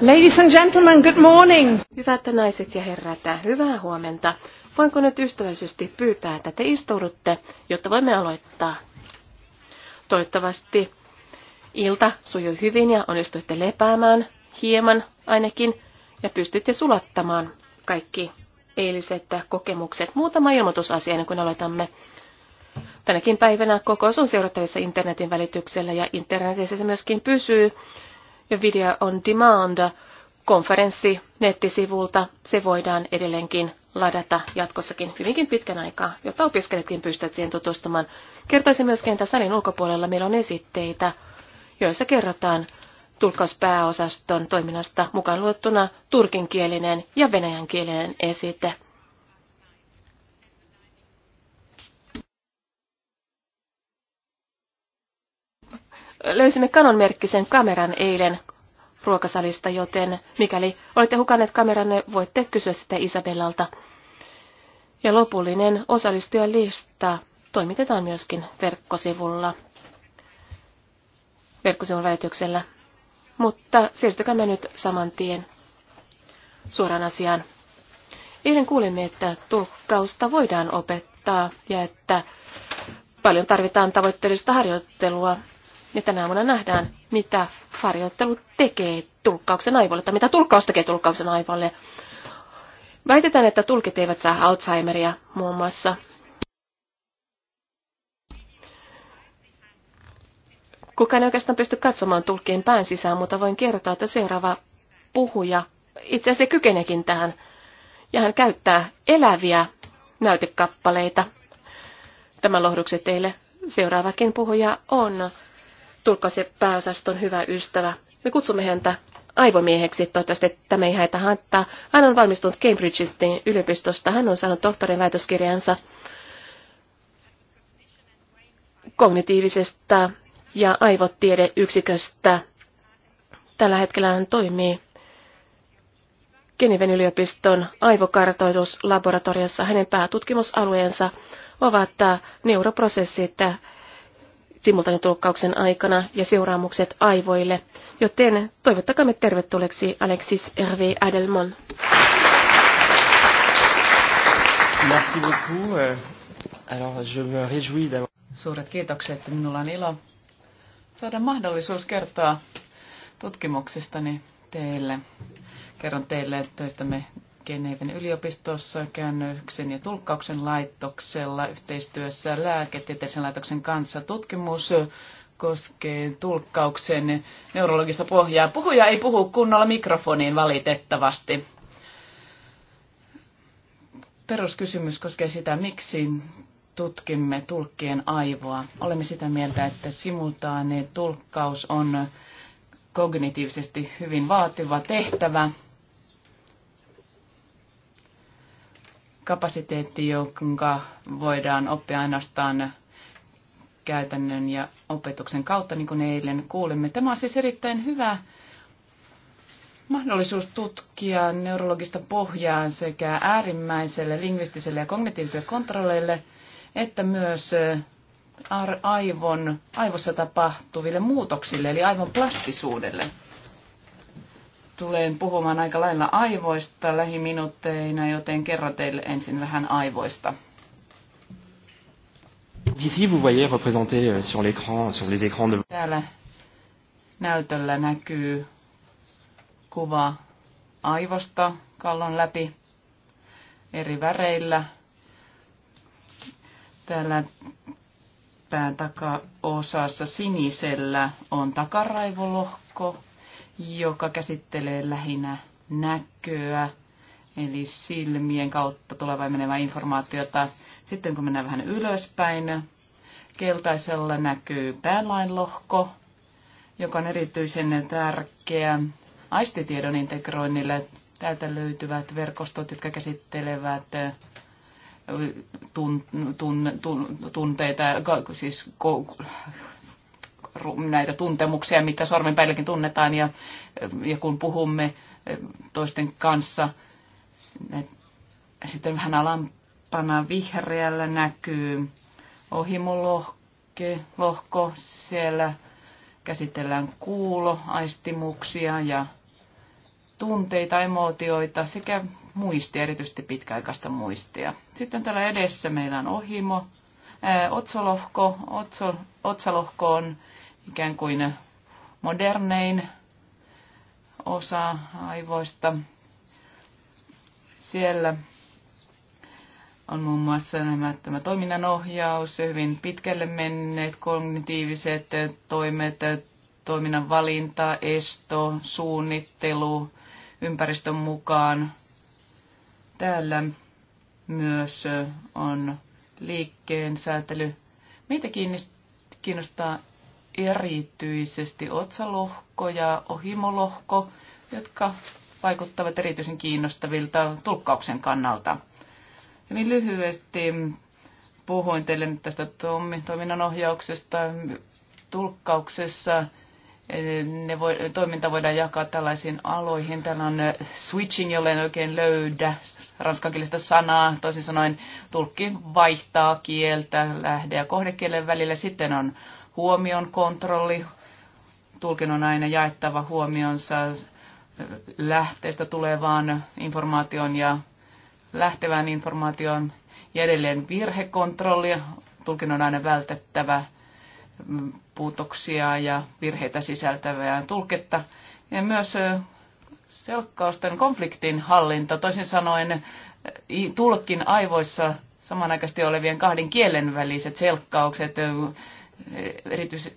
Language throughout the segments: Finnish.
Ladies and gentlemen, good morning. Hyvät naiset ja herrat, hyvää huomenta. Voinko nyt ystävällisesti pyytää, että te istuudutte, jotta voimme aloittaa? Toivottavasti ilta sujui hyvin ja onnistuitte lepäämään hieman ainakin ja pystytte sulattamaan kaikki eiliset kokemukset. Muutama ilmoitusasia ennen kuin aloitamme. Tänäkin päivänä kokous on seurattavissa internetin välityksellä ja internetissä se myöskin pysyy. Ja video on demand konferenssi nettisivulta. Se voidaan edelleenkin ladata jatkossakin hyvinkin pitkän aikaa, jotta opiskelijatkin pystyvät siihen tutustumaan. Kertoisin myöskin, että salin ulkopuolella meillä on esitteitä, joissa kerrotaan tulkauspääosaston toiminnasta mukaan luettuna turkinkielinen ja venäjänkielinen esite. löysimme kanonmerkkisen kameran eilen ruokasalista, joten mikäli olette hukanneet kameranne, voitte kysyä sitä Isabellalta. Ja lopullinen osallistujalista toimitetaan myöskin verkkosivulla, verkkosivun välityksellä. Mutta siirtykäämme nyt saman tien suoraan asiaan. Eilen kuulimme, että tulkkausta voidaan opettaa ja että paljon tarvitaan tavoitteellista harjoittelua ja tänä aamuna nähdään, mitä harjoittelu tekee tulkkauksen aivoille, tai mitä tulkkaus tekee tulkkauksen aivoille. Väitetään, että tulkit eivät saa Alzheimeria muun muassa. Kukaan ei oikeastaan pysty katsomaan tulkien pään sisään, mutta voin kertoa, että seuraava puhuja itse asiassa kykenekin tähän. Ja hän käyttää eläviä näytekappaleita. Tämä lohdukset teille. Seuraavakin puhuja on Tulkaisi pääosaston hyvä ystävä. Me kutsumme häntä aivomieheksi, toivottavasti tämä ei häitä haittaa. Hän on valmistunut Cambridgein yliopistosta, hän on saanut tohtorin väitöskirjansa kognitiivisesta ja aivotiedeyksiköstä. Tällä hetkellä hän toimii Geneven yliopiston aivokartoituslaboratoriossa. Hänen päätutkimusalueensa ovat neuroprosessit simultaanitulkkauksen aikana ja seuraamukset aivoille. Joten me tervetulleeksi Alexis R.V. Adelman. Merci beaucoup. Euh, alors, je me réjouis d'avoir... Suuret kiitokset, minulla on ilo saada mahdollisuus kertoa tutkimuksistani teille. Kerron teille töistämme Geneven yliopistossa käännöksen ja tulkkauksen laitoksella yhteistyössä lääketieteellisen laitoksen kanssa tutkimus koskee tulkkauksen neurologista pohjaa. Puhuja ei puhu kunnolla mikrofoniin valitettavasti. Peruskysymys koskee sitä, miksi tutkimme tulkkien aivoa. Olemme sitä mieltä, että simultaaninen tulkkaus on kognitiivisesti hyvin vaativa tehtävä – kapasiteetti, jonka voidaan oppia ainoastaan käytännön ja opetuksen kautta, niin kuin eilen kuulimme. Tämä on siis erittäin hyvä mahdollisuus tutkia neurologista pohjaa sekä äärimmäiselle lingvistiselle ja kognitiiviselle kontrolleille, että myös aivon, aivossa tapahtuville muutoksille, eli aivon plastisuudelle tulen puhumaan aika lailla aivoista lähiminuutteina, joten kerron teille ensin vähän aivoista. Ici, vous voyez représenté euh, sur l'écran, sur les écrans de... Täällä näytöllä näkyy kuva aivosta kallon läpi eri väreillä. Täällä pään takaosassa sinisellä on takaraivolohko, joka käsittelee lähinnä näköä, eli silmien kautta tulevaa menevää informaatiota. Sitten kun mennään vähän ylöspäin, keltaisella näkyy päälainlohko, joka on erityisen tärkeä aistitiedon integroinnille. Täältä löytyvät verkostot, jotka käsittelevät tun, tun, tun, tunteita, siis näitä tuntemuksia, mitä sormenpäilläkin tunnetaan ja, ja kun puhumme toisten kanssa. Sitten vähän alampana vihreällä näkyy ohimolohke, lohko. Siellä käsitellään kuuloaistimuksia ja tunteita, emotioita sekä muistia, erityisesti pitkäaikaista muistia. Sitten täällä edessä meillä on ohimo, otsolohko, otso, otsalohko on ikään kuin modernein osa aivoista. Siellä on muun muassa nämä, tämä toiminnanohjaus, hyvin pitkälle menneet kognitiiviset toimet, toiminnan valinta, esto, suunnittelu, ympäristön mukaan. Täällä myös on liikkeen säätely. Meitä kiinnostaa erityisesti otsalohko ja ohimolohko, jotka vaikuttavat erityisen kiinnostavilta tulkkauksen kannalta. Hyvin lyhyesti puhuin teille nyt tästä toiminnanohjauksesta tulkkauksessa. Eh, ne voi, toiminta voidaan jakaa tällaisiin aloihin. Täällä on eh, switching, jolle en oikein löydä ranskankielistä sanaa. Toisin sanoen tulkki vaihtaa kieltä lähde- ja kohdekielen välillä. Sitten on huomion kontrolli. Tulkin on aina jaettava huomionsa lähteestä tulevaan informaation ja lähtevään informaatioon ja edelleen virhekontrolli. Tulkin on aina vältettävä puutoksia ja virheitä sisältävää tulketta. Ja myös selkkausten konfliktin hallinta, toisin sanoen tulkin aivoissa samanaikaisesti olevien kahden kielen väliset selkkaukset erityis,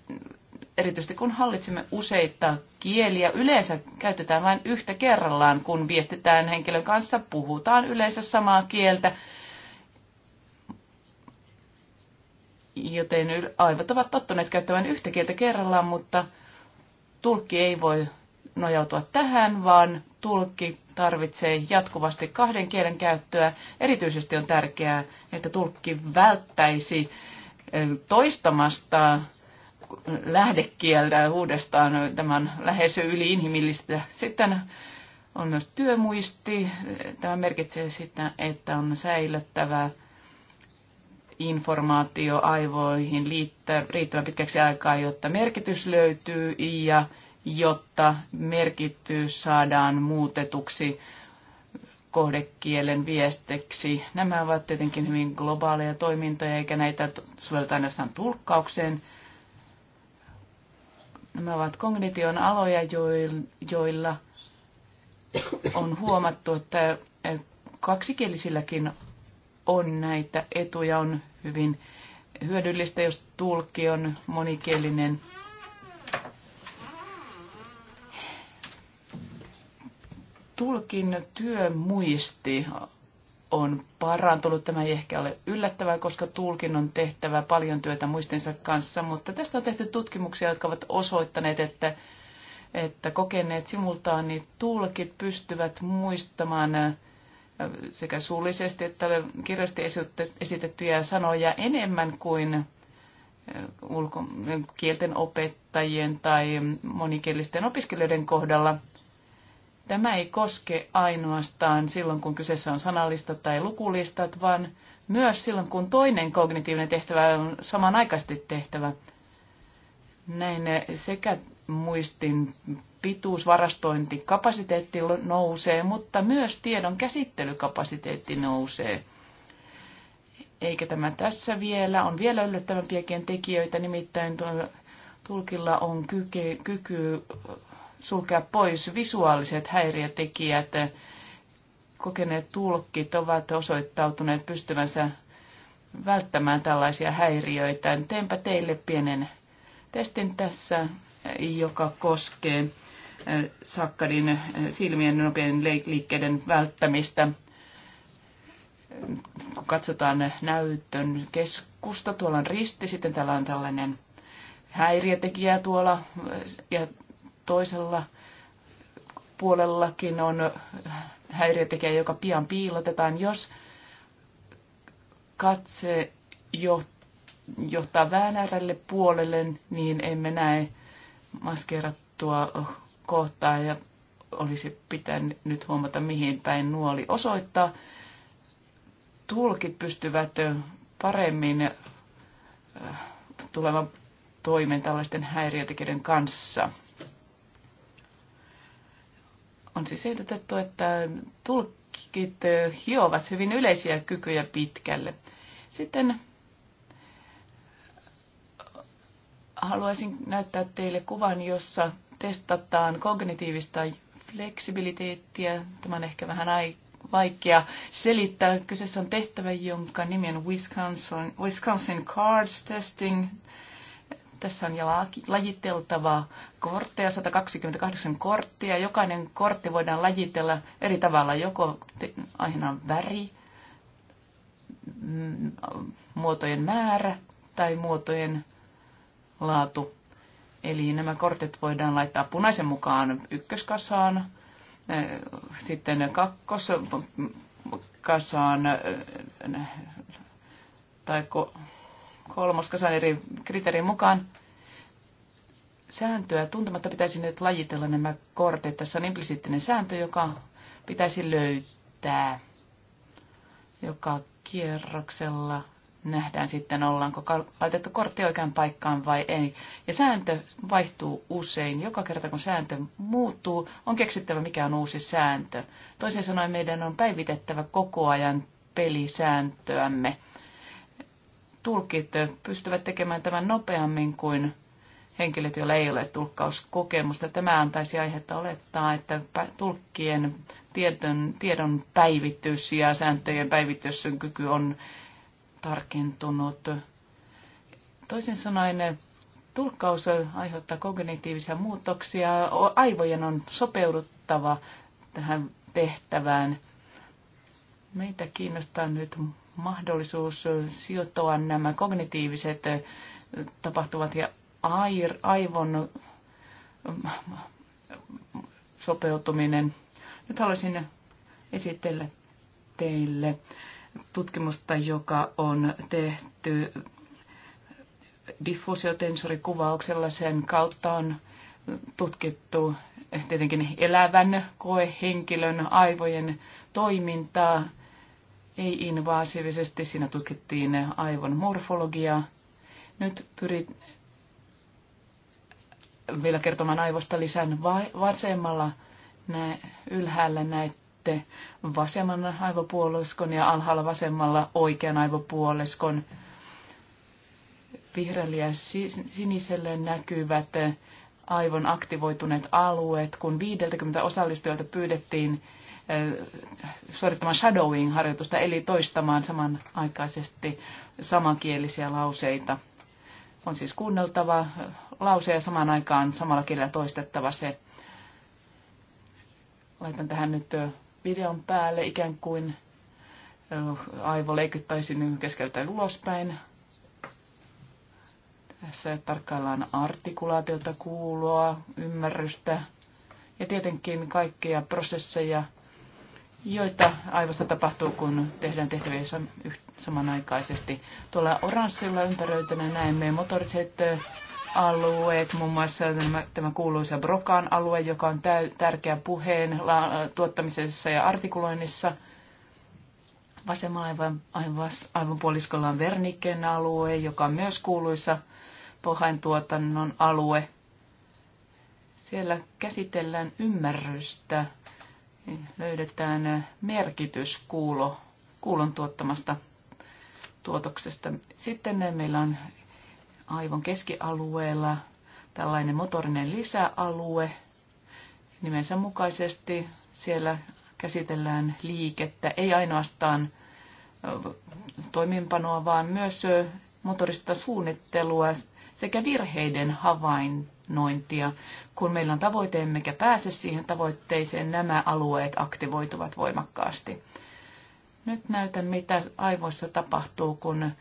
erityisesti kun hallitsemme useita kieliä. Yleensä käytetään vain yhtä kerrallaan, kun viestitään henkilön kanssa, puhutaan yleensä samaa kieltä. Joten aivot ovat tottuneet käyttämään yhtä kieltä kerrallaan, mutta tulkki ei voi nojautua tähän, vaan tulkki tarvitsee jatkuvasti kahden kielen käyttöä. Erityisesti on tärkeää, että tulkki välttäisi toistamasta lähdekieltä uudestaan tämän lähes yli inhimillistä. Sitten on myös työmuisti. Tämä merkitsee sitä, että on säilyttävä informaatio aivoihin riittävän pitkäksi aikaa, jotta merkitys löytyy ja jotta merkitys saadaan muutetuksi kohdekielen viesteksi. Nämä ovat tietenkin hyvin globaaleja toimintoja, eikä näitä sovelleta ainoastaan tulkkaukseen. Nämä ovat kognition aloja, joilla on huomattu, että kaksikielisilläkin on näitä etuja. On hyvin hyödyllistä, jos tulkki on monikielinen Tulkin työmuisti on parantunut. Tämä ei ehkä ole yllättävää, koska tulkin on tehtävä paljon työtä muistinsa kanssa, mutta tästä on tehty tutkimuksia, jotka ovat osoittaneet, että, että kokeneet simultaanit tulkit pystyvät muistamaan äh, sekä suullisesti että kirjallisesti esitettyjä sanoja enemmän kuin äh, kielten opettajien tai monikielisten opiskelijoiden kohdalla – Tämä ei koske ainoastaan silloin, kun kyseessä on sanallistat tai lukulistat, vaan myös silloin, kun toinen kognitiivinen tehtävä on samanaikaisesti tehtävä. Näin sekä muistin pituus, varastointi, kapasiteetti nousee, mutta myös tiedon käsittelykapasiteetti nousee. Eikä tämä tässä vielä. On vielä yllättävämpiäkin tekijöitä, nimittäin tulkilla on kyky, kyky sulkea pois visuaaliset häiriötekijät. Kokeneet tulkit ovat osoittautuneet pystyvänsä välttämään tällaisia häiriöitä. Teenpä teille pienen testin tässä, joka koskee Sakkadin silmien nopeiden liikkeiden välttämistä. Kun katsotaan näytön keskusta, tuolla on risti, sitten täällä on tällainen häiriötekijä tuolla ja toisella puolellakin on häiriötekijä, joka pian piilotetaan. Jos katse johtaa väänärälle puolelle, niin emme näe maskeerattua kohtaa ja olisi pitänyt nyt huomata, mihin päin nuoli osoittaa. Tulkit pystyvät paremmin äh, tulemaan toimeen tällaisten häiriötekijöiden kanssa. On siis ehdotettu, että tulkit eh, hiovat hyvin yleisiä kykyjä pitkälle. Sitten haluaisin näyttää teille kuvan, jossa testataan kognitiivista fleksibiliteettiä. Tämä on ehkä vähän vaikea selittää. Kyseessä on tehtävä, jonka nimi on Wisconsin, Wisconsin Cards Testing tässä on lajiteltava kortteja, 128 korttia. Jokainen kortti voidaan lajitella eri tavalla, joko aina väri, mm, muotojen määrä tai muotojen laatu. Eli nämä kortit voidaan laittaa punaisen mukaan ykköskasaan, eh, sitten kakkoskasaan eh, tai ko- kolmoskasan eri kriteerin mukaan sääntöä tuntematta pitäisi nyt lajitella nämä kortit. Tässä on implisiittinen sääntö, joka pitäisi löytää, joka kierroksella nähdään sitten, ollaanko laitettu kortti oikeaan paikkaan vai ei. Ja sääntö vaihtuu usein. Joka kerta kun sääntö muuttuu, on keksittävä mikä on uusi sääntö. Toisin sanoen meidän on päivitettävä koko ajan pelisääntöämme tulkit pystyvät tekemään tämän nopeammin kuin henkilöt, joilla ei ole tulkkauskokemusta. Tämä antaisi aihetta olettaa, että tulkkien tiedon, tiedon päivitys ja sääntöjen päivityksen kyky on tarkentunut. Toisin sanoen tulkkaus aiheuttaa kognitiivisia muutoksia. Aivojen on sopeuduttava tähän tehtävään Meitä kiinnostaa nyt mahdollisuus sijoittaa nämä kognitiiviset eh, tapahtuvat ja aivon eh, sopeutuminen. Nyt haluaisin esitellä teille tutkimusta, joka on tehty diffuusiotensorikuvauksella. Sen kautta on tutkittu tietenkin elävän koehenkilön aivojen toimintaa ei invasiivisesti. Siinä tutkittiin aivon morfologiaa. Nyt pyrit vielä kertomaan aivosta lisän vasemmalla nä, ylhäällä näette vasemman aivopuoliskon ja alhaalla vasemmalla oikean aivopuoliskon. Vihreällä ja siniselle näkyvät aivon aktivoituneet alueet, kun 50 osallistujalta pyydettiin suorittamaan shadowing-harjoitusta, eli toistamaan samanaikaisesti samankielisiä lauseita. On siis kuunneltava lause ja samaan aikaan samalla kielellä toistettava se. Laitan tähän nyt videon päälle ikään kuin aivo leikittäisiin keskeltä ulospäin. Tässä tarkkaillaan artikulaatiota, kuuloa, ymmärrystä ja tietenkin kaikkia prosesseja – joita aivosta tapahtuu, kun tehdään tehtäviä samanaikaisesti. Tuolla oranssilla ympäröitynä näemme motoriset eh, alueet, muun muassa tämä kuuluisa Brokan alue, joka on tärkeä puheen tuottamisessa ja artikuloinnissa. Vasemmalla aivan, aivan, aivan puoliskolla on Verniken alue, joka on myös kuuluisa puheen tuotannon alue. Siellä käsitellään ymmärrystä löydetään eh, merkitys kuulo, kuulon tuottamasta tuotoksesta. Sitten eh, meillä on aivon keskialueella tällainen motorinen lisäalue. Nimensä mukaisesti siellä käsitellään liikettä, ei ainoastaan eh, toimimpanoa vaan myös motorista suunnittelua, sekä virheiden havainnointia. Kun meillä on tavoite, emmekä pääse siihen tavoitteeseen, nämä alueet aktivoituvat voimakkaasti. Nyt näytän, mitä aivoissa tapahtuu, kun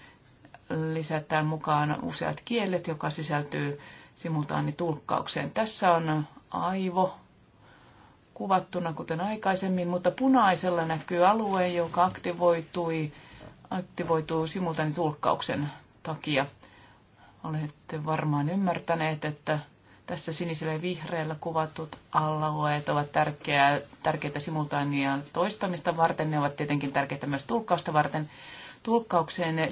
lisätään mukaan useat kielet, joka sisältyy simultaanitulkkaukseen. Tässä on aivo kuvattuna kuten aikaisemmin, mutta punaisella näkyy alue, joka aktivoitui, aktivoituu simultaanitulkkauksen takia. Olette varmaan ymmärtäneet, että tässä sinisellä ja vihreällä kuvatut alueet ovat tärkeää, tärkeitä simultaania toistamista varten. Ne ovat tietenkin tärkeitä myös tulkkausta varten. Tulkkaukseen eh,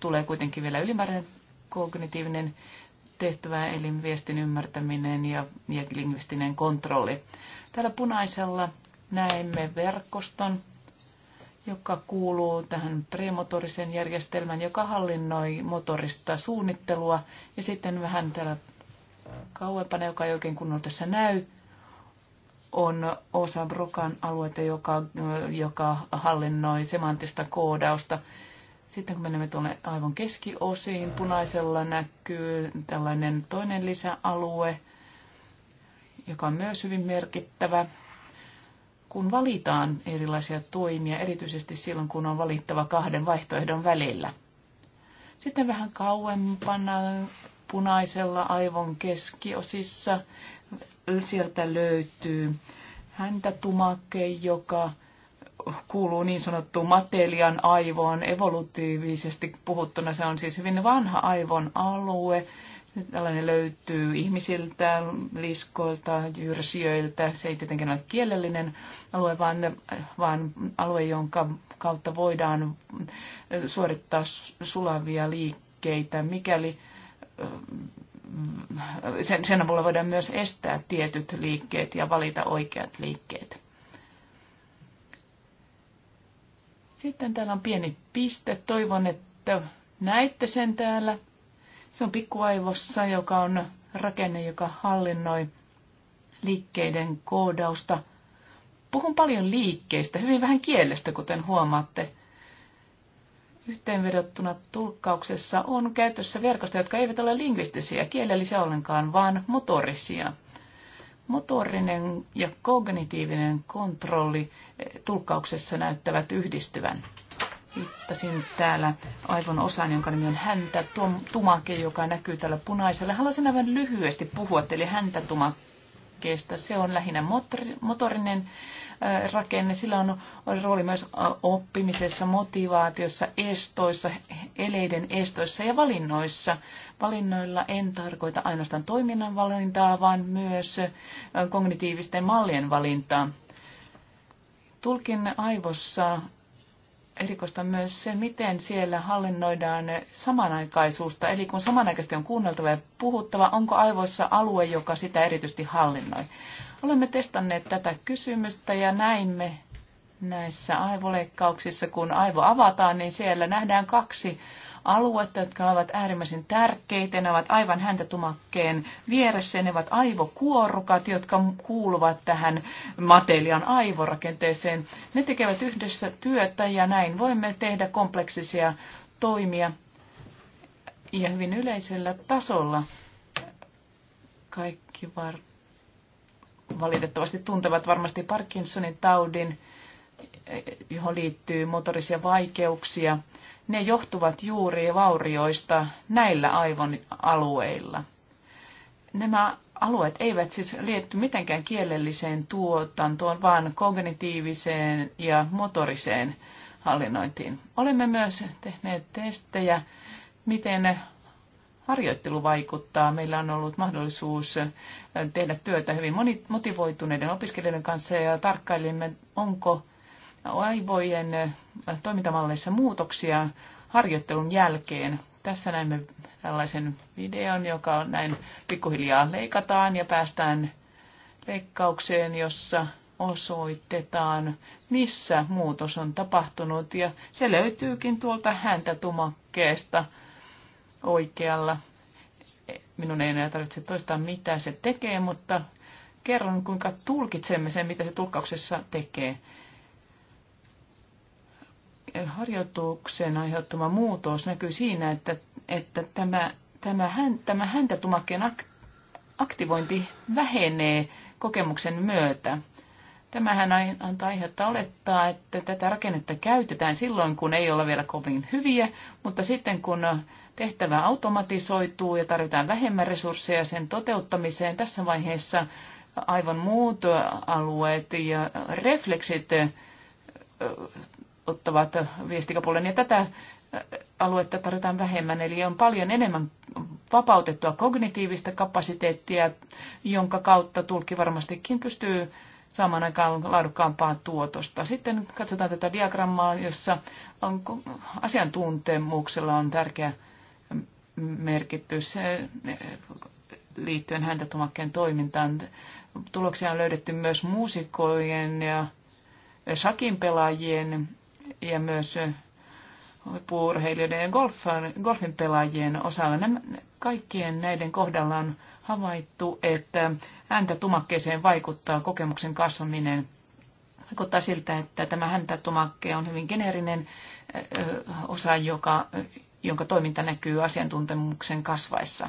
tulee kuitenkin vielä ylimääräinen kognitiivinen tehtävä, eli viestin ymmärtäminen ja, ja lingvistinen kontrolli. Täällä punaisella näemme verkoston, joka kuuluu tähän premotorisen järjestelmän, joka hallinnoi motorista suunnittelua. Ja sitten vähän täällä kauempana, joka ei oikein kunnolla tässä näy, on osa Brokan alueita, joka, joka hallinnoi semanttista koodausta. Sitten kun menemme tuonne aivan keskiosiin, punaisella näkyy tällainen toinen lisäalue, joka on myös hyvin merkittävä kun valitaan erilaisia toimia, erityisesti silloin, kun on valittava kahden vaihtoehdon välillä. Sitten vähän kauempana punaisella aivon keskiosissa sieltä löytyy häntätumake, joka kuuluu niin sanottuun matelian aivoon evolutiivisesti puhuttuna. Se on siis hyvin vanha aivon alue, Tällainen löytyy ihmisiltä, liskoilta, jyrsijöiltä. Se ei tietenkään ole kielellinen alue, vaan, vaan alue, jonka kautta voidaan suorittaa sulavia liikkeitä, mikäli sen, sen avulla voidaan myös estää tietyt liikkeet ja valita oikeat liikkeet. Sitten täällä on pieni piste. Toivon, että näitte sen täällä. Se on pikkuaivossa, joka on rakenne, joka hallinnoi liikkeiden koodausta. Puhun paljon liikkeistä, hyvin vähän kielestä, kuten huomaatte. Yhteenvedottuna tulkkauksessa on käytössä verkosta, jotka eivät ole lingvistisiä, kielellisiä ollenkaan, vaan motorisia. Motorinen ja kognitiivinen kontrolli eh, tulkkauksessa näyttävät yhdistyvän viittasin täällä aivon osaan, jonka nimi on häntä tumake, joka näkyy täällä punaisella. Haluaisin aivan lyhyesti puhua teille häntä tumakeesta. Se on lähinnä motorinen rakenne. Sillä on rooli myös oppimisessa, motivaatiossa, estoissa, eleiden estoissa ja valinnoissa. Valinnoilla en tarkoita ainoastaan toiminnan valintaa, vaan myös kognitiivisten mallien valintaa. Tulkin aivossa erikoista myös se, miten siellä hallinnoidaan samanaikaisuutta. Eli kun samanaikaisesti on kuunneltava ja puhuttava, onko aivoissa alue, joka sitä erityisesti hallinnoi. Olemme testanneet tätä kysymystä ja näimme näissä aivoleikkauksissa, kun aivo avataan, niin siellä nähdään kaksi aluetta, jotka ovat äärimmäisen tärkeitä. Ne ovat aivan häntä tumakkeen vieressä ne ovat aivokuorukat, jotka kuuluvat tähän matelian aivorakenteeseen. Ne tekevät yhdessä työtä ja näin voimme tehdä kompleksisia toimia ja hyvin yleisellä tasolla. Kaikki var... valitettavasti tuntevat varmasti Parkinsonin taudin, johon liittyy motorisia vaikeuksia – ne johtuvat juuri vaurioista näillä aivon alueilla. Nämä alueet eivät siis liitty mitenkään kielelliseen tuotantoon, vaan kognitiiviseen ja motoriseen hallinnointiin. Olemme myös tehneet testejä, miten harjoittelu vaikuttaa. Meillä on ollut mahdollisuus tehdä työtä hyvin motivoituneiden opiskelijoiden kanssa ja tarkkailimme, onko aivojen toimintamalleissa muutoksia harjoittelun jälkeen. Tässä näemme tällaisen videon, joka näin pikkuhiljaa leikataan ja päästään leikkaukseen, jossa osoitetaan, missä muutos on tapahtunut. Ja se löytyykin tuolta häntä tumakkeesta oikealla. Minun ei enää tarvitse toistaa, mitä se tekee, mutta kerron, kuinka tulkitsemme sen, mitä se tulkkauksessa tekee harjoituksen aiheuttama muutos näkyy siinä, että, että tämä, tämä, hän, tämä häntätumakkeen aktivointi vähenee kokemuksen myötä. Tämähän antaa aihetta olettaa, että tätä rakennetta käytetään silloin, kun ei ole vielä kovin hyviä, mutta sitten kun tehtävä automatisoituu ja tarvitaan vähemmän resursseja sen toteuttamiseen, tässä vaiheessa aivan muut alueet ja refleksit ottavat viestikapuolen. Ja tätä aluetta tarvitaan vähemmän, eli on paljon enemmän vapautettua kognitiivista kapasiteettia, jonka kautta tulkki varmastikin pystyy saamaan aikaan laadukkaampaa tuotosta. Sitten katsotaan tätä diagrammaa, jossa on, asiantuntemuksella on tärkeä merkitys eh, liittyen häntä tumakkeen toimintaan. Tuloksia on löydetty myös muusikojen ja shakin pelaajien ja myös huippuurheilijoiden ja golfan, golfin pelaajien osalla. Nämä, kaikkien näiden kohdalla on havaittu, että häntä tumakkeeseen vaikuttaa kokemuksen kasvaminen. Vaikuttaa siltä, että tämä häntä tumakke on hyvin geneerinen osa, joka, jonka toiminta näkyy asiantuntemuksen kasvaessa.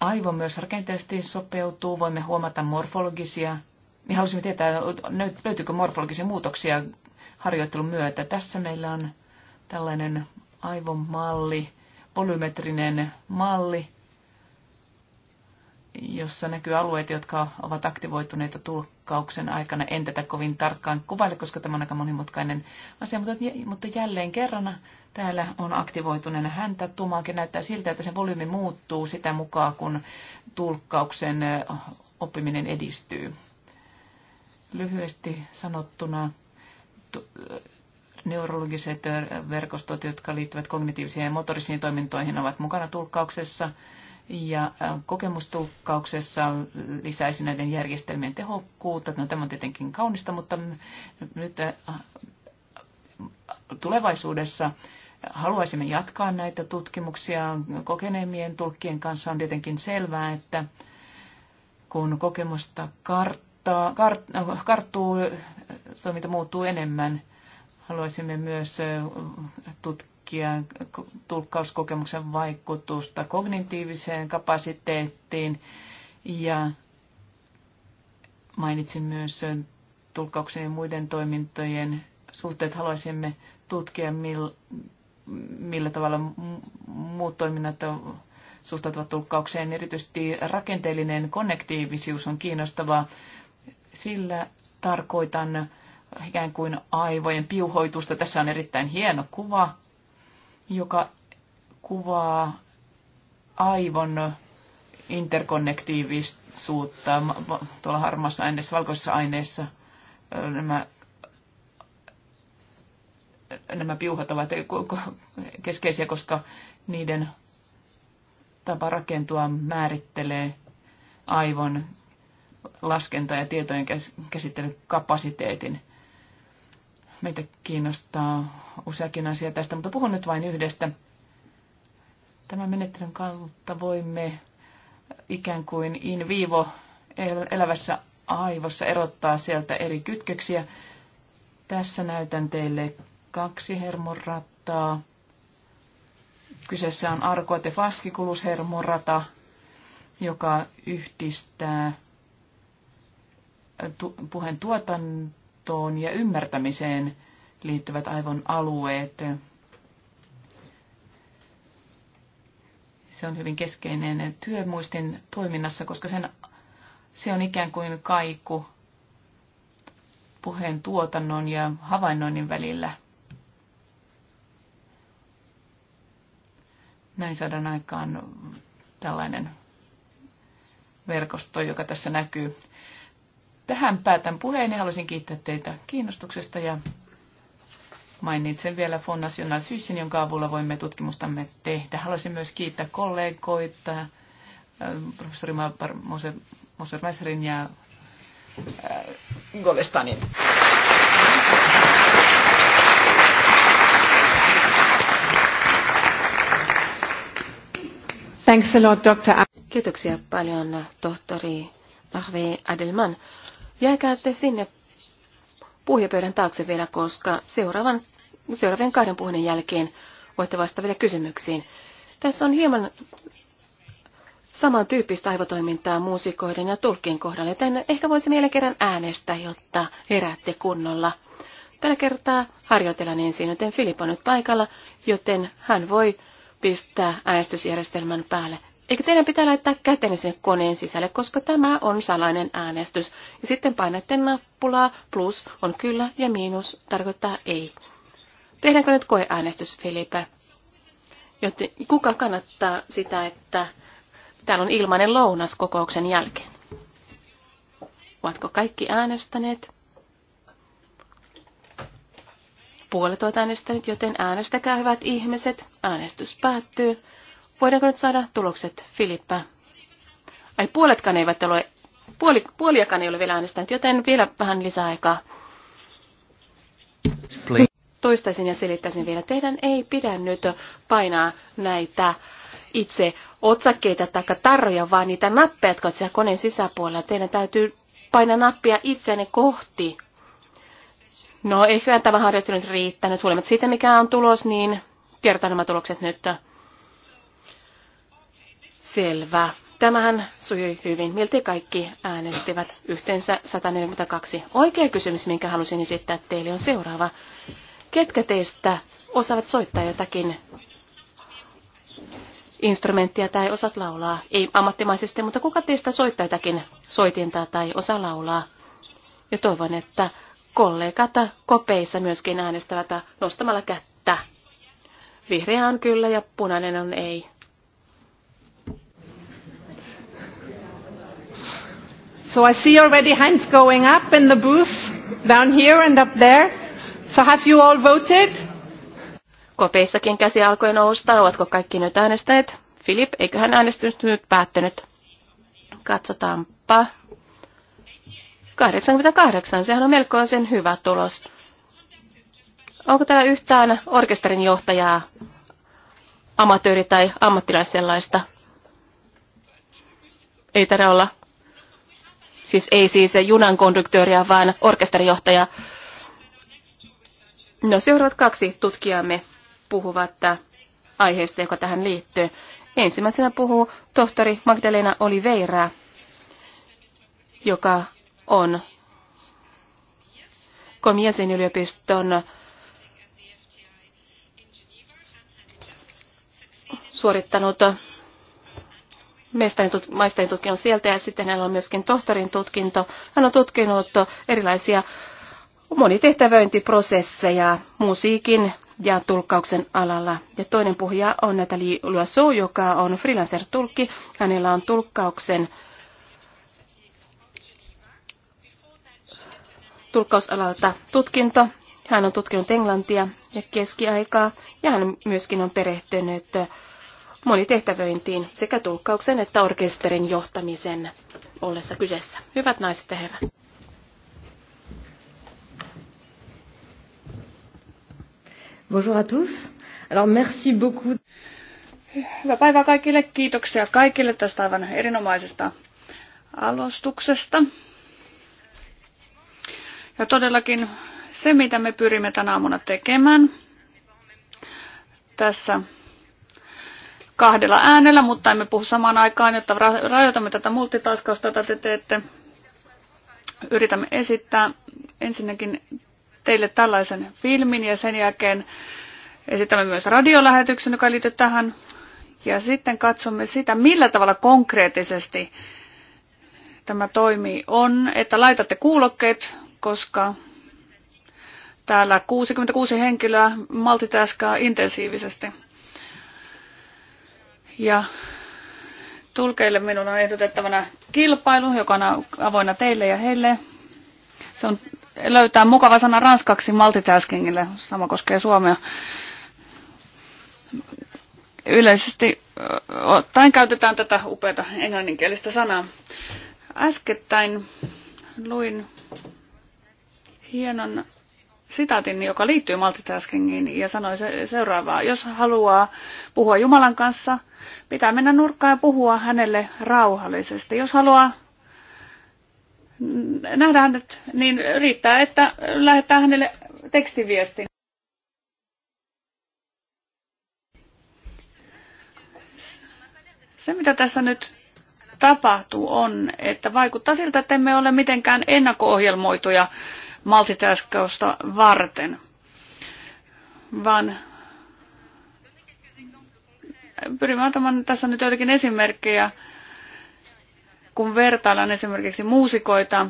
Aivo myös rakenteellisesti sopeutuu, voimme huomata morfologisia me halusimme tietää, löytyykö morfologisia muutoksia harjoittelun myötä. Tässä meillä on tällainen aivomalli, polymetrinen malli, jossa näkyy alueet, jotka ovat aktivoituneita tulkkauksen aikana. En tätä kovin tarkkaan kuvaile, koska tämä on aika monimutkainen asia, mutta, mutta jälleen kerran täällä on aktivoituneena häntä. Tumaakin näyttää siltä, että se volyymi muuttuu sitä mukaan, kun tulkkauksen oppiminen edistyy. Lyhyesti sanottuna neurologiset verkostot, jotka liittyvät kognitiivisiin ja motorisiin toimintoihin, ovat mukana tulkkauksessa ja kokemustulkkauksessa lisäisi näiden järjestelmien tehokkuutta. No, tämä on tietenkin kaunista, mutta nyt tulevaisuudessa haluaisimme jatkaa näitä tutkimuksia kokeneemien tulkkien kanssa. On tietenkin selvää, että kun kokemusta kart karttaa, kart, karttuu, toiminta muuttuu enemmän. Haluaisimme myös tutkia tulkkauskokemuksen vaikutusta kognitiiviseen kapasiteettiin ja mainitsin myös tulkkauksen ja muiden toimintojen suhteet. Haluaisimme tutkia, millä tavalla muut toiminnat suhtautuvat tulkkaukseen. Erityisesti rakenteellinen konnektiivisuus on kiinnostavaa. Sillä tarkoitan ikään kuin aivojen piuhoitusta. Tässä on erittäin hieno kuva, joka kuvaa aivon interkonnektiivisuutta tuolla harmassa aineessa, valkoisessa aineessa. Nämä, nämä piuhat ovat keskeisiä, koska niiden tapa rakentua määrittelee aivon laskenta- ja tietojen käsittelykapasiteetin. Meitä kiinnostaa useakin asia tästä, mutta puhun nyt vain yhdestä. Tämän menettelyn kautta voimme ikään kuin in vivo elävässä aivossa erottaa sieltä eri kytköksiä. Tässä näytän teille kaksi hermorattaa. Kyseessä on arkoate faskikulushermorata, joka yhdistää puheen tuotantoon ja ymmärtämiseen liittyvät aivon alueet. Se on hyvin keskeinen työmuistin toiminnassa, koska sen, se on ikään kuin kaiku puheen tuotannon ja havainnoinnin välillä. Näin saadaan aikaan tällainen verkosto, joka tässä näkyy. Tähän päätän puheen ja haluaisin kiittää teitä kiinnostuksesta ja mainitsen vielä Fond National Syssin, jonka avulla voimme tutkimustamme tehdä. Haluaisin myös kiittää kollegoita, äh, professori Moser Mäsrin ja äh, Golestanin. Thanks a lot, Dr. Kiitoksia paljon, tohtori Mahvi Adelman. Jääkäätte sinne puhujapöydän taakse vielä, koska seuraavan, seuraavien kahden puhunnin jälkeen voitte vastata vielä kysymyksiin. Tässä on hieman samantyyppistä aivotoimintaa muusikoiden ja tulkien kohdalla, joten ehkä voisi vielä kerran äänestää, jotta heräätte kunnolla. Tällä kertaa harjoitellaan ensin, joten Filip on nyt paikalla, joten hän voi pistää äänestysjärjestelmän päälle. Eikö teidän pitää laittaa kätenne sinne koneen sisälle, koska tämä on salainen äänestys. Ja sitten painatte nappulaa, plus on kyllä ja miinus tarkoittaa ei. Tehdäänkö nyt koeäänestys, Filipe? Joten kuka kannattaa sitä, että täällä on ilmainen lounas kokouksen jälkeen? Ovatko kaikki äänestäneet? Puolet ovat äänestäneet, joten äänestäkää hyvät ihmiset. Äänestys päättyy. Voidaanko nyt saada tulokset, Filippa? Ai puoletkaan eivät ole, puoli, puoliakaan ei ole vielä äänestänyt, joten vielä vähän lisää aikaa. Toistaisin ja selittäisin vielä. Teidän ei pidä nyt painaa näitä itse otsakkeita tai tarroja, vaan niitä nappeja, jotka ovat siellä koneen sisäpuolella. Teidän täytyy painaa nappia itseänne kohti. No, ehkä tämä harjoittelu nyt riittänyt. Huolimatta siitä, mikä on tulos, niin kertaan nämä tulokset nyt. Selvä. Tämähän sujui hyvin. miltei kaikki äänestivät yhteensä 142. Oikea kysymys, minkä halusin esittää teille, on seuraava. Ketkä teistä osaavat soittaa jotakin instrumenttia tai osat laulaa? Ei ammattimaisesti, mutta kuka teistä soittaa jotakin soitinta tai osa laulaa? Ja toivon, että kollegat kopeissa myöskin äänestävät nostamalla kättä. Vihreä on kyllä ja punainen on ei. So I see already hands going up in the booth, down here and up there. So have you all voted? Kopeissakin käsi alkoi nousta. Ovatko kaikki nyt äänestäneet? Filip, eiköhän äänestys nyt päättänyt? Katsotaanpa. 88, sehän on melkoisen hyvä tulos. Onko täällä yhtään orkesterin johtajaa, amatööri tai ammattilaissellaista? Ei tarvitse olla. Siis ei siis junan konduktööriä, vaan orkesterijohtaja. No seuraavat kaksi tutkijamme puhuvat aiheesta, joka tähän liittyy. Ensimmäisenä puhuu tohtori Magdalena Oliveira, joka on Komiesin yliopiston suorittanut maisterin tutkinnon sieltä ja sitten hänellä on myöskin tohtorin tutkinto. Hän on tutkinut erilaisia monitehtävöintiprosesseja musiikin ja tulkkauksen alalla. Ja toinen puhuja on Natalie Luaso, joka on freelancer-tulkki. Hänellä on tulkkauksen tulkkausalalta tutkinto. Hän on tutkinut englantia ja keskiaikaa ja hän myöskin on perehtynyt monitehtävöintiin sekä tulkkauksen että orkesterin johtamisen ollessa kyseessä. Hyvät naiset ja herrat. Bonjour à tous. Alors merci beaucoup. Hyvää päivää kaikille. Kiitoksia kaikille tästä aivan erinomaisesta alustuksesta. Ja todellakin se, mitä me pyrimme tänä aamuna tekemään tässä kahdella äänellä, mutta emme puhu samaan aikaan, jotta rajoitamme tätä multitaskausta, jota te teette. Yritämme esittää ensinnäkin teille tällaisen filmin ja sen jälkeen esitämme myös radiolähetyksen, joka liittyy tähän. Ja sitten katsomme sitä, millä tavalla konkreettisesti tämä toimii, on, että laitatte kuulokkeet, koska täällä 66 henkilöä multitaskaa intensiivisesti. Ja tulkeille minun on ehdotettavana kilpailu, joka on avoinna teille ja heille. Se on, löytää mukava sana ranskaksi multitaskingille, sama koskee suomea. Yleisesti ottaen käytetään tätä upeata englanninkielistä sanaa. Äskettäin luin hienon sitaatin, joka liittyy multitaskingiin ja sanoi se, seuraavaa. Jos haluaa puhua Jumalan kanssa, pitää mennä nurkkaan ja puhua hänelle rauhallisesti. Jos haluaa nähdä hänet, niin riittää, että lähettää hänelle tekstiviestin. Se, mitä tässä nyt tapahtuu, on, että vaikuttaa siltä, että emme ole mitenkään ennakko-ohjelmoituja multitaskausta varten, vaan pyrimme antamaan tässä nyt joitakin esimerkkejä, kun vertaillaan esimerkiksi muusikoita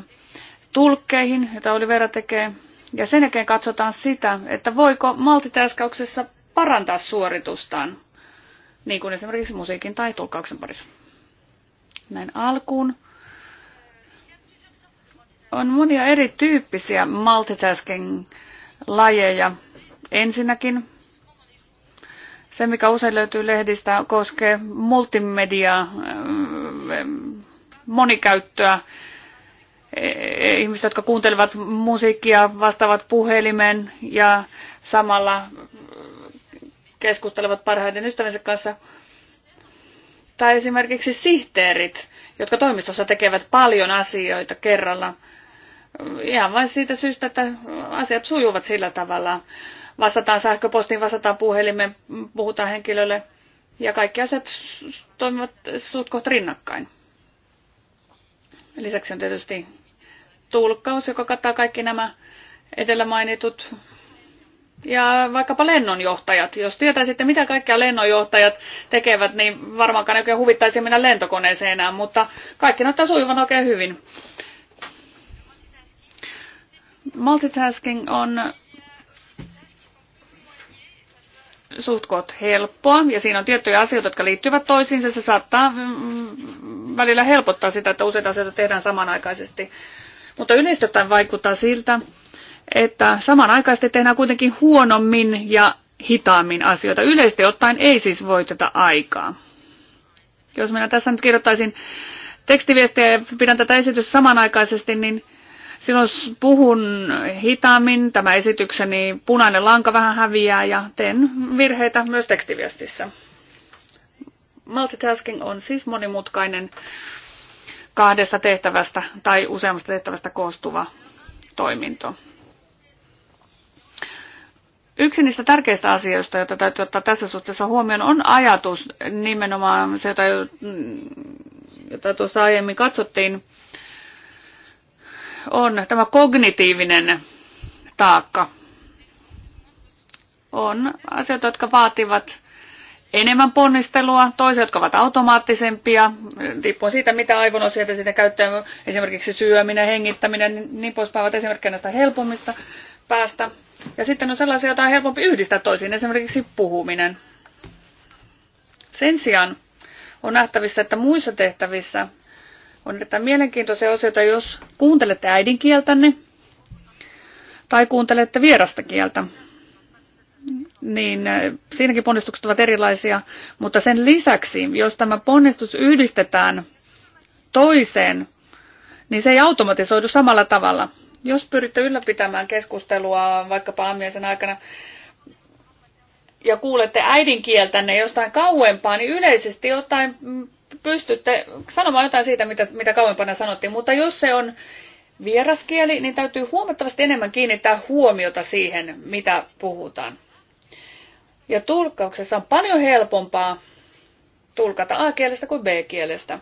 tulkkeihin, joita Olivera tekee, ja sen jälkeen katsotaan sitä, että voiko multitaskauksessa parantaa suoritustaan, niin kuin esimerkiksi musiikin tai tulkkauksen parissa. Näin alkuun on monia erityyppisiä multitasking-lajeja. Ensinnäkin se, mikä usein löytyy lehdistä, koskee multimediaa, ähm, monikäyttöä. E, e, ihmiset, jotka kuuntelevat musiikkia, vastaavat puhelimen ja samalla keskustelevat parhaiden ystävänsä kanssa. Tai esimerkiksi sihteerit, jotka toimistossa tekevät paljon asioita kerralla ihan vain siitä syystä, että asiat sujuvat sillä tavalla. Vastataan sähköpostiin, vastataan puhelimeen, puhutaan henkilölle ja kaikki asiat toimivat suht rinnakkain. Lisäksi on tietysti tulkkaus, joka kattaa kaikki nämä edellä mainitut ja vaikkapa lennonjohtajat. Jos tietäisitte, mitä kaikkia lennonjohtajat tekevät, niin varmaankaan oikein huvittaisi mennä lentokoneeseen enää, mutta kaikki näyttää sujuvan oikein hyvin. Multitasking on suhtkoot helppoa ja siinä on tiettyjä asioita, jotka liittyvät toisiinsa. Se saattaa mm, mm, välillä helpottaa sitä, että useita asioita tehdään samanaikaisesti. Mutta yleistöttäen vaikuttaa siltä, että samanaikaisesti tehdään kuitenkin huonommin ja hitaammin asioita. Yleisesti ottaen ei siis voiteta aikaa. Jos minä tässä nyt kirjoittaisin tekstiviestiä ja pidän tätä esitystä samanaikaisesti, niin Silloin puhun hitaammin, tämä esitykseni punainen lanka vähän häviää ja teen virheitä myös tekstiviestissä. Multitasking on siis monimutkainen kahdesta tehtävästä tai useammasta tehtävästä koostuva toiminto. Yksi niistä tärkeistä asioista, joita täytyy ottaa tässä suhteessa huomioon, on ajatus nimenomaan se, jota, jota tuossa aiemmin katsottiin, on tämä kognitiivinen taakka. On asioita, jotka vaativat enemmän ponnistelua, toisia, jotka ovat automaattisempia, riippuen siitä, mitä aivonosia te sitä käyttää, esimerkiksi syöminen, hengittäminen, niin poispäin ovat esimerkkejä näistä helpommista päästä. Ja sitten on sellaisia, joita on helpompi yhdistää toisiin, esimerkiksi puhuminen. Sen sijaan on nähtävissä, että muissa tehtävissä on erittäin mielenkiintoisia osioita, jos kuuntelette äidinkieltänne tai kuuntelette vierasta kieltä. Niin äh, siinäkin ponnistukset ovat erilaisia, mutta sen lisäksi, jos tämä ponnistus yhdistetään toiseen, niin se ei automatisoidu samalla tavalla. Jos pyritte ylläpitämään keskustelua vaikkapa aamiaisen aikana, ja kuulette äidinkieltänne jostain kauempaa, niin yleisesti jotain mm, pystytte sanomaan jotain siitä, mitä, mitä kauempana sanottiin, mutta jos se on vieraskieli, niin täytyy huomattavasti enemmän kiinnittää huomiota siihen, mitä puhutaan. Ja tulkkauksessa on paljon helpompaa tulkata A-kielestä kuin B-kielestä.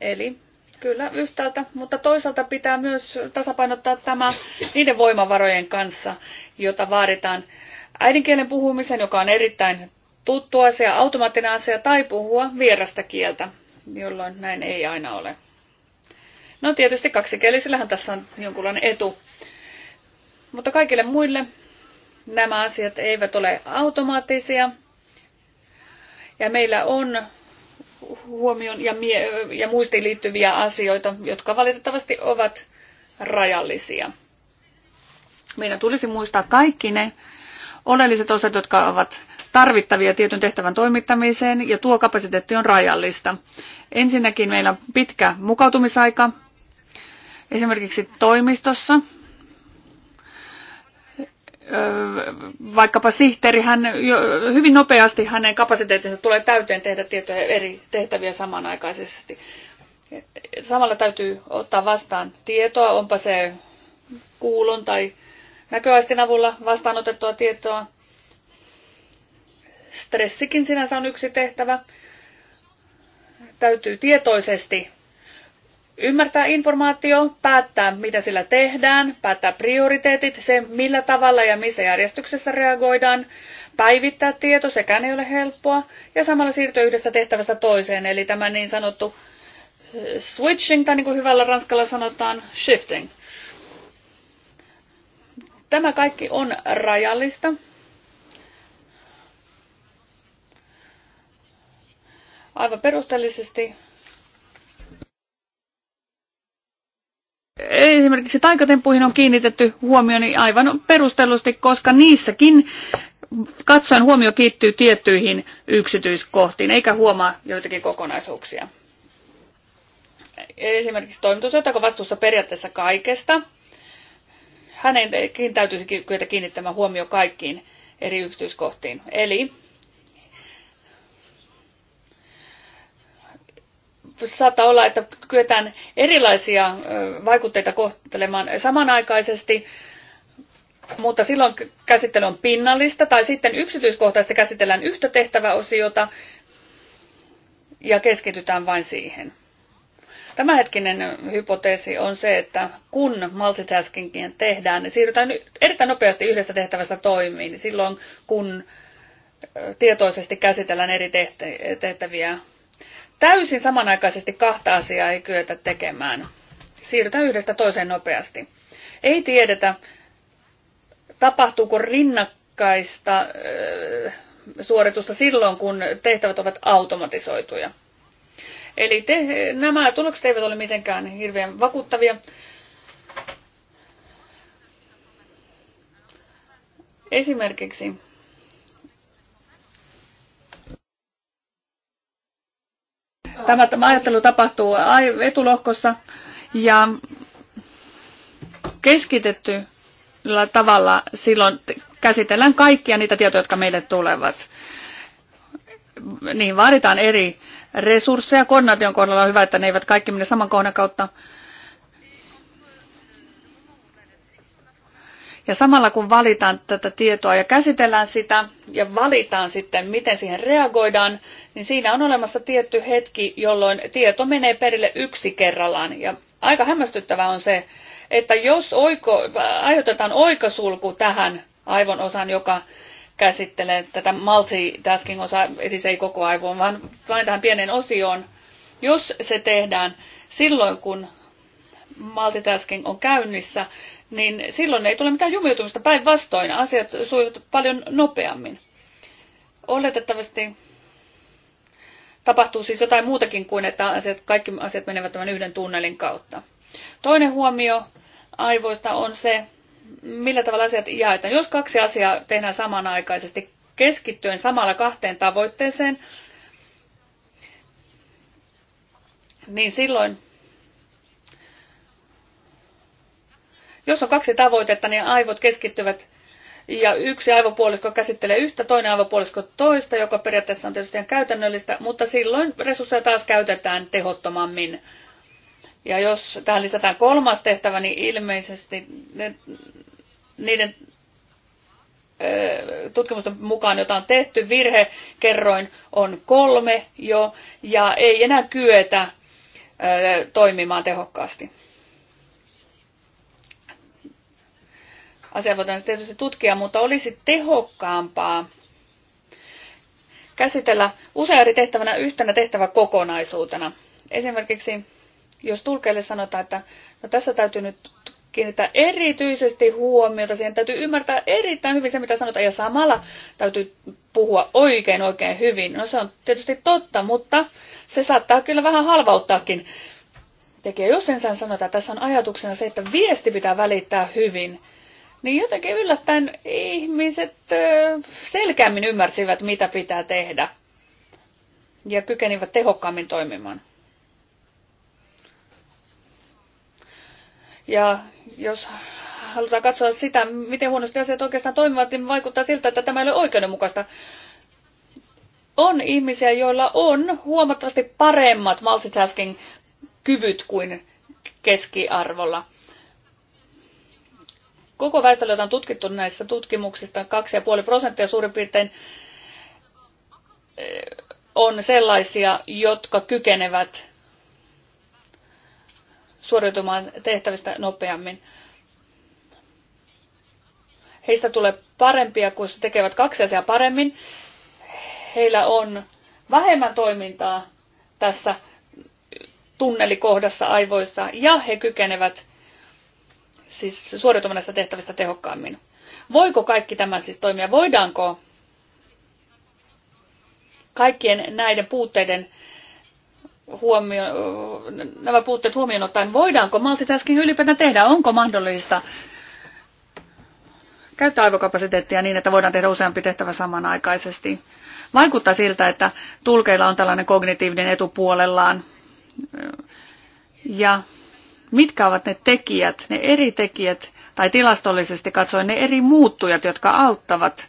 Eli kyllä yhtäältä, mutta toisaalta pitää myös tasapainottaa tämä niiden voimavarojen kanssa, jota vaaditaan äidinkielen puhumisen, joka on erittäin tuttu asia, automaattinen asia tai puhua vierasta kieltä, jolloin näin ei aina ole. No tietysti kaksikielisillähän tässä on jonkunlainen etu. Mutta kaikille muille nämä asiat eivät ole automaattisia. Ja meillä on huomioon ja, mie- ja muistiin liittyviä asioita, jotka valitettavasti ovat rajallisia. Meidän tulisi muistaa kaikki ne oleelliset osat, jotka ovat tarvittavia tietyn tehtävän toimittamiseen ja tuo kapasiteetti on rajallista. Ensinnäkin meillä on pitkä mukautumisaika esimerkiksi toimistossa. Vaikkapa sihteeri, hän hyvin nopeasti hänen kapasiteettinsa tulee täyteen tehdä tietoja eri tehtäviä samanaikaisesti. Samalla täytyy ottaa vastaan tietoa, onpa se kuulon tai näköaistin avulla vastaanotettua tietoa Stressikin sinänsä on yksi tehtävä. Täytyy tietoisesti ymmärtää informaatio, päättää mitä sillä tehdään, päättää prioriteetit, se millä tavalla ja missä järjestyksessä reagoidaan, päivittää tieto, sekään ei ole helppoa, ja samalla siirtyä yhdestä tehtävästä toiseen, eli tämä niin sanottu eh, switching, tai niin kuin hyvällä ranskalla sanotaan, shifting. Tämä kaikki on rajallista, aivan perusteellisesti. Esimerkiksi taikatempuihin on kiinnitetty huomioni aivan perustellusti, koska niissäkin katsoen huomio kiittyy tiettyihin yksityiskohtiin, eikä huomaa joitakin kokonaisuuksia. Esimerkiksi toimitusjohtako vastuussa periaatteessa kaikesta. Hänenkin täytyisi kyetä kiinnittämään huomio kaikkiin eri yksityiskohtiin. Eli saattaa olla, että kyetään erilaisia vaikutteita kohtelemaan samanaikaisesti, mutta silloin käsittely on pinnallista, tai sitten yksityiskohtaisesti käsitellään yhtä tehtäväosiota ja keskitytään vain siihen. Tämänhetkinen hypoteesi on se, että kun multitaskingia tehdään, niin siirrytään erittäin nopeasti yhdestä tehtävästä toimiin, silloin kun tietoisesti käsitellään eri tehtäviä Täysin samanaikaisesti kahta asiaa ei kyetä tekemään. Siirrytään yhdestä toiseen nopeasti. Ei tiedetä, tapahtuuko rinnakkaista suoritusta silloin, kun tehtävät ovat automatisoituja. Eli te, nämä tulokset eivät ole mitenkään hirveän vakuuttavia. Esimerkiksi Tämä, tämä ajattelu tapahtuu etulohkossa ja keskitetty tavalla silloin käsitellään kaikkia niitä tietoja, jotka meille tulevat. Niin vaaditaan eri resursseja. Koordinaation kohdalla on hyvä, että ne eivät kaikki mene saman kohdan kautta, Ja samalla kun valitaan tätä tietoa ja käsitellään sitä ja valitaan sitten, miten siihen reagoidaan, niin siinä on olemassa tietty hetki, jolloin tieto menee perille yksi kerrallaan. Ja aika hämmästyttävää on se, että jos oiko, aiheutetaan oikasulku tähän aivon osaan, joka käsittelee tätä multitasking-osaa, siis ei koko aivoon, vaan vain tähän pienen osioon, jos se tehdään silloin, kun multitasking on käynnissä, niin silloin ei tule mitään jumiutumista. Päinvastoin asiat sujuvat paljon nopeammin. Oletettavasti tapahtuu siis jotain muutakin kuin, että asiat, kaikki asiat menevät tämän yhden tunnelin kautta. Toinen huomio aivoista on se, millä tavalla asiat jaetaan. Jos kaksi asiaa tehdään samanaikaisesti keskittyen samalla kahteen tavoitteeseen, niin silloin Jos on kaksi tavoitetta, niin aivot keskittyvät ja yksi aivopuolisko käsittelee yhtä, toinen aivopuolisko toista, joka periaatteessa on tietysti ihan käytännöllistä, mutta silloin resursseja taas käytetään tehottomammin. Ja jos tähän lisätään kolmas tehtävä, niin ilmeisesti ne, niiden tutkimusten mukaan, jota on tehty, virhekerroin on kolme jo, ja ei enää kyetä toimimaan tehokkaasti. Asia voidaan tietysti tutkia, mutta olisi tehokkaampaa käsitellä usein eri tehtävänä yhtenä tehtäväkokonaisuutena. Esimerkiksi jos tulkeille sanotaan, että no tässä täytyy nyt kiinnittää erityisesti huomiota, siihen täytyy ymmärtää erittäin hyvin se, mitä sanotaan, ja samalla täytyy puhua oikein oikein hyvin. No se on tietysti totta, mutta se saattaa kyllä vähän halvauttaakin tekee. Jos sen sanotaan että tässä on ajatuksena se, että viesti pitää välittää hyvin, niin jotenkin yllättäen ihmiset selkeämmin ymmärsivät, mitä pitää tehdä ja kykenivät tehokkaammin toimimaan. Ja jos halutaan katsoa sitä, miten huonosti asiat oikeastaan toimivat, niin vaikuttaa siltä, että tämä ei ole oikeudenmukaista. On ihmisiä, joilla on huomattavasti paremmat multitasking-kyvyt kuin keskiarvolla koko väestölle, jota on tutkittu näissä tutkimuksista, 2,5 prosenttia suurin piirtein eh, on sellaisia, jotka kykenevät suoriutumaan tehtävistä nopeammin. Heistä tulee parempia, kun he tekevät kaksi asiaa paremmin. Heillä on vähemmän toimintaa tässä tunnelikohdassa aivoissa ja he kykenevät siis suoriutumaan näistä tehtävistä tehokkaammin. Voiko kaikki tämä siis toimia? Voidaanko kaikkien näiden puutteiden huomio, nämä puutteet huomioon ottaen, voidaanko multitasking ylipäätään tehdä? Onko mahdollista käyttää aivokapasiteettia niin, että voidaan tehdä useampi tehtävä samanaikaisesti? Vaikuttaa siltä, että tulkeilla on tällainen kognitiivinen etupuolellaan. Ja mitkä ovat ne tekijät, ne eri tekijät, tai tilastollisesti katsoen ne eri muuttujat, jotka auttavat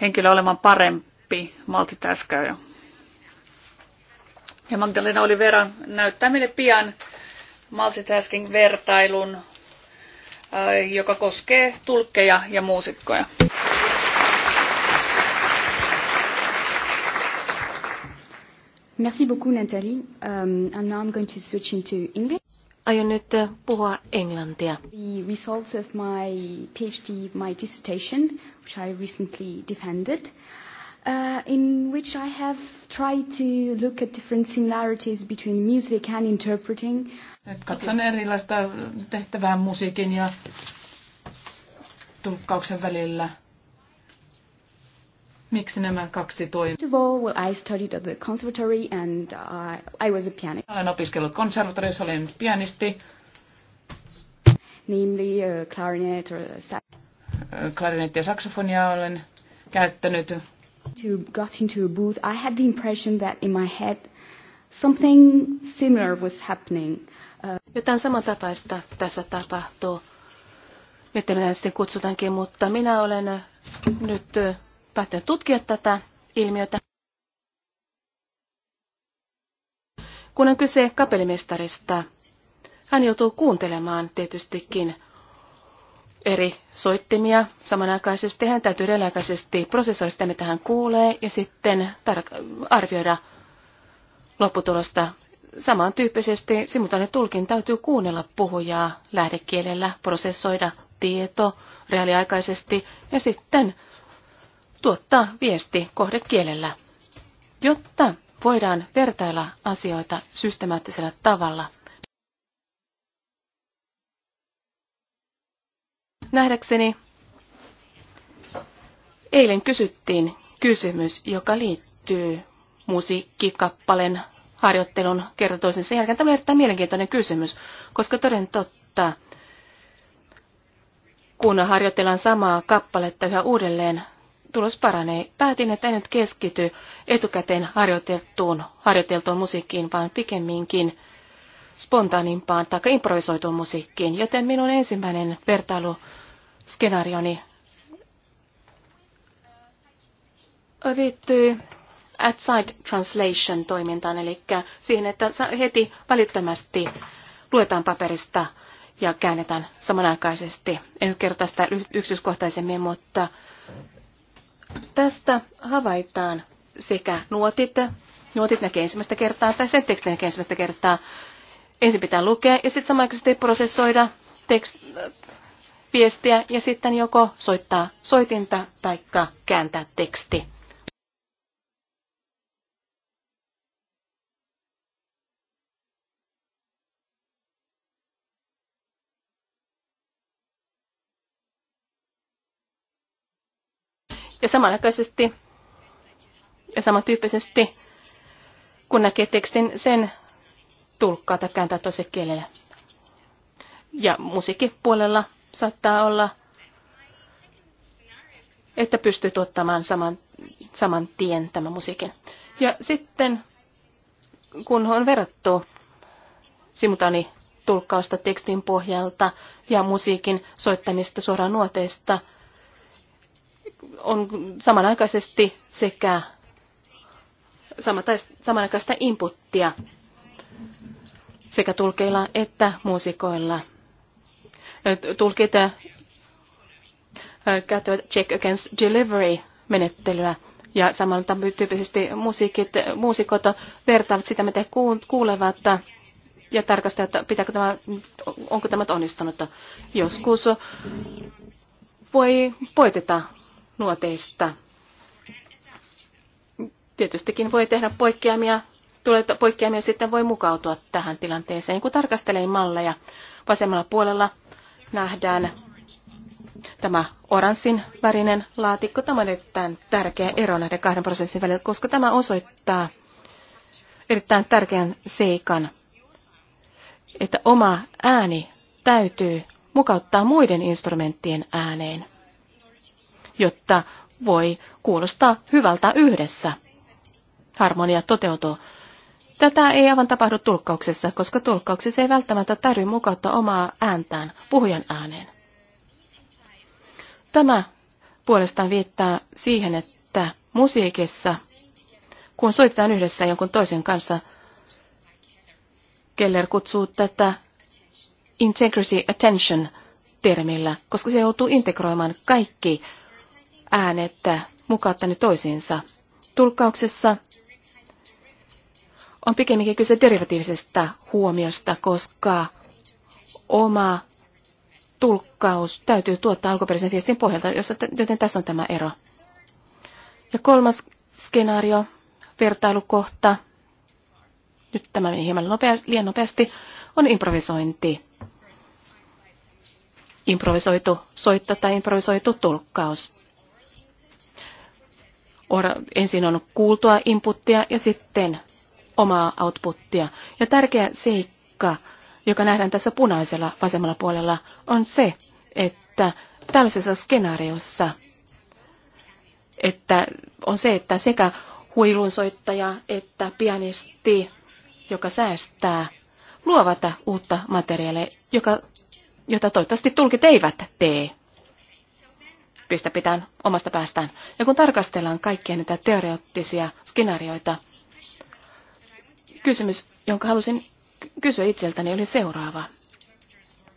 henkilö olemaan parempi multitaskeria. Ja Magdalena Olivera näyttää meille pian multitasking-vertailun, äh, joka koskee tulkkeja ja muusikkoja. Merci beaucoup, Nathalie. Um, and now I'm going to switch into English. Aion nyt puhua englantia. The results of my PhD, my dissertation, which I recently defended, uh, in which I have tried to look at different similarities between music and interpreting. katson erilaista tehtävää musiikin ja tulkkauksen välillä Miksi nämä kaksi toimivat? First of all, well, I studied at the conservatory and uh, I was a pianist. Olen opiskellut konservatoriossa, olen pianisti. Namely uh, clarinet or uh, Klarinetti ja saksofonia olen käyttänyt. To got into a booth, I had the impression that in my head something similar was happening. Uh, Jotain samantapaista tässä tapahtuu. Nyt sitten kutsutaankin, mutta minä olen nyt päättänyt tutkia tätä ilmiötä. Kun on kyse kapellimestarista, hän joutuu kuuntelemaan tietystikin eri soittimia samanaikaisesti. Hän täytyy reaaliaikaisesti prosessoida sitä, mitä hän kuulee, ja sitten arvioida lopputulosta samantyyppisesti. Simultaaninen tulkin täytyy kuunnella puhujaa lähdekielellä, prosessoida tieto reaaliaikaisesti ja sitten tuottaa viesti kohdekielellä, jotta voidaan vertailla asioita systemaattisella tavalla. Nähdäkseni eilen kysyttiin kysymys, joka liittyy musiikkikappalen harjoittelun kerta toisensa jälkeen. Tämä on erittäin mielenkiintoinen kysymys, koska toden totta, kun harjoitellaan samaa kappaletta yhä uudelleen, tulos paranee. Päätin, että en nyt keskity etukäteen harjoiteltuun, harjoiteltuun musiikkiin, vaan pikemminkin spontaanimpaan tai improvisoituun musiikkiin. Joten minun ensimmäinen vertailuskenaarioni liittyy outside translation toimintaan, eli siihen, että heti välittömästi luetaan paperista ja käännetään samanaikaisesti. En nyt kerro tästä yksityiskohtaisemmin, mutta Tästä havaitaan sekä nuotit, nuotit näkee ensimmäistä kertaa tai sen tekstin näkee ensimmäistä kertaa. Ensin pitää lukea ja sitten samanaikaisesti prosessoida tekst, viestiä ja sitten joko soittaa soitinta tai kääntää teksti. Ja samanaikaisesti ja samantyyppisesti, kun näkee tekstin, sen tulkkaa tai kääntää toisen kielelle. Ja musiikkipuolella saattaa olla, että pystyy tuottamaan saman, saman tien tämän musiikin. Ja sitten, kun on verrattu simultaani tulkkausta tekstin pohjalta ja musiikin soittamista suoraan nuoteista – on samanaikaisesti sekä samanaikaista inputtia sekä tulkeilla että muusikoilla. Tulkit käyttävät check against delivery menettelyä ja samalla tyyppisesti musiikit, muusikot vertaavat sitä, mitä kuulevat ja tarkastavat, että pitääkö tämä, onko tämä onnistunut. Joskus voi poiteta nuoteista. Tietystikin voi tehdä poikkeamia, tulee poikkeamia sitten voi mukautua tähän tilanteeseen. Kun tarkastelee malleja vasemmalla puolella, nähdään tämä oranssin värinen laatikko. Tämä on erittäin tärkeä ero näiden kahden prosessin välillä, koska tämä osoittaa erittäin tärkeän seikan, että oma ääni täytyy mukauttaa muiden instrumenttien ääneen jotta voi kuulostaa hyvältä yhdessä. Harmonia toteutuu. Tätä ei aivan tapahdu tulkkauksessa, koska tulkkauksessa ei välttämättä tarvitse mukauttaa omaa ääntään, puhujan ääneen. Tämä puolestaan viittaa siihen, että musiikissa, kun soitetaan yhdessä jonkun toisen kanssa, Keller kutsuu tätä integrity attention termillä, koska se joutuu integroimaan kaikki äänet mukauttaneet toisiinsa. tulkauksessa on pikemminkin kyse derivatiivisesta huomiosta, koska oma tulkkaus täytyy tuottaa alkuperäisen viestin pohjalta, joten tässä on tämä ero. Ja kolmas skenaario, vertailukohta, nyt tämä meni hieman nopea, liian nopeasti, on improvisointi. Improvisoitu soitto tai improvisoitu tulkkaus ensin on kuultua inputtia ja sitten omaa outputtia. Ja tärkeä seikka, joka nähdään tässä punaisella vasemmalla puolella, on se, että tällaisessa skenaariossa että on se, että sekä huilunsoittaja että pianisti, joka säästää, luovat uutta materiaalia, joka, jota toivottavasti tulkit eivät tee tyyppistä pitää omasta päästään. Ja kun tarkastellaan kaikkia näitä teoreettisia skenaarioita, kysymys, jonka halusin kysyä itseltäni, oli seuraava.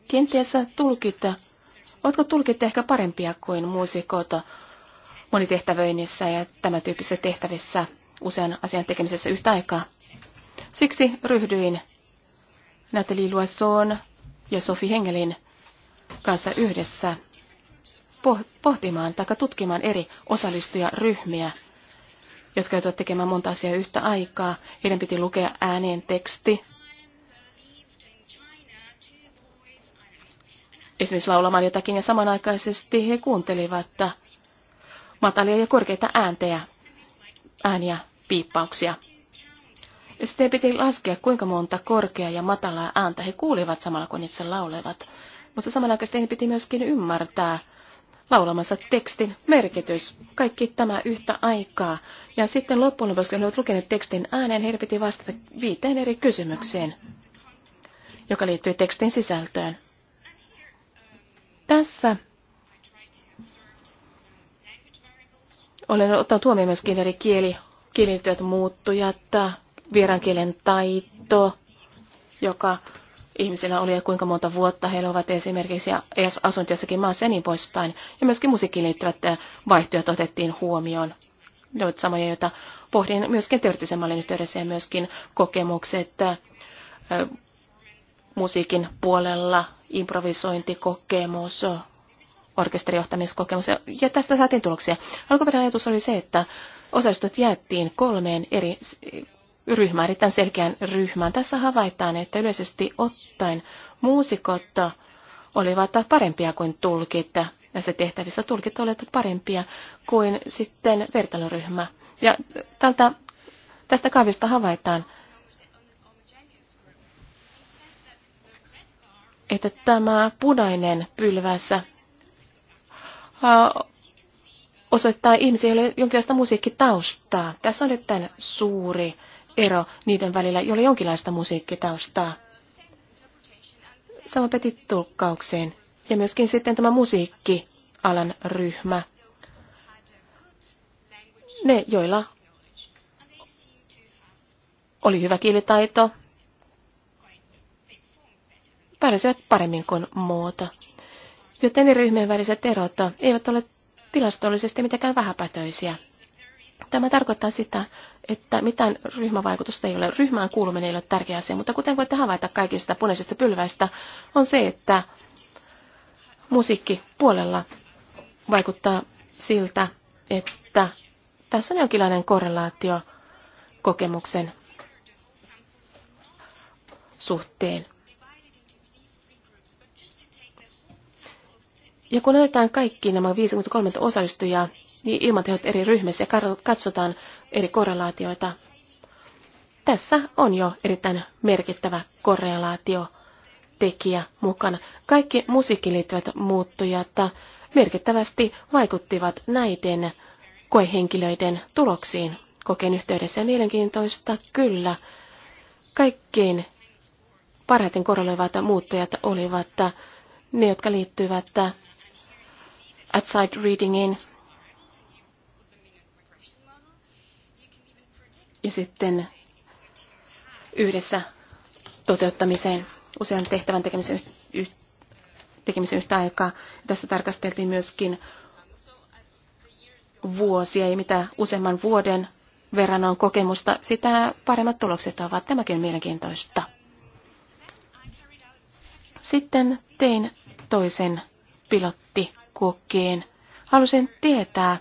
Kenties tulkit, oletko tulkit ehkä parempia kuin muusikot monitehtävöinnissä ja tämä tyyppisissä tehtävissä usean asian tekemisessä yhtä aikaa? Siksi ryhdyin Nathalie Luasson ja Sofi Hengelin kanssa yhdessä pohtimaan tai tutkimaan eri osallistujaryhmiä, jotka joutuivat tekemään monta asiaa yhtä aikaa. Heidän piti lukea ääneen teksti. Esimerkiksi laulamaan jotakin ja samanaikaisesti he kuuntelivat matalia ja korkeita ääntejä, ääniä, piippauksia. Ja sitten piti laskea, kuinka monta korkeaa ja matalaa ääntä he kuulivat samalla, kun itse laulevat. Mutta samanaikaisesti he piti myöskin ymmärtää laulamansa tekstin merkitys. Kaikki tämä yhtä aikaa. Ja sitten loppuun lopuksi, kun he ovat lukeneet tekstin ääneen, heidän piti vastata viiteen eri kysymykseen, joka liittyy tekstin sisältöön. Tässä olen ottanut huomioon myöskin eri kieli, kielityöt muuttujat, vieraankielen taito, joka ihmisillä oli ja kuinka monta vuotta he ovat esimerkiksi asunut jossakin maassa ja niin poispäin. Ja myöskin musiikkiin liittyvät vaihtoehdot otettiin huomioon. Ne ovat samoja, joita pohdin myöskin mallin yhteydessä ja myöskin kokemukset musiikin puolella, improvisointikokemus, orkesterijohtamiskokemus, ja tästä saatiin tuloksia. Alkuperäinen ajatus oli se, että osastot jäättiin kolmeen eri ryhmä, erittäin selkeän ryhmän Tässä havaitaan, että yleisesti ottaen muusikot olivat parempia kuin tulkit. Näissä tehtävissä tulkit olivat parempia kuin sitten vertailuryhmä. Ja tältä, tästä kaavista havaitaan, että tämä punainen pylvässä äh, osoittaa ihmisiä, joille jonkinlaista musiikkitaustaa. Tässä on nyt tämän suuri ero niiden välillä, joilla jonkinlaista musiikkitaustaa. Sama peti tulkkaukseen. Ja myöskin sitten tämä musiikkialan ryhmä. Ne, joilla oli hyvä kielitaito, pärjäsivät paremmin kuin muuta. Joten ne ryhmien väliset erot eivät ole tilastollisesti mitenkään vähäpätöisiä. Tämä tarkoittaa sitä, että mitään ryhmävaikutusta ei ole. Ryhmään kuuluminen ei ole tärkeä asia, mutta kuten voitte havaita kaikista punaisista pylväistä, on se, että musiikki puolella vaikuttaa siltä, että tässä on jonkinlainen korrelaatio kokemuksen suhteen. Ja kun otetaan kaikki nämä 53 osallistujaa niin, ilmatehot eri ryhmissä ja katsotaan eri korrelaatioita. Tässä on jo erittäin merkittävä korrelaatio tekijä mukana. Kaikki musiikkiin liittyvät muuttujat merkittävästi vaikuttivat näiden koehenkilöiden tuloksiin kokeen yhteydessä. Ja mielenkiintoista kyllä. Kaikkein parhaiten korreloivat muuttujat olivat ne, jotka liittyvät outside Readingin ja sitten yhdessä toteuttamiseen, usean tehtävän tekemisen, yh, tekemisen yhtä aikaa. Tässä tarkasteltiin myöskin vuosia ja mitä useamman vuoden verran on kokemusta, sitä paremmat tulokset ovat. Tämäkin on mielenkiintoista. Sitten tein toisen pilottikokeen. Halusin tietää,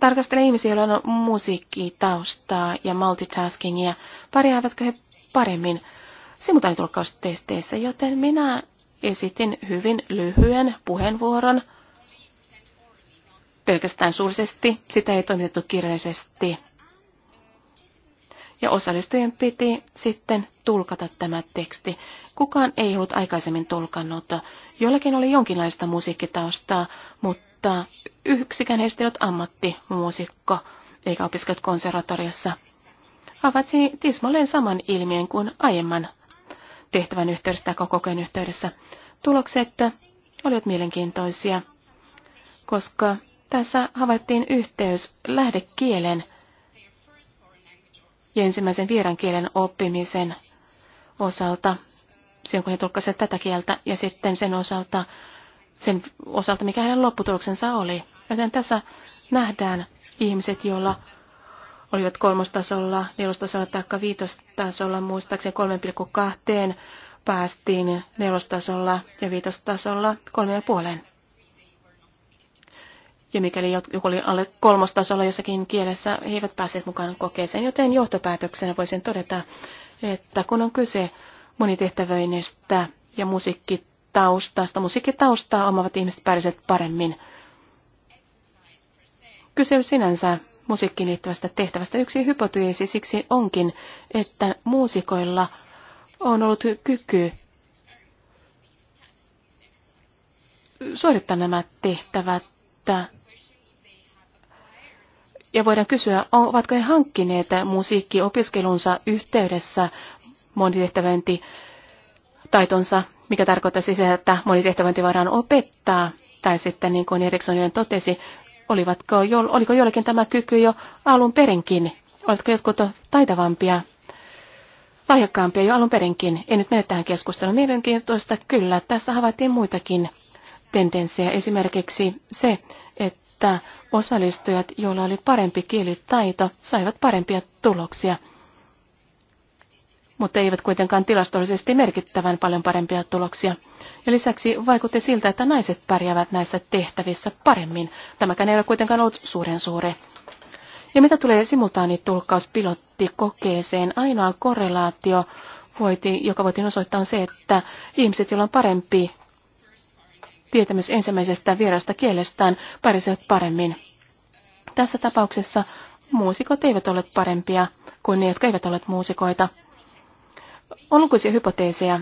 tarkastele ihmisiä, joilla on musiikkitaustaa ja multitaskingia. Pärjäävätkö he paremmin simultaanitulkkaustesteissä, joten minä esitin hyvin lyhyen puheenvuoron pelkästään suullisesti, sitä ei toimitettu kirjallisesti. Ja osallistujien piti sitten tulkata tämä teksti. Kukaan ei ollut aikaisemmin tulkannut. Jollakin oli jonkinlaista musiikkitaustaa, mutta mutta yksikään heistä ei ollut ammattimuusikko eikä opiskellut konservatoriossa. Havaitsi tismalleen saman ilmiön kuin aiemman tehtävän yhteydessä tai kokeen yhteydessä. Tulokset olivat mielenkiintoisia, koska tässä havaittiin yhteys lähdekielen ja ensimmäisen vieran kielen oppimisen osalta, silloin kun he tulkkasivat tätä kieltä, ja sitten sen osalta, sen osalta, mikä hänen lopputuloksensa oli. Joten tässä nähdään ihmiset, joilla olivat kolmostasolla, nelostasolla tai viitostasolla, muistaakseni 3,2 päästiin nelostasolla ja viitostasolla kolme ja puoleen. Ja mikäli joku oli alle kolmostasolla jossakin kielessä, he eivät päässeet mukaan kokeeseen, joten johtopäätöksenä voisin todeta, että kun on kyse monitehtävöinnistä ja musiikki taustasta, musiikkitaustaa omavat ihmiset pärjäsivät paremmin. Kyse on sinänsä musiikkiin liittyvästä tehtävästä. Yksi hypoteesi siksi onkin, että muusikoilla on ollut kyky suorittaa nämä tehtävät. Ja voidaan kysyä, ovatko he hankkineet musiikkiopiskelunsa yhteydessä monitehtävänti taitonsa mikä tarkoittaa siis, että monitehtävänti voidaan opettaa, tai sitten niin kuin Erikssonin totesi, olivatko, oliko jollakin tämä kyky jo alun perinkin? Oletko jotkut taitavampia, lahjakkaampia jo alun perinkin? En nyt mene tähän keskusteluun. Mielenkiintoista kyllä. Tässä havaittiin muitakin tendenssejä. Esimerkiksi se, että osallistujat, joilla oli parempi kielitaito, saivat parempia tuloksia mutta eivät kuitenkaan tilastollisesti merkittävän paljon parempia tuloksia. Ja lisäksi vaikutti siltä, että naiset pärjäävät näissä tehtävissä paremmin. Tämäkään ei ole kuitenkaan ollut suuren suuri. Ja mitä tulee simultaanitulkkauspilottikokeeseen, ainoa korrelaatio, voiti, joka voitiin osoittaa, on se, että ihmiset, joilla on parempi tietämys ensimmäisestä vierasta kielestään, pärjäsivät paremmin. Tässä tapauksessa muusikot eivät ole parempia kuin ne, jotka eivät ole muusikoita. On lukuisia hypoteeseja,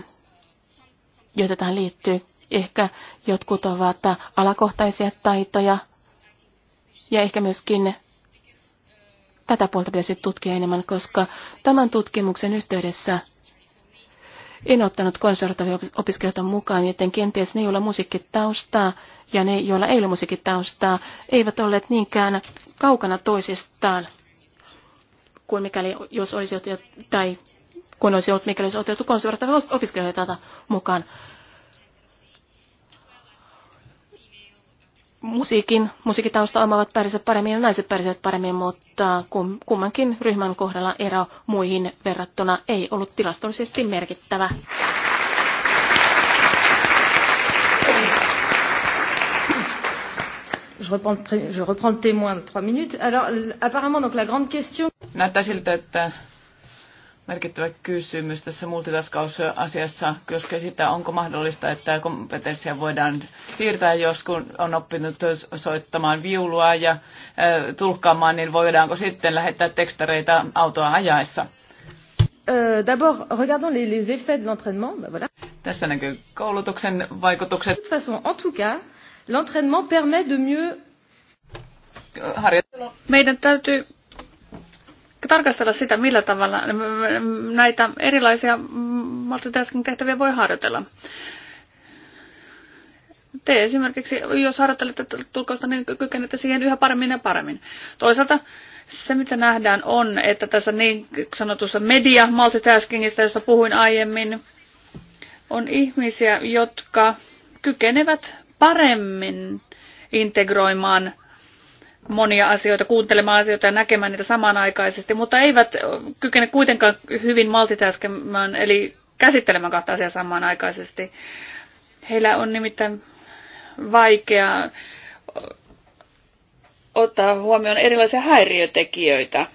joita tähän liittyy. Ehkä jotkut ovat alakohtaisia taitoja ja ehkä myöskin tätä puolta pitäisi tutkia enemmän, koska tämän tutkimuksen yhteydessä en ottanut konservatiiviopiskelijoita mukaan, joten kenties ne, joilla musiikkitaustaa ja ne, joilla ei ole musiikkitaustaa, eivät olleet niinkään kaukana toisistaan kuin mikäli jos olisi jotain tai kun olisi ollut, mikäli olisi otettu konservatiivia opiskelijoita mukaan. musiikin, musiikitausta omaavat pärjäsivät paremmin ja naiset pärjäsivät paremmin, mutta kum, kummankin ryhmän kohdalla ero muihin verrattuna ei ollut tilastollisesti merkittävä. je reprends le témoin de trois minutes. Alors, apparemment, donc la grande question... Näyttää siltä, että merkittävä kysymys tässä multitaskausasiassa, jos sitä onko mahdollista, että kompetenssia voidaan siirtää, jos kun on oppinut soittamaan viulua ja tulkkaamaan, niin voidaanko sitten lähettää tekstareita autoa ajaessa? D'abord, regardons les, les effets de l'entraînement. voilà. Tässä näkyy koulutuksen vaikutukset. De toute façon, en tout cas, l'entraînement permet de mieux... Meidän täytyy tarkastella sitä, millä tavalla näitä erilaisia multitasking-tehtäviä voi harjoitella. Te esimerkiksi, jos harjoittelette tulkosta, niin kykenette siihen yhä paremmin ja paremmin. Toisaalta se, mitä nähdään, on, että tässä niin sanotussa media multitaskingista, josta puhuin aiemmin, on ihmisiä, jotka kykenevät paremmin integroimaan monia asioita, kuuntelemaan asioita ja näkemään niitä samanaikaisesti, mutta eivät kykene kuitenkaan hyvin multitaskemaan, eli käsittelemään kahta asiaa samanaikaisesti. Heillä on nimittäin vaikea ottaa huomioon erilaisia häiriötekijöitä.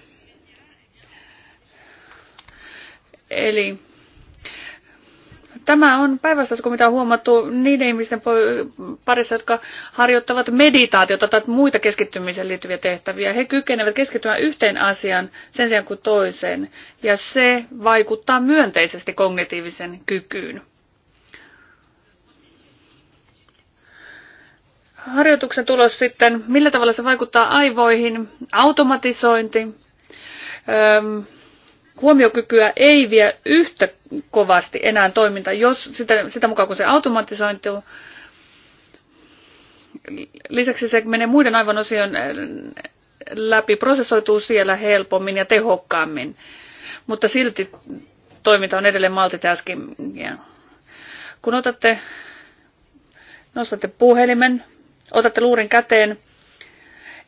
Eli Tämä on päinvastaista kun mitä on huomattu niiden ihmisten parissa, jotka harjoittavat meditaatiota tai muita keskittymiseen liittyviä tehtäviä. He kykenevät keskittymään yhteen asiaan sen sijaan kuin toiseen, ja se vaikuttaa myönteisesti kognitiivisen kykyyn. Harjoituksen tulos sitten, millä tavalla se vaikuttaa aivoihin, automatisointi, huomiokykyä ei vie yhtä kovasti enää toiminta, jos sitä, sitä mukaan kun se automatisointuu. Lisäksi se menee muiden aivan osion äh, läpi, prosessoituu siellä helpommin ja tehokkaammin, mutta silti toiminta on edelleen multitaskingia. Kun otatte, nostatte puhelimen, otatte luurin käteen,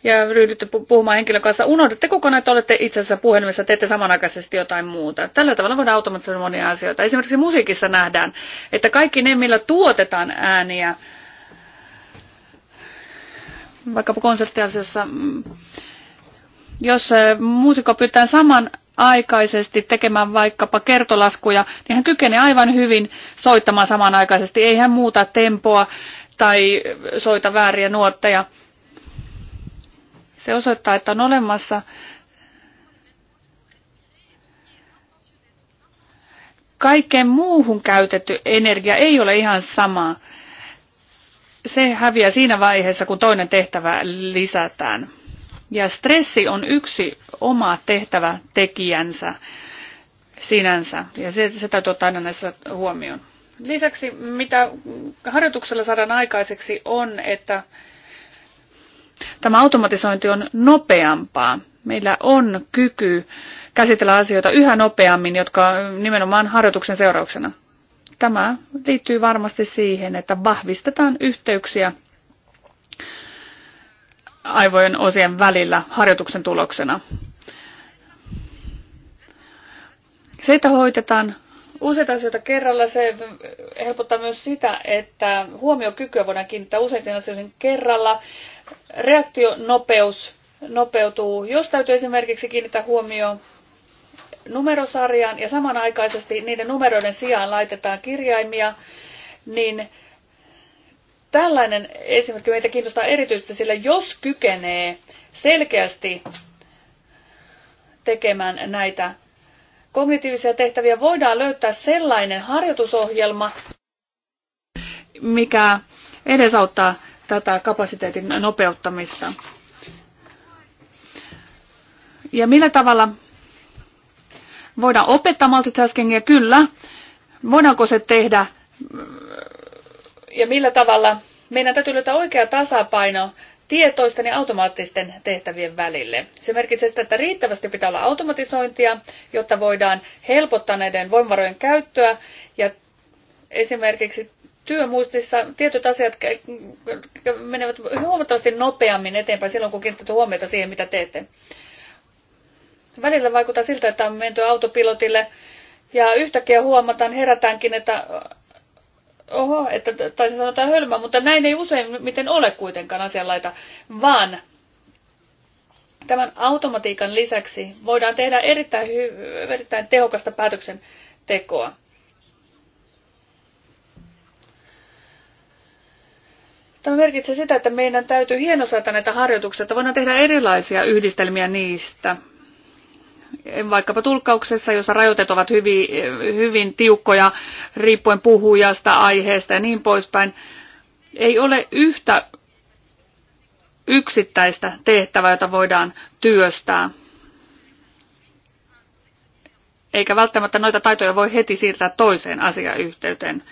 ja ryhdytte puhumaan henkilön kanssa, unohdatte kokonaan, että olette itse asiassa puhelimessa, teette samanaikaisesti jotain muuta. Tällä tavalla voidaan automatisoida monia asioita. Esimerkiksi musiikissa nähdään, että kaikki ne, millä tuotetaan ääniä, vaikkapa konserttiasioissa, mm, jos muusikko pyytää saman aikaisesti tekemään vaikkapa kertolaskuja, niin hän kykenee aivan hyvin soittamaan samanaikaisesti. Ei hän muuta tempoa tai soita vääriä nuotteja. Se osoittaa, että on olemassa kaikkeen muuhun käytetty energia ei ole ihan sama. Se häviää siinä vaiheessa, kun toinen tehtävä lisätään. Ja stressi on yksi oma tehtävä tekijänsä sinänsä, ja se, se täytyy ottaa aina näissä huomioon. Lisäksi, mitä harjoituksella saadaan aikaiseksi, on, että tämä automatisointi on nopeampaa. Meillä on kyky käsitellä asioita yhä nopeammin, jotka nimenomaan harjoituksen seurauksena. Tämä liittyy varmasti siihen, että vahvistetaan yhteyksiä aivojen osien välillä harjoituksen tuloksena. Se, että hoitetaan useita asioita kerralla, se helpottaa myös sitä, että huomiokykyä voidaan kiinnittää useisiin asioihin kerralla reaktionopeus nopeutuu. Jos täytyy esimerkiksi kiinnittää huomioon numerosarjaan ja samanaikaisesti niiden numeroiden sijaan laitetaan kirjaimia, niin tällainen esimerkki meitä kiinnostaa erityisesti, sillä jos kykenee selkeästi tekemään näitä kognitiivisia tehtäviä, voidaan löytää sellainen harjoitusohjelma, mikä edesauttaa tätä kapasiteetin nopeuttamista. Ja millä tavalla voidaan opettaa multitaskingia? Kyllä. Voidaanko se tehdä ja millä tavalla? Meidän täytyy löytää oikea tasapaino tietoisten ja automaattisten tehtävien välille. Se merkitsee sitä, että riittävästi pitää olla automatisointia, jotta voidaan helpottaa näiden voimavarojen käyttöä ja esimerkiksi työmuistissa tietyt asiat menevät huomattavasti nopeammin eteenpäin silloin, kun kiinnitetään huomiota siihen, mitä teette. Välillä vaikuttaa siltä, että on menty autopilotille ja yhtäkkiä huomataan, herätäänkin, että oho, että tai sanotaan hölmä, mutta näin ei usein miten ole kuitenkaan asianlaita, vaan tämän automatiikan lisäksi voidaan tehdä erittäin, hy- erittäin tehokasta päätöksentekoa. Tämä merkitsee sitä, että meidän täytyy hienosata näitä harjoituksia, että voidaan tehdä erilaisia yhdistelmiä niistä. Vaikkapa tulkkauksessa, jossa rajoitet ovat hyvin, hyvin tiukkoja riippuen puhujasta, aiheesta ja niin poispäin, ei ole yhtä yksittäistä tehtävää, jota voidaan työstää. Eikä välttämättä noita taitoja voi heti siirtää toiseen asiayhteyteen. yhteyteen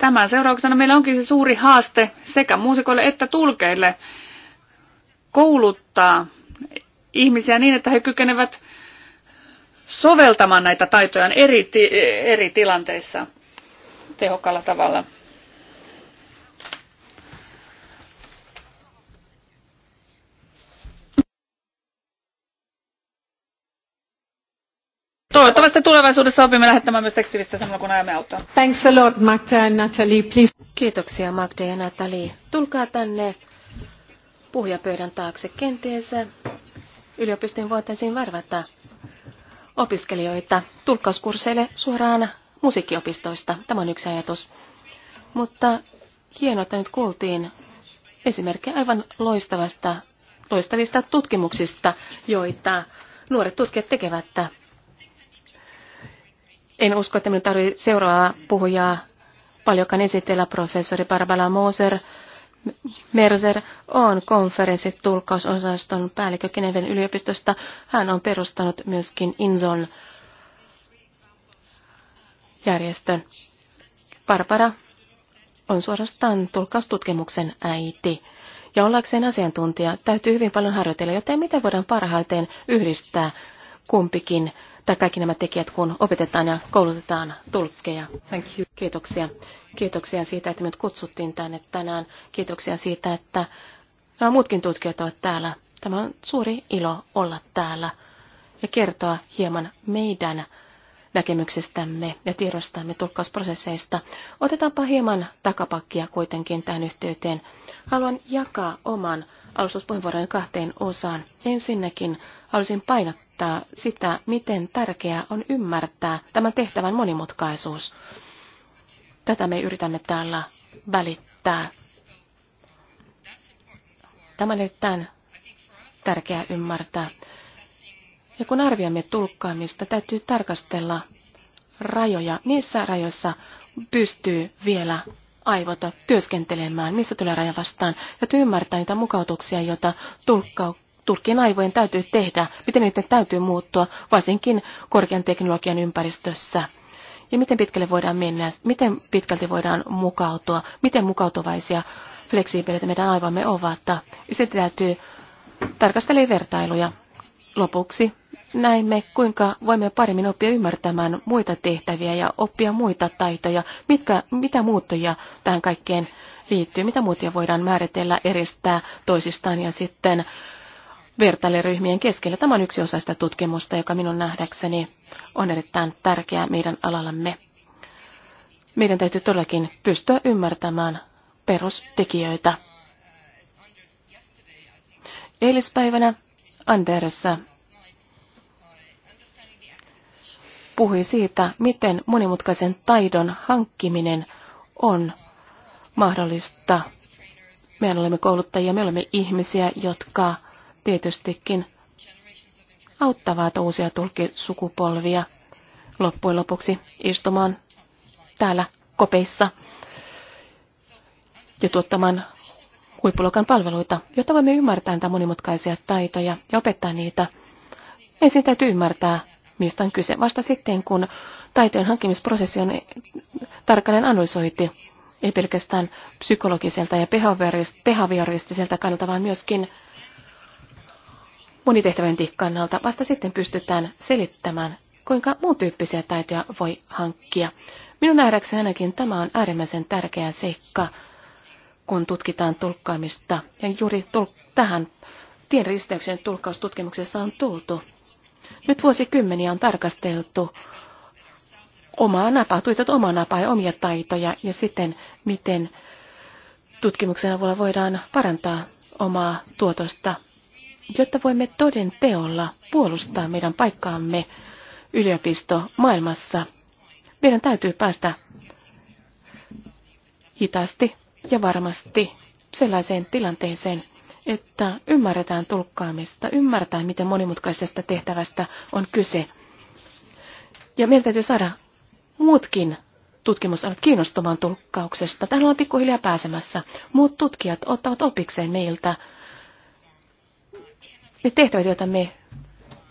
Tämän seurauksena meillä onkin se suuri haaste sekä muusikoille että tulkeille kouluttaa ihmisiä niin, että he kykenevät soveltamaan näitä taitoja eri, eri tilanteissa tehokkaalla tavalla. Toivottavasti tulevaisuudessa opimme lähettämään myös tekstivistä samalla kun ajamme autoa. Thanks a lot, Magda ja Natalie, please. Kiitoksia Magda ja Natalie. Tulkaa tänne puhujapöydän taakse kenties. Yliopistojen voitaisiin varvata opiskelijoita tulkkauskursseille suoraan musiikkiopistoista. Tämä on yksi ajatus. Mutta hienoa, että nyt kuultiin esimerkkejä aivan loistavasta, loistavista tutkimuksista, joita nuoret tutkijat tekevät en usko, että minun tarvitsee seuraavaa puhujaa paljonkaan esitellä. Professori Barbara Moser Merzer on konferenssitulkausosaston päällikkö Geneven yliopistosta. Hän on perustanut myöskin Inzon järjestön. Barbara on suorastaan tulkaustutkimuksen äiti. Ja ollakseen asiantuntija täytyy hyvin paljon harjoitella, joten miten voidaan parhaiten yhdistää kumpikin ottaa kaikki nämä tekijät, kun opetetaan ja koulutetaan tulkkeja. Thank you. Kiitoksia. Kiitoksia siitä, että minut kutsuttiin tänne tänään. Kiitoksia siitä, että nämä muutkin tutkijat ovat täällä. Tämä on suuri ilo olla täällä ja kertoa hieman meidän näkemyksestämme ja tiedostamme tulkkausprosesseista. Otetaanpa hieman takapakkia kuitenkin tähän yhteyteen. Haluan jakaa oman alustuspuheenvuoroni kahteen osaan. Ensinnäkin haluaisin painottaa sitä, miten tärkeää on ymmärtää tämän tehtävän monimutkaisuus. Tätä me yritämme täällä välittää. Tämä on erittäin tärkeää ymmärtää. Ja kun arvioimme tulkkaamista, täytyy tarkastella rajoja. Niissä rajoissa pystyy vielä Aivota, työskentelemään, missä tulee raja vastaan. ja ymmärtää niitä mukautuksia, joita tulkka, tulkkien aivojen täytyy tehdä, miten niiden täytyy muuttua, varsinkin korkean teknologian ympäristössä. Ja miten pitkälle voidaan mennä, miten pitkälti voidaan mukautua, miten mukautuvaisia fleksiibilit meidän aivomme ovat. Sitten täytyy tarkastella vertailuja. Lopuksi näimme, kuinka voimme paremmin oppia ymmärtämään muita tehtäviä ja oppia muita taitoja, mitkä, mitä muuttuja tähän kaikkeen liittyy, mitä muuttuja voidaan määritellä, eristää toisistaan ja sitten vertaileryhmien keskellä. Tämä on yksi osa sitä tutkimusta, joka minun nähdäkseni on erittäin tärkeää meidän alallamme. Meidän täytyy todellakin pystyä ymmärtämään perustekijöitä. Eilispäivänä Andersa puhui siitä, miten monimutkaisen taidon hankkiminen on mahdollista. Me olemme kouluttajia, me olemme ihmisiä, jotka tietystikin auttavat uusia tulkisukupolvia loppujen lopuksi istumaan täällä kopeissa ja tuottamaan huippulokan palveluita, jotta voimme ymmärtää näitä monimutkaisia taitoja ja opettaa niitä. Ensin täytyy ymmärtää mistä on kyse. Vasta sitten, kun taiteen hankkimisprosessi on tarkalleen analysoiti, ei pelkästään psykologiselta ja behavioristiselta kannalta, vaan myöskin monitehtävän kannalta. Vasta sitten pystytään selittämään, kuinka muun tyyppisiä taitoja voi hankkia. Minun nähdäkseni ainakin tämä on äärimmäisen tärkeä seikka, kun tutkitaan tulkkaamista. Ja juuri tähän tähän tienristeyksen tulkkaustutkimuksessa on tultu. Nyt vuosikymmeniä on tarkasteltu omaa napaa, tuitat omaa napaa ja omia taitoja ja sitten miten tutkimuksen avulla voidaan parantaa omaa tuotosta, jotta voimme toden teolla puolustaa meidän paikkaamme yliopisto maailmassa. Meidän täytyy päästä hitaasti ja varmasti sellaiseen tilanteeseen, että ymmärretään tulkkaamista, ymmärretään, miten monimutkaisesta tehtävästä on kyse. Ja meidän täytyy saada muutkin tutkimusalat kiinnostumaan tulkkauksesta. Tähän ollaan pikkuhiljaa pääsemässä. Muut tutkijat ottavat opikseen meiltä. Ne tehtävät, joita me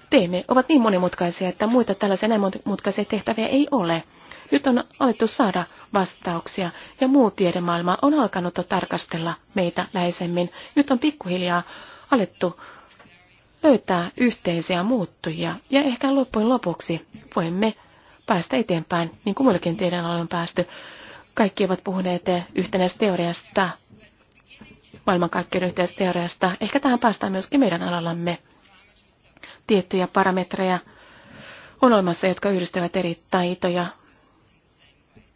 teemme, ovat niin monimutkaisia, että muita tällaisia näin monimutkaisia tehtäviä ei ole. Nyt on alettu saada vastauksia ja muu tiedemaailma on alkanut tarkastella meitä läheisemmin. Nyt on pikkuhiljaa alettu löytää yhteisiä muuttujia ja ehkä loppujen lopuksi voimme päästä eteenpäin, niin kuin muillakin tiedonaloilla on päästy. Kaikki ovat puhuneet yhtenäisteoriasta, maailmankaikkeuden yhteisteoriasta. Ehkä tähän päästään myöskin meidän alallamme. Tiettyjä parametreja on olemassa, jotka yhdistävät eri taitoja,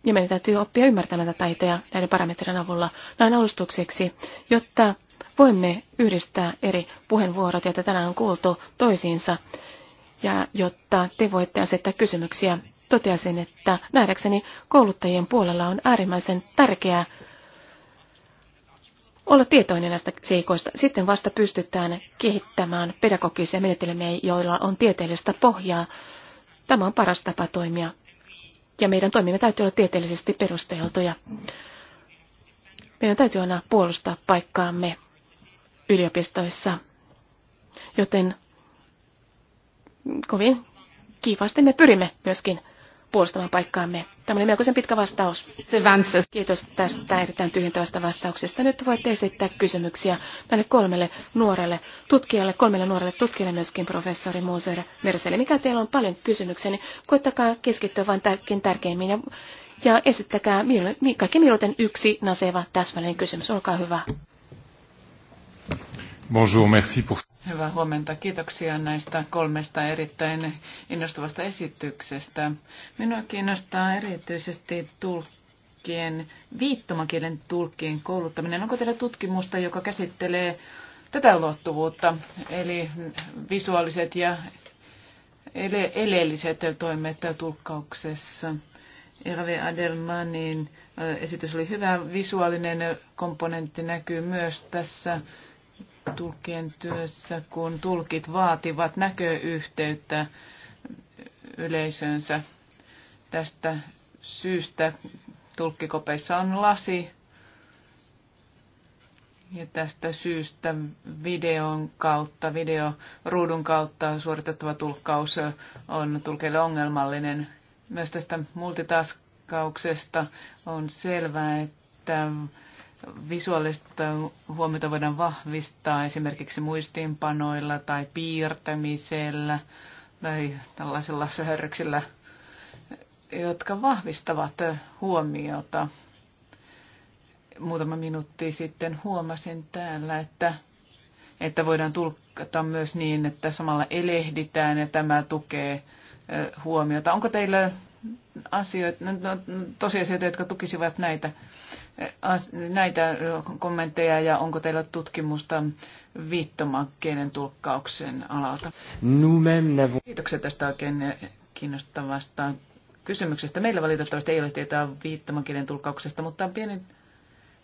ja meidän täytyy oppia ymmärtämään tätä taiteja näiden parametrien avulla näin alustukseksi, jotta voimme yhdistää eri puheenvuorot, joita tänään on kuultu toisiinsa. Ja jotta te voitte asettaa kysymyksiä, toteasin, että nähdäkseni kouluttajien puolella on äärimmäisen tärkeää olla tietoinen näistä seikoista. Sitten vasta pystytään kehittämään pedagogisia menetelmiä, joilla on tieteellistä pohjaa. Tämä on paras tapa toimia ja meidän toimimme täytyy olla tieteellisesti perusteltuja. Meidän täytyy aina puolustaa paikkaamme yliopistoissa, joten kovin kiivaasti me pyrimme myöskin puolustamaan paikkaamme. Tämä oli melkoisen pitkä vastaus. Kiitos tästä erittäin tyhjentävästä vastauksesta. Nyt voitte esittää kysymyksiä näille kolmelle nuorelle tutkijalle, kolmelle nuorelle tutkijalle myöskin professori Moser Merseli. Mikä teillä on paljon kysymyksiä, niin koittakaa keskittyä vain tärkein tärkeimmin ja, ja esittäkää kaikki mieluiten yksi naseva täsmällinen kysymys. Olkaa hyvä. Bonjour, merci pour... Hyvää huomenta. Kiitoksia näistä kolmesta erittäin innostavasta esityksestä. Minua kiinnostaa erityisesti tulkkien, viittomakielen tulkkien kouluttaminen. Onko teillä tutkimusta, joka käsittelee tätä ulottuvuutta, eli visuaaliset ja ele- eleelliset toimet tulkkauksessa? Irve Adelmanin esitys oli hyvä. Visuaalinen komponentti näkyy myös tässä tulkkien työssä, kun tulkit vaativat näköyhteyttä yleisönsä. Tästä syystä tulkkikopeissa on lasi ja tästä syystä videon kautta, videoruudun kautta suoritettava tulkkaus on tulkeille ongelmallinen. Myös tästä multitaskauksesta on selvää, että visuaalista huomiota voidaan vahvistaa esimerkiksi muistiinpanoilla tai piirtämisellä tai tällaisilla söhörryksillä, jotka vahvistavat huomiota. Muutama minuutti sitten huomasin täällä, että, että voidaan tulkata myös niin, että samalla elehditään ja tämä tukee huomiota. Onko teillä asioita, no, no, tosiasioita, jotka tukisivat näitä? näitä kommentteja ja onko teillä tutkimusta viittomakkeiden tulkkauksen alalta? Kiitoksia tästä oikein kiinnostavasta kysymyksestä. Meillä valitettavasti ei ole tietoa viittomakkeiden tulkkauksesta, mutta pieni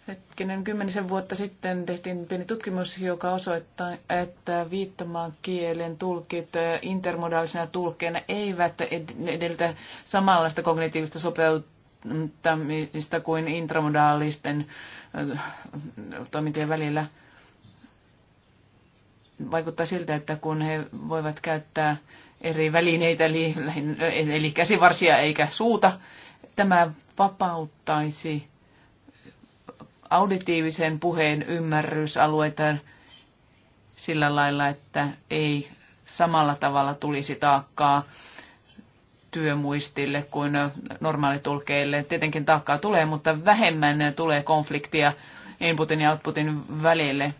hetkinen, kymmenisen vuotta sitten tehtiin pieni tutkimus, joka osoittaa, että viittomakielen tulkit intermodaalisena tulkkeena eivät edellytä samanlaista kognitiivista sopeutusta tämmöistä kuin intramodaalisten äh, toimintien välillä. Vaikuttaa siltä, että kun he voivat käyttää eri välineitä, eli, eli käsivarsia eikä suuta, tämä vapauttaisi auditiivisen puheen ymmärrysalueita sillä lailla, että ei samalla tavalla tulisi taakkaa työmuistille kuin normaalitulkeille. Tietenkin taakkaa tulee, mutta vähemmän tulee konfliktia inputin ja outputin välille.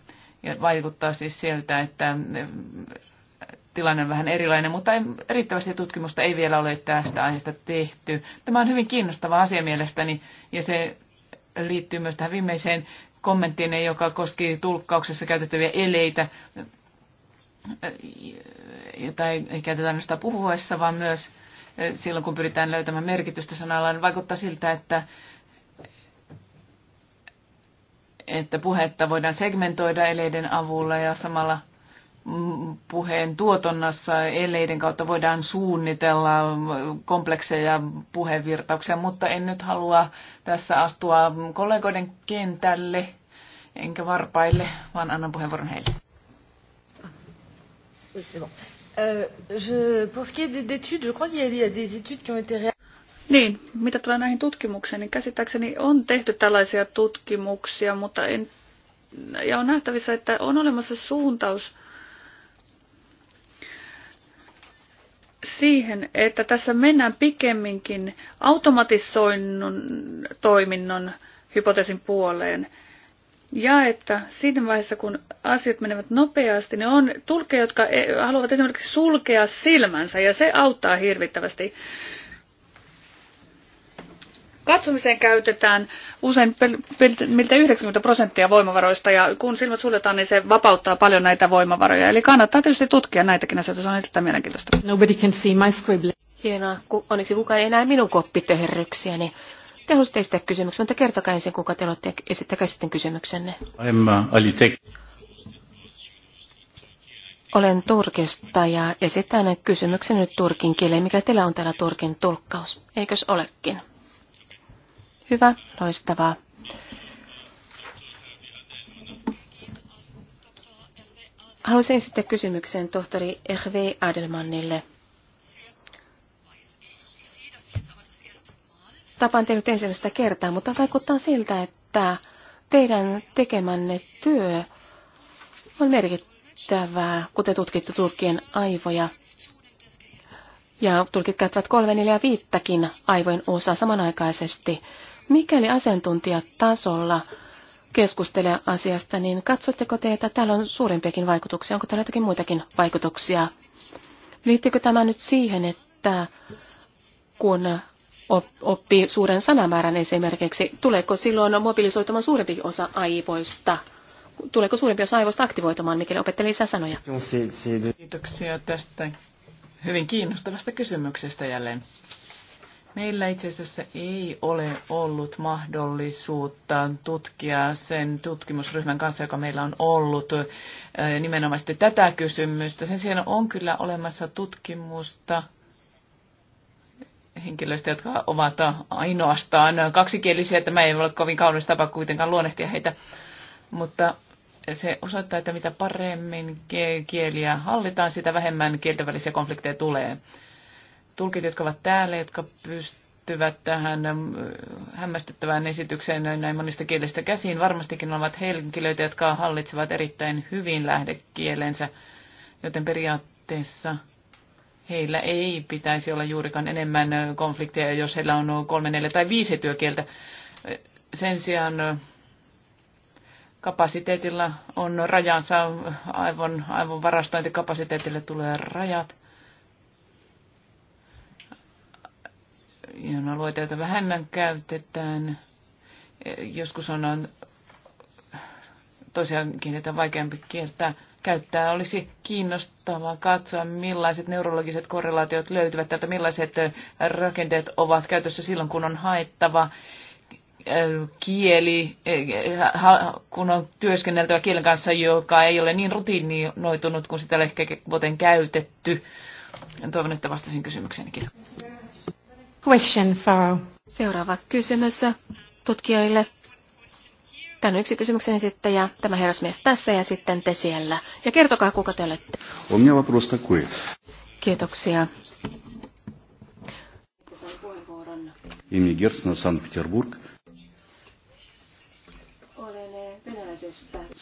Ja vaikuttaa siis siltä, että eh, tilanne on vähän erilainen, mutta riittävästi tutkimusta ei vielä ole tästä aiheesta tehty. Tämä on hyvin kiinnostava asia mielestäni ja se liittyy myös tähän viimeiseen kommenttiin, joka koski tulkkauksessa käytettäviä eleitä, jota ei käytetä ainoastaan puhuessa, vaan myös silloin, kun pyritään löytämään merkitystä sanallaan, niin vaikuttaa siltä, että, että puhetta voidaan segmentoida eleiden avulla ja samalla puheen tuotonnassa eleiden kautta voidaan suunnitella komplekseja puhevirtauksia, mutta en nyt halua tässä astua kollegoiden kentälle enkä varpaille, vaan annan puheenvuoron heille. Euh, je, pour ce qui est d'études, je crois qu'il y, y a des études qui ont été réalisées. Niin, mitä tulee näihin tutkimuksiin, niin käsittääkseni on tehty tällaisia tutkimuksia, mutta en, ja on nähtävissä, että on olemassa suuntaus siihen, että tässä mennään pikemminkin automatisoinnun toiminnon hypoteesin puoleen – ja että siinä vaiheessa, kun asiat menevät nopeasti, ne on tulkeja, jotka e- haluavat esimerkiksi sulkea silmänsä, ja se auttaa hirvittävästi. Katsomiseen käytetään usein miltä 90 prosenttia voimavaroista, ja kun silmät suljetaan, niin se vapauttaa paljon näitä voimavaroja. Eli kannattaa tietysti tutkia näitäkin asioita, se on erittäin mielenkiintoista. Nobody can see my scribbling. Hienoa, kun onneksi kukaan ei näe minun koppitöherryksiäni. Niin te haluaisitte esittää kysymyksen, mutta kertokaa ensin, kuka te olette, esittäkää sitten kysymyksenne. Olen Turkista ja esitän kysymyksen nyt turkin kieleen, mikä teillä on täällä turkin tulkkaus. Eikös olekin? Hyvä, loistavaa. Haluaisin esittää kysymyksen tohtori Erve Adelmannille. tapaan tehnyt ensimmäistä kertaa, mutta vaikuttaa siltä, että teidän tekemänne työ on merkittävää, kuten tutkittu tulkkien aivoja. Ja tulkit käyttävät kolme, neljä ja viittäkin aivojen osaa samanaikaisesti. Mikäli asiantuntijatasolla keskustelee asiasta, niin katsotteko te, että täällä on suurempiakin vaikutuksia? Onko täällä jotakin muitakin vaikutuksia? Liittyykö tämä nyt siihen, että kun oppii suuren sanamäärän esimerkiksi, tuleeko silloin mobilisoitumaan suurempi osa aivoista? Tuleeko suurempi osa aivoista aktivoitumaan, mikäli opettelee lisää sanoja? Kiitoksia tästä hyvin kiinnostavasta kysymyksestä jälleen. Meillä itse asiassa ei ole ollut mahdollisuutta tutkia sen tutkimusryhmän kanssa, joka meillä on ollut eh, nimenomaan tätä kysymystä. Sen sijaan on kyllä olemassa tutkimusta henkilöistä, jotka ovat ainoastaan kaksikielisiä. Tämä ei ole kovin kaunis tapa kuitenkaan luonnehtia heitä, mutta se osoittaa, että mitä paremmin kieliä hallitaan, sitä vähemmän kielten välisiä konflikteja tulee. Tulkit, jotka ovat täällä, jotka pystyvät tähän hämmästyttävään esitykseen näin monista kielistä käsiin, varmastikin ovat henkilöitä, jotka hallitsevat erittäin hyvin lähdekielensä, joten periaatteessa – heillä ei pitäisi olla juurikaan enemmän konflikteja, jos heillä on kolme, neljä tai viisi työkieltä. Sen sijaan kapasiteetilla on rajansa, aivon, aivon varastointikapasiteetille tulee rajat. Ja alueita, joita vähemmän käytetään. Joskus on, on tosiaan kieltä vaikeampi kieltää käyttää. Olisi kiinnostavaa katsoa, millaiset neurologiset korrelaatiot löytyvät täältä, millaiset rakenteet ovat käytössä silloin, kun on haettava kieli, kun on työskenneltävä kielen kanssa, joka ei ole niin rutiininoitunut kuin sitä ehkä vuoteen käytetty. Toivon, että vastasin kysymykseen. Kiitos. Question, Faro. Seuraava kysymys tutkijoille. Tämä on yksi kysymyksen esittäjä, tämä herrasmies tässä ja sitten te siellä. Ja kertokaa, kuka te olette. On minä kuin. Kiitoksia. Imi Gersna, Sankt-Peterburg.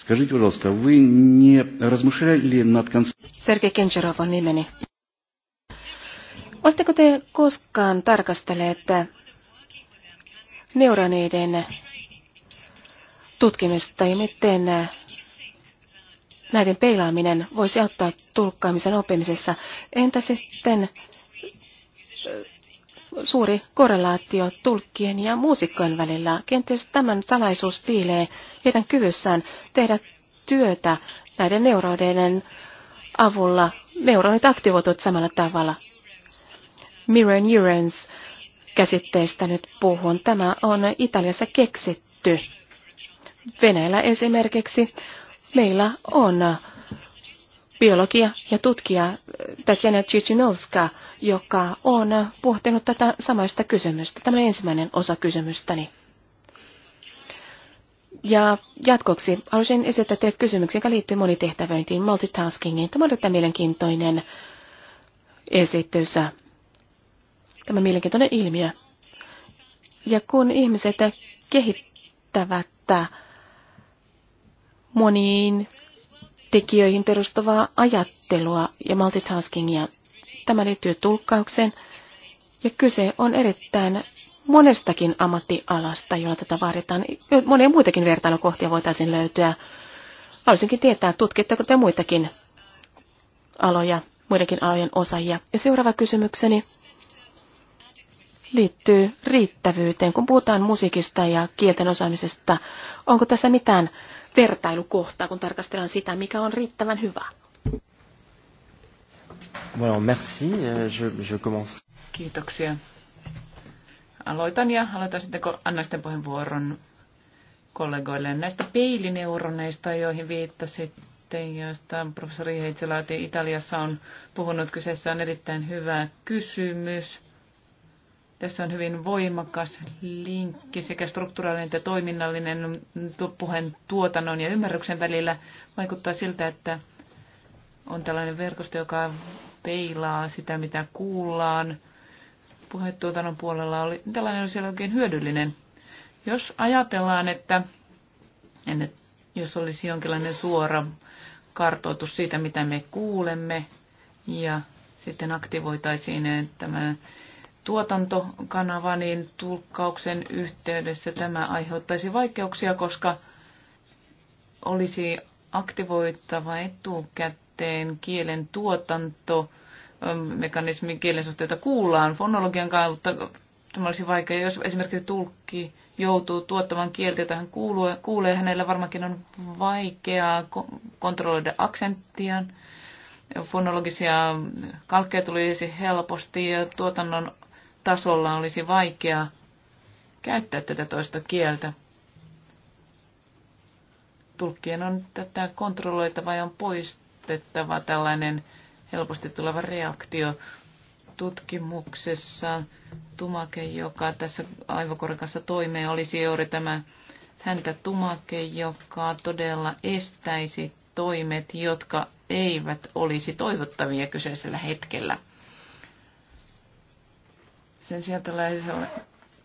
Скажите, пожалуйста, вы не размышляли над концом... Сергей Кенчаров on nimeni. Oletteko te koskaan tarkastelleet neuroneiden tutkimista ja miten äh, näiden peilaaminen voisi auttaa tulkkaamisen oppimisessa. Entä sitten äh, suuri korrelaatio tulkkien ja muusikkojen välillä? Kenties tämän salaisuus piilee heidän kyvyssään tehdä työtä näiden neuroiden avulla. Neuronit aktivoituvat samalla tavalla. Mirror neurons käsitteestä nyt puhun. Tämä on Italiassa keksitty Venäjällä esimerkiksi meillä on biologia ja tutkija äh, Tatjana Chichinolska, joka on pohtinut tätä samaista kysymystä. Tämä ensimmäinen osa kysymystäni. Ja jatkoksi haluaisin esittää teille kysymyksen, joka liittyy monitehtäväintiin, multitaskingiin. Tämä on erittäin mielenkiintoinen esitys, tämä mielenkiintoinen ilmiö. Ja kun ihmiset kehittävät moniin tekijöihin perustuvaa ajattelua ja multitaskingia. Tämä liittyy tulkkaukseen ja kyse on erittäin monestakin ammattialasta, jolla tätä vaaditaan. Monia muitakin vertailukohtia voitaisiin löytyä. Haluaisinkin tietää, tutkitteko te muitakin aloja, muidenkin alojen osaajia. Ja seuraava kysymykseni liittyy riittävyyteen. Kun puhutaan musiikista ja kielten osaamisesta, onko tässä mitään vertailukohtaa, kun tarkastellaan sitä, mikä on riittävän hyvä. merci. Euh, je, je commence. Kiitoksia. Aloitan ja aloitan sitten, annaisten annan sitten puheenvuoron kollegoille näistä peilineuroneista, joihin viittasitte, joista professori Heitselaati Italiassa on puhunut. Kyseessä on erittäin hyvä kysymys. Tässä on hyvin voimakas linkki sekä strukturaalinen että toiminnallinen puheen tuotannon ja ymmärryksen välillä. Vaikuttaa siltä, että on tällainen verkosto, joka peilaa sitä, mitä kuullaan. Puhetuotannon puolella oli, tällainen oli siellä oikein hyödyllinen. Jos ajatellaan, että, en, jos olisi jonkinlainen suora kartoitus siitä, mitä me kuulemme, ja sitten aktivoitaisiin tämä tuotantokanava, niin tulkkauksen yhteydessä tämä aiheuttaisi vaikeuksia, koska olisi aktivoittava etukäteen kielen tuotanto, ähm, mekanismin kielen suhteita kuullaan fonologian kautta. Tämä olisi vaikea, jos esimerkiksi tulkki joutuu tuottamaan kieltä, jota hän kuulee. Hänellä varmaankin on vaikeaa kontrolloida aksenttiaan fonologisia kalkkeja tulisi helposti ja tuotannon tasolla olisi vaikea käyttää tätä toista kieltä. Tulkkien on tätä kontrolloitava ja on poistettava tällainen helposti tuleva reaktio tutkimuksessa. Tumake, joka tässä aivokorkassa toimii olisi juuri tämä häntä tumake, joka todella estäisi toimet, jotka eivät olisi toivottavia kyseisellä hetkellä. Sen sijaan tällaisella,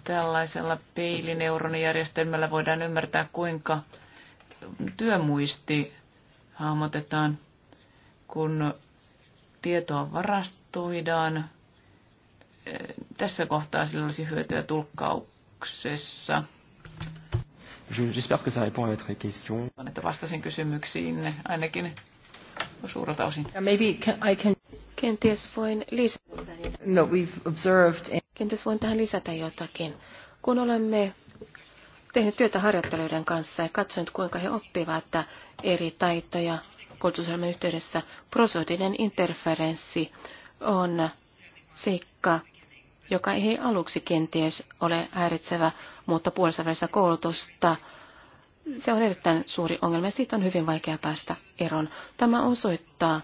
tällaisella peilineuronijärjestelmällä voidaan ymmärtää, kuinka työmuisti hahmotetaan, kun tietoa varastoidaan. Tässä kohtaa sillä olisi hyötyä tulkkauksessa. J'espère que ça répond à votre question. Että vastasin kysymyksiin ainakin suurelta osin. Yeah, Maybe can, I can... Kenties voin lisätä jotakin. No, we've observed... Kenties voin tähän lisätä jotakin. Kun olemme tehneet työtä harjoittelijoiden kanssa ja katsonut, kuinka he oppivat eri taitoja koulutusohjelman yhteydessä, prosodinen interferenssi on seikka, joka ei aluksi kenties ole häiritsevä, mutta puolessa koulutusta se on erittäin suuri ongelma ja siitä on hyvin vaikea päästä eroon. Tämä osoittaa,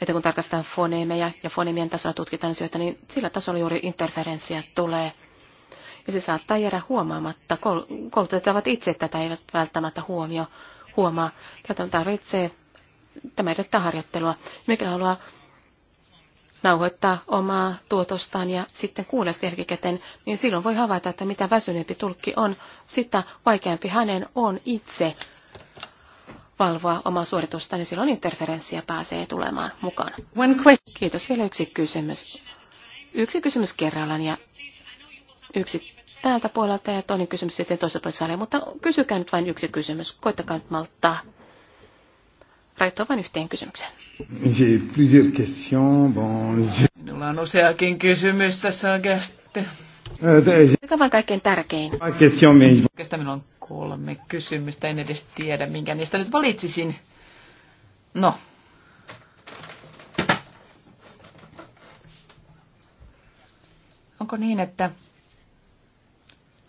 että kun tarkastetaan foneemeja ja foneemien tasoa tutkitaan niin sieltä, niin sillä tasolla juuri interferenssiä tulee. Ja se saattaa jäädä huomaamatta. Koulutettavat itse tätä eivät välttämättä huomio, huomaa. Tätä tarvitsee, tämä edellyttää harjoittelua. Mikä haluaa nauhoittaa omaa tuotostaan ja sitten kuulee jälkikäteen, niin silloin voi havaita, että mitä väsyneempi tulkki on, sitä vaikeampi hänen on itse valvoa omaa suoritusta, niin silloin interferenssiä pääsee tulemaan mukaan. Kiitos. Vielä yksi kysymys. Yksi kysymys kerrallaan ja yksi täältä puolelta ja toinen kysymys sitten toisella puolella salia, mutta kysykää nyt vain yksi kysymys. Koittakaa nyt malttaa. Raito vain yhteen kysymykseen. Minulla on useakin kysymys tässä oikeasti. Euh, Mikä on kaikkein tärkein? Oikeastaan minulla on kolme kysymystä. En edes tiedä, minkä niistä nyt valitsisin. No. Onko niin, että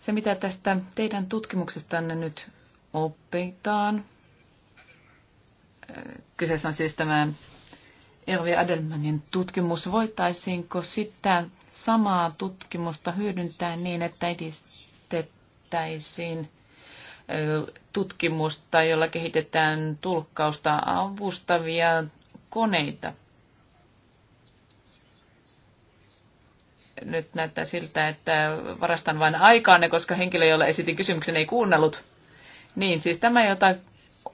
se mitä tästä teidän tutkimuksestanne nyt opitaan, kyseessä on siis tämä Ervi Adelmanin tutkimus, voitaisiinko sitä samaa tutkimusta hyödyntää niin, että edistettäisiin tutkimusta, jolla kehitetään tulkkausta avustavia koneita. Nyt näyttää siltä, että varastan vain aikaanne, koska henkilö, jolle esitin kysymyksen, ei kuunnellut. Niin, siis tämä, jota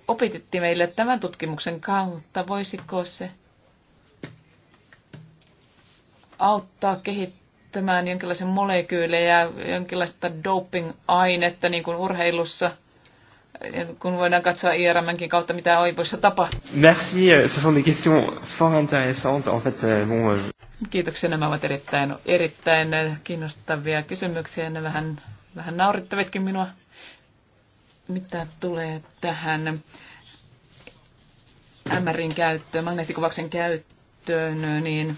opitettiin meille tämän tutkimuksen kautta, voisiko se auttaa kehittämään jonkinlaisen molekyylejä, jonkinlaista doping-ainetta, niin kuin urheilussa – kun voidaan katsoa IRMnkin kautta, mitä oivoissa tapahtuu. Merci, euh, ce sont des questions fort intéressantes. En fait, euh, bon, euh, Kiitoksia, nämä ovat erittäin, erittäin äh, kiinnostavia kysymyksiä. Ne vähän, vähän naurittavatkin minua. Mitä tulee tähän MRin käyttöön, magneettikuvauksen käyttöön, niin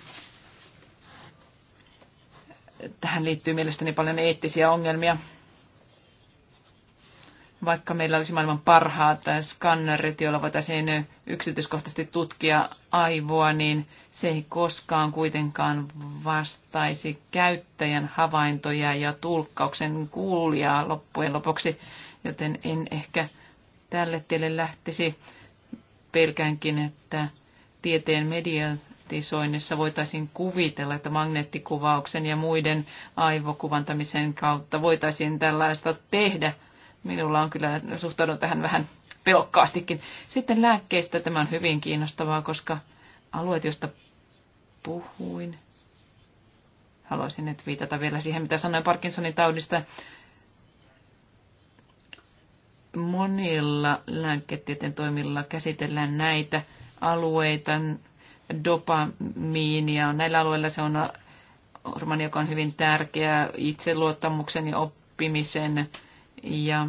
tähän liittyy mielestäni paljon eettisiä ongelmia vaikka meillä olisi maailman parhaat skannerit, joilla voitaisiin yksityiskohtaisesti tutkia aivoa, niin se ei koskaan kuitenkaan vastaisi käyttäjän havaintoja ja tulkkauksen kuulijaa loppujen lopuksi, joten en ehkä tälle tielle lähtisi. Pelkäänkin, että tieteen mediatisoinnissa voitaisiin kuvitella, että magneettikuvauksen ja muiden aivokuvantamisen kautta voitaisiin tällaista tehdä – Minulla on kyllä, suhtaudun tähän vähän pelokkaastikin. Sitten lääkkeistä tämä on hyvin kiinnostavaa, koska alueet, joista puhuin, haluaisin nyt viitata vielä siihen, mitä sanoin Parkinsonin taudista. Monilla lääketieteen toimilla käsitellään näitä alueita, dopamiinia. Näillä alueilla se on hormoni, joka on hyvin tärkeä itseluottamuksen ja oppimisen ja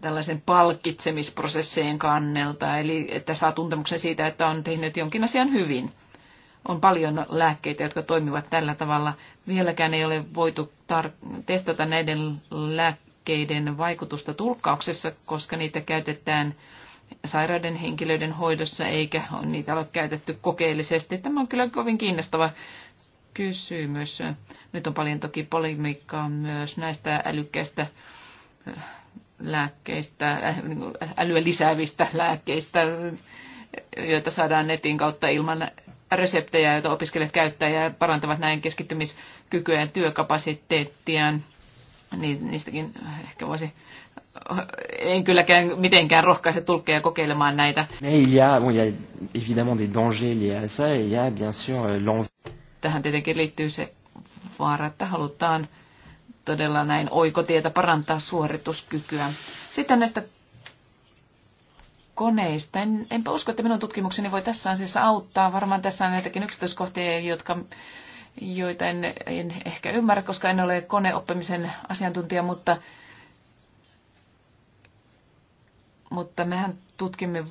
tällaisen palkitsemisprosessien kannelta, eli että saa tuntemuksen siitä, että on tehnyt jonkin asian hyvin. On paljon lääkkeitä, jotka toimivat tällä tavalla. Vieläkään ei ole voitu tar- testata näiden lääkkeiden vaikutusta tulkkauksessa, koska niitä käytetään sairauden henkilöiden hoidossa, eikä niitä ole käytetty kokeellisesti. Tämä on kyllä kovin kiinnostava kysymys. Nyt on paljon toki polemiikkaa myös näistä älykkäistä äh, lääkkeistä, äh, niin älyä lisäävistä lääkkeistä, joita saadaan netin kautta ilman reseptejä, joita opiskelijat käyttää ja parantavat näin keskittymiskykyä ja työkapasiteettiaan. Niin, niistäkin ehkä voisi, en kylläkään mitenkään rohkaise tulkkeja kokeilemaan näitä. Mais il y a, bon, il y a évidemment des dangers liés à ça, et il y a bien sûr euh, l'envie Tähän tietenkin liittyy se vaara, että halutaan todella näin oikotietä parantaa suorituskykyä. Sitten näistä koneista. En, enpä usko, että minun tutkimukseni voi tässä asiassa auttaa. Varmaan tässä on näitäkin yksityiskohtia, jotka, joita en, en ehkä ymmärrä, koska en ole koneoppimisen asiantuntija, mutta, mutta mehän tutkimme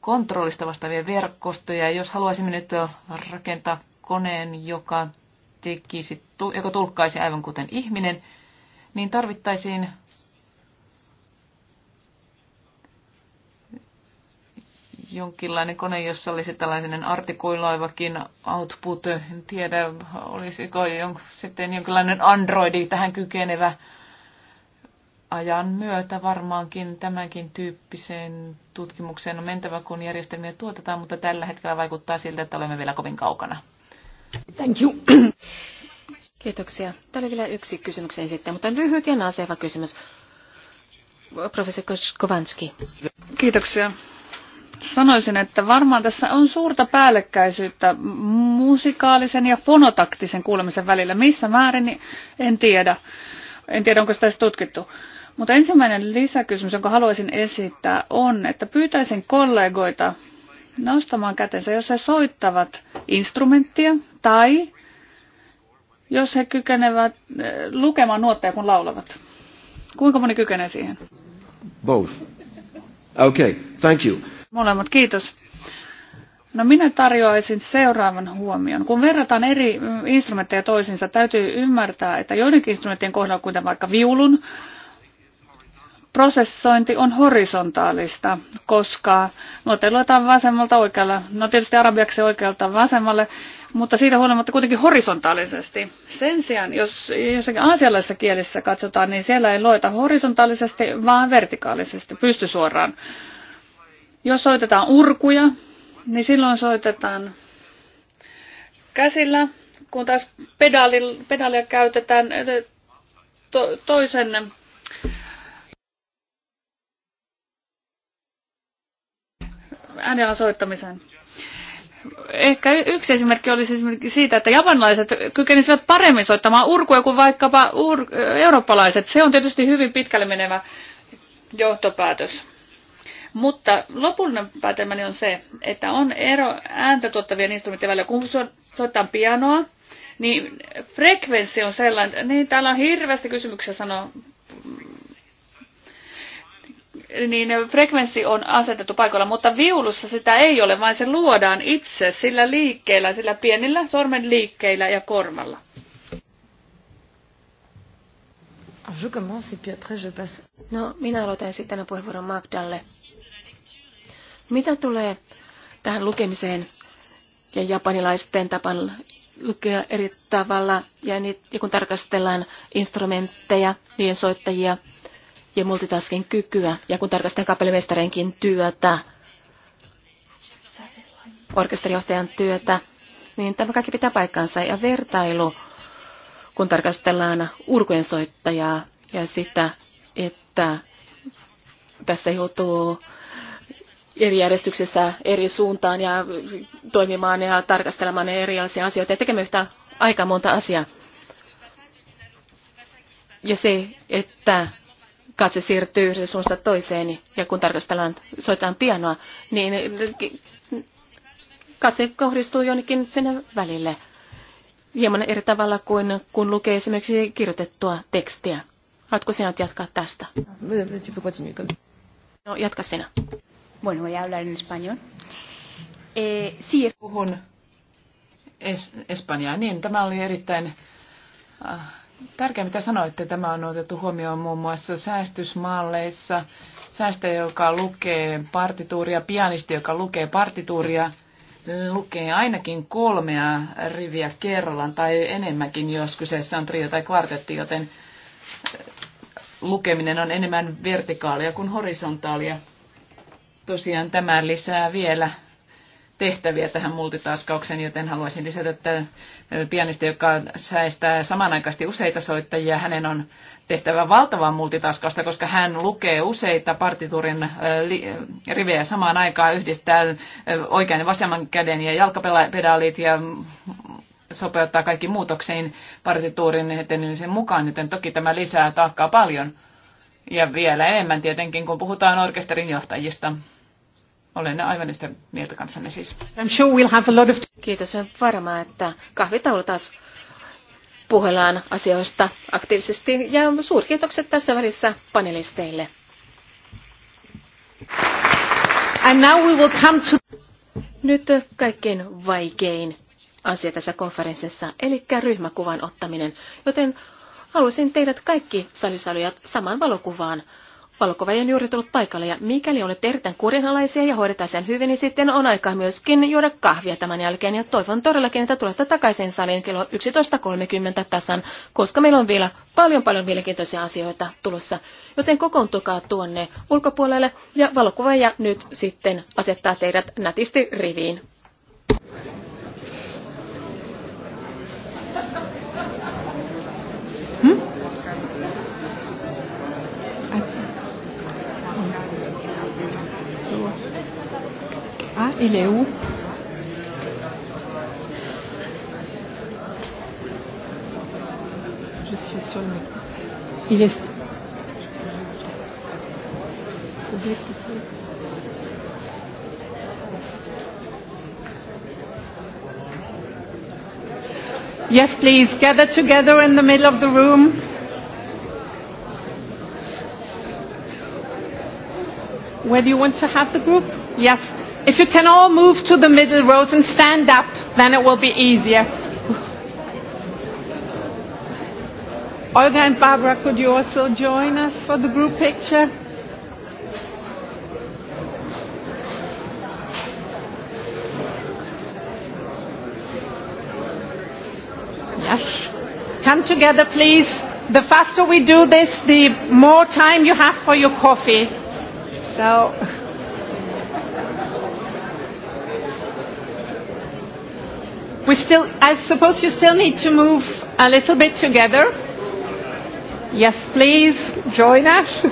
kontrollista vastaavia verkostoja. Jos haluaisimme nyt rakentaa koneen, joka, tekisi, joka tulkkaisi aivan kuten ihminen, niin tarvittaisiin jonkinlainen kone, jossa olisi tällainen artikuloivakin output. En tiedä, olisiko jon, sitten jonkinlainen androidi tähän kykenevä ajan myötä varmaankin tämänkin tyyppiseen tutkimukseen on mentävä, kun järjestelmiä tuotetaan, mutta tällä hetkellä vaikuttaa siltä, että olemme vielä kovin kaukana. Kiitoksia. Täällä oli vielä yksi kysymyksen esittää, mutta lyhyt ja naseva kysymys. Professori Kovanski. Kiitoksia. Sanoisin, että varmaan tässä on suurta päällekkäisyyttä musikaalisen ja fonotaktisen kuulemisen välillä. Missä määrin, niin en tiedä. En tiedä, onko sitä edes tutkittu. Mutta ensimmäinen lisäkysymys, jonka haluaisin esittää, on, että pyytäisin kollegoita nostamaan kätensä, jos he soittavat instrumenttia, tai jos he kykenevät eh, lukemaan nuotteja, kun laulavat. Kuinka moni kykenee siihen? Both. Okay, thank you. Molemmat, kiitos. No minä tarjoaisin seuraavan huomion. Kun verrataan eri mm, instrumentteja toisiinsa, täytyy ymmärtää, että joidenkin instrumenttien kohdalla, kuten vaikka viulun, prosessointi on horisontaalista, koska nuotteja luetaan vasemmalta oikealla, no tietysti arabiaksi oikealta vasemmalle, mutta siitä huolimatta kuitenkin horisontaalisesti. Sen sijaan, jos jossakin aasialaisessa kielessä katsotaan, niin siellä ei loita horisontaalisesti, vaan vertikaalisesti, pystysuoraan. Jos soitetaan urkuja, niin silloin soitetaan käsillä, kun taas pedaali, pedaalia käytetään to, toisen äänialan soittamiseen ehkä yksi esimerkki olisi esimerkki siitä, että japanilaiset kykenisivät paremmin soittamaan urkuja kuin vaikkapa ur- eurooppalaiset. Se on tietysti hyvin pitkälle menevä johtopäätös. Mutta lopullinen päätelmäni on se, että on ero ääntä tuottavien instrumenttien välillä. Kun soittaa pianoa, niin frekvenssi on sellainen, niin täällä on hirveästi kysymyksiä sanoa niin frekvenssi on asetettu paikalla, mutta viulussa sitä ei ole, vaan se luodaan itse sillä liikkeellä, sillä pienillä sormen liikkeillä ja kormalla. No, minä aloitan sitten puheenvuoron Magdalle. Mitä tulee tähän lukemiseen ja japanilaisten tapan lukea eri tavalla, ja, niitä, ja kun tarkastellaan instrumentteja, niiden soittajia, ja multitaskin kykyä. Ja kun tarkastan kapellimestareenkin työtä, orkesterijohtajan työtä, niin tämä kaikki pitää paikkansa. Ja vertailu, kun tarkastellaan urkujen soittajaa ja sitä, että tässä joutuu eri järjestyksessä eri suuntaan ja toimimaan ja tarkastelemaan erilaisia asioita ja tekemään yhtä aika monta asiaa. Ja se, että katse siirtyy yhdessä suunnasta toiseen ja kun tarkastellaan, soitetaan pianoa, niin katse kohdistuu jonnekin sen välille hieman eri tavalla kuin kun lukee esimerkiksi kirjoitettua tekstiä. Haluatko sinä jatkaa tästä? No, jatka sinä. Bueno, voy a hablar en español. Eh, sí, puhun es- espanjaa. Niin, tämä oli erittäin ah, tärkeää, mitä sanoitte, tämä on otettu huomioon muun muassa säästysmalleissa. Säästäjä, joka lukee partituuria, pianisti, joka lukee partituuria, lukee ainakin kolmea riviä kerrallaan tai enemmänkin, jos kyseessä on trio tai kvartetti, joten äh, lukeminen on enemmän vertikaalia kuin horisontaalia. Tosiaan tämä lisää vielä tehtäviä tähän multitaskaukseen, joten haluaisin lisätä tämän pianisti, joka säistää samanaikaisesti useita soittajia. Hänen on tehtävä valtavaa multitaskausta, koska hän lukee useita partiturin rivejä samaan aikaan, yhdistää oikean ja vasemman käden ja jalkapedaalit ja sopeuttaa kaikki muutoksiin partituurin etenemisen mukaan, joten toki tämä lisää taakkaa paljon. Ja vielä enemmän tietenkin, kun puhutaan orkesterin johtajista. Olen aivan yhtä mieltä kanssanne siis. I'm sure we'll have a lot of... Kiitos, on varmaa, että kahvitaulu taas puhellaan asioista aktiivisesti. Ja suurkiitokset tässä välissä panelisteille. And now we will come to... Nyt kaikkein vaikein asia tässä konferenssissa, eli ryhmäkuvan ottaminen. Joten haluaisin teidät kaikki salisalujat saman valokuvaan valko on juuri tullut paikalle ja mikäli olette erittäin kurinalaisia ja hoidetaan sen hyvin, niin sitten on aika myöskin juoda kahvia tämän jälkeen. Ja toivon todellakin, että tulette takaisin saliin kello 11.30 tasan, koska meillä on vielä paljon paljon mielenkiintoisia asioita tulossa. Joten kokoontukaa tuonne ulkopuolelle ja valokuvaaja nyt sitten asettaa teidät nätisti riviin. Hmm? Il est où Je suis sur le micro. Il est. Yes, please gather together in the middle of the room. Where do you want to have the group? Yes, If you can all move to the middle rows and stand up, then it will be easier. Olga and Barbara, could you also join us for the group picture? Yes. Come together, please. The faster we do this, the more time you have for your coffee. So. We still, I suppose you still need to move a little bit together. Yes, please join us.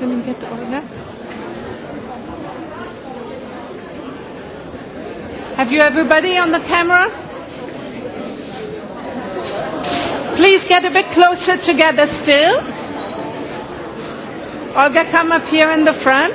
Let me get order? Have you everybody on the camera? Please get a bit closer together still. Olga, come up here in the front.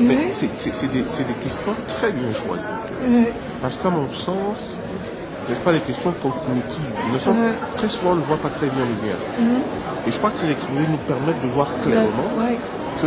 mais c'est des, des questions très bien choisies. Oui. Parce qu'à mon sens, n'est-ce pas, des questions cognitives. Nous sommes, ouais. Très souvent, on ne voit pas très bien le lien. Mm mm-hmm. Et je crois que ces exposés nous permettent de voir clairement ouais. que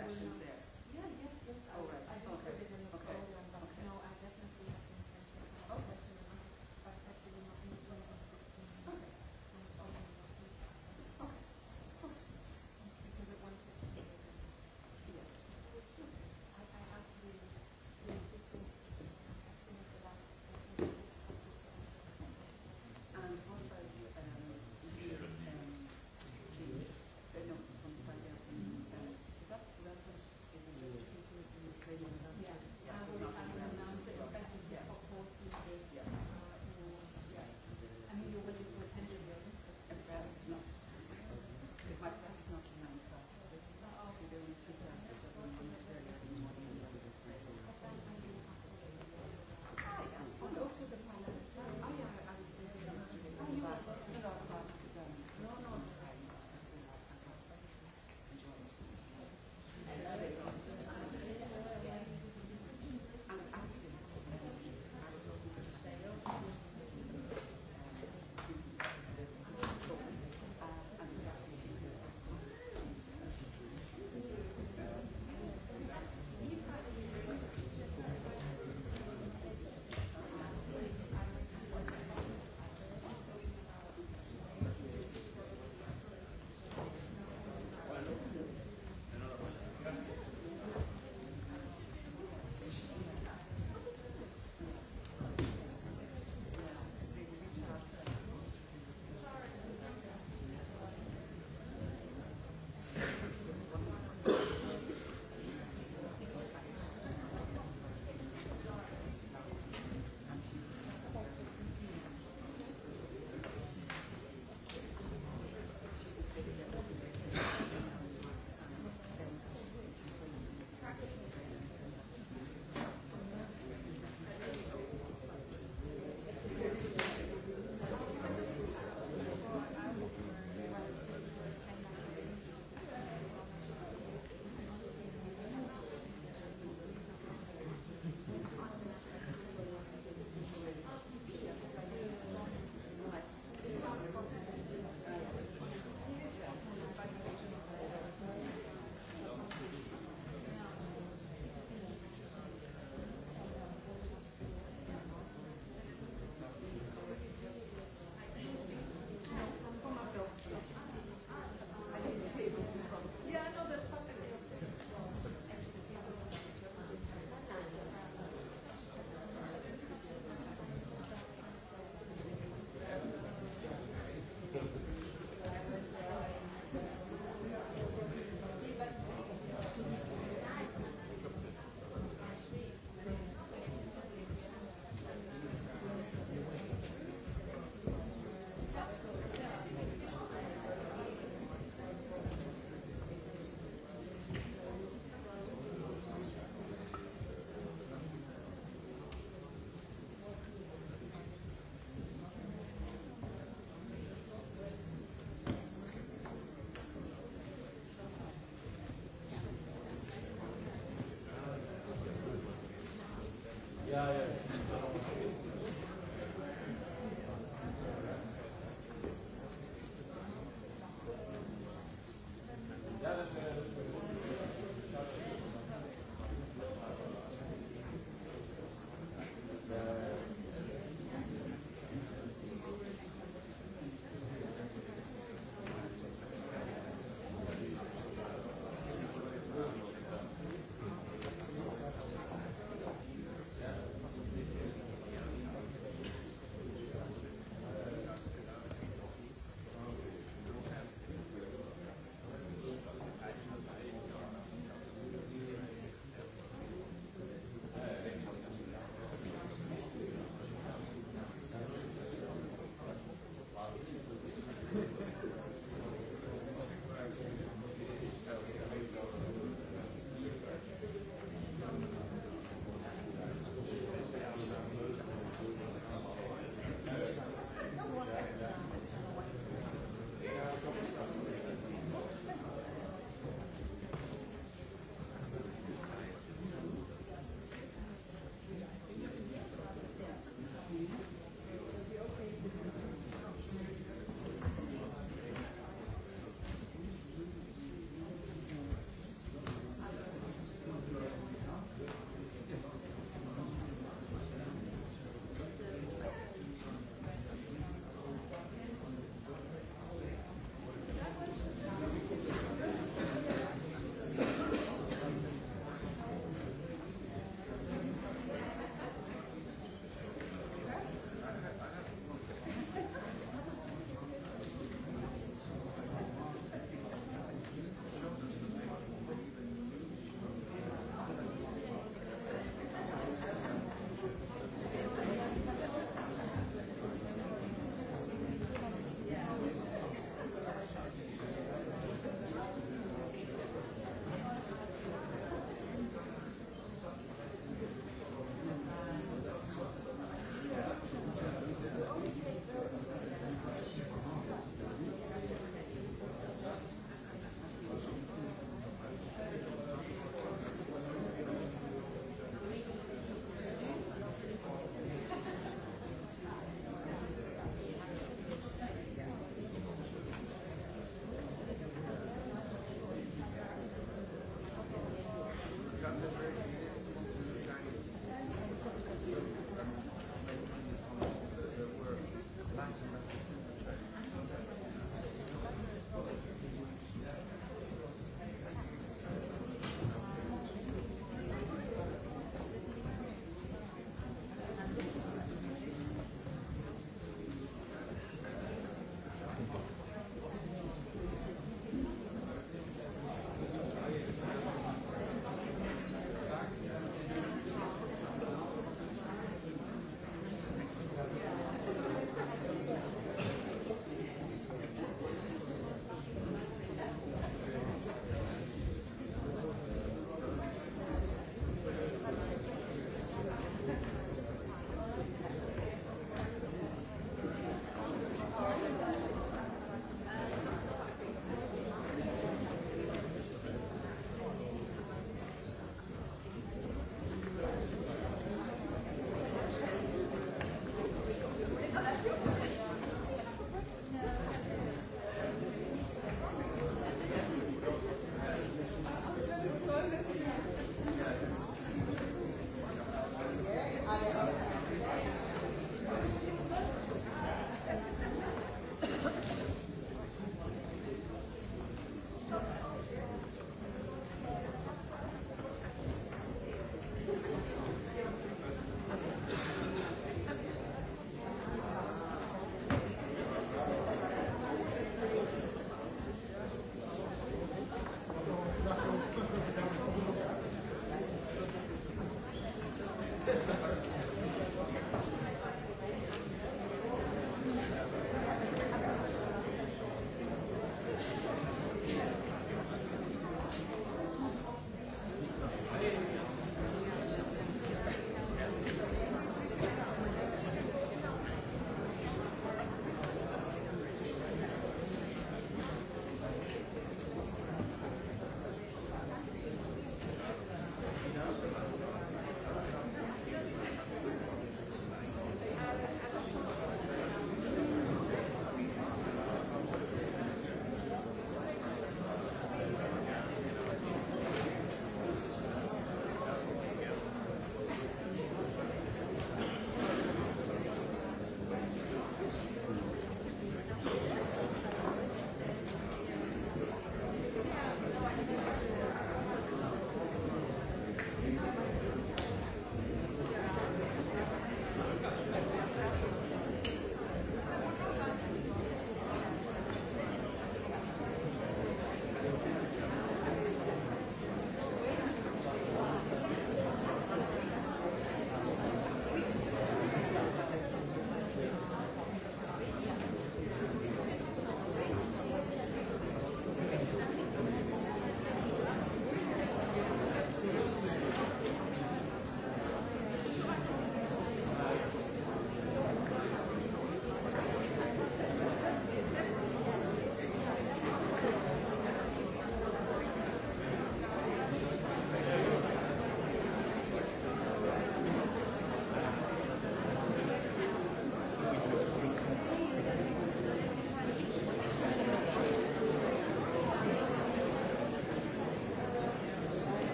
questions.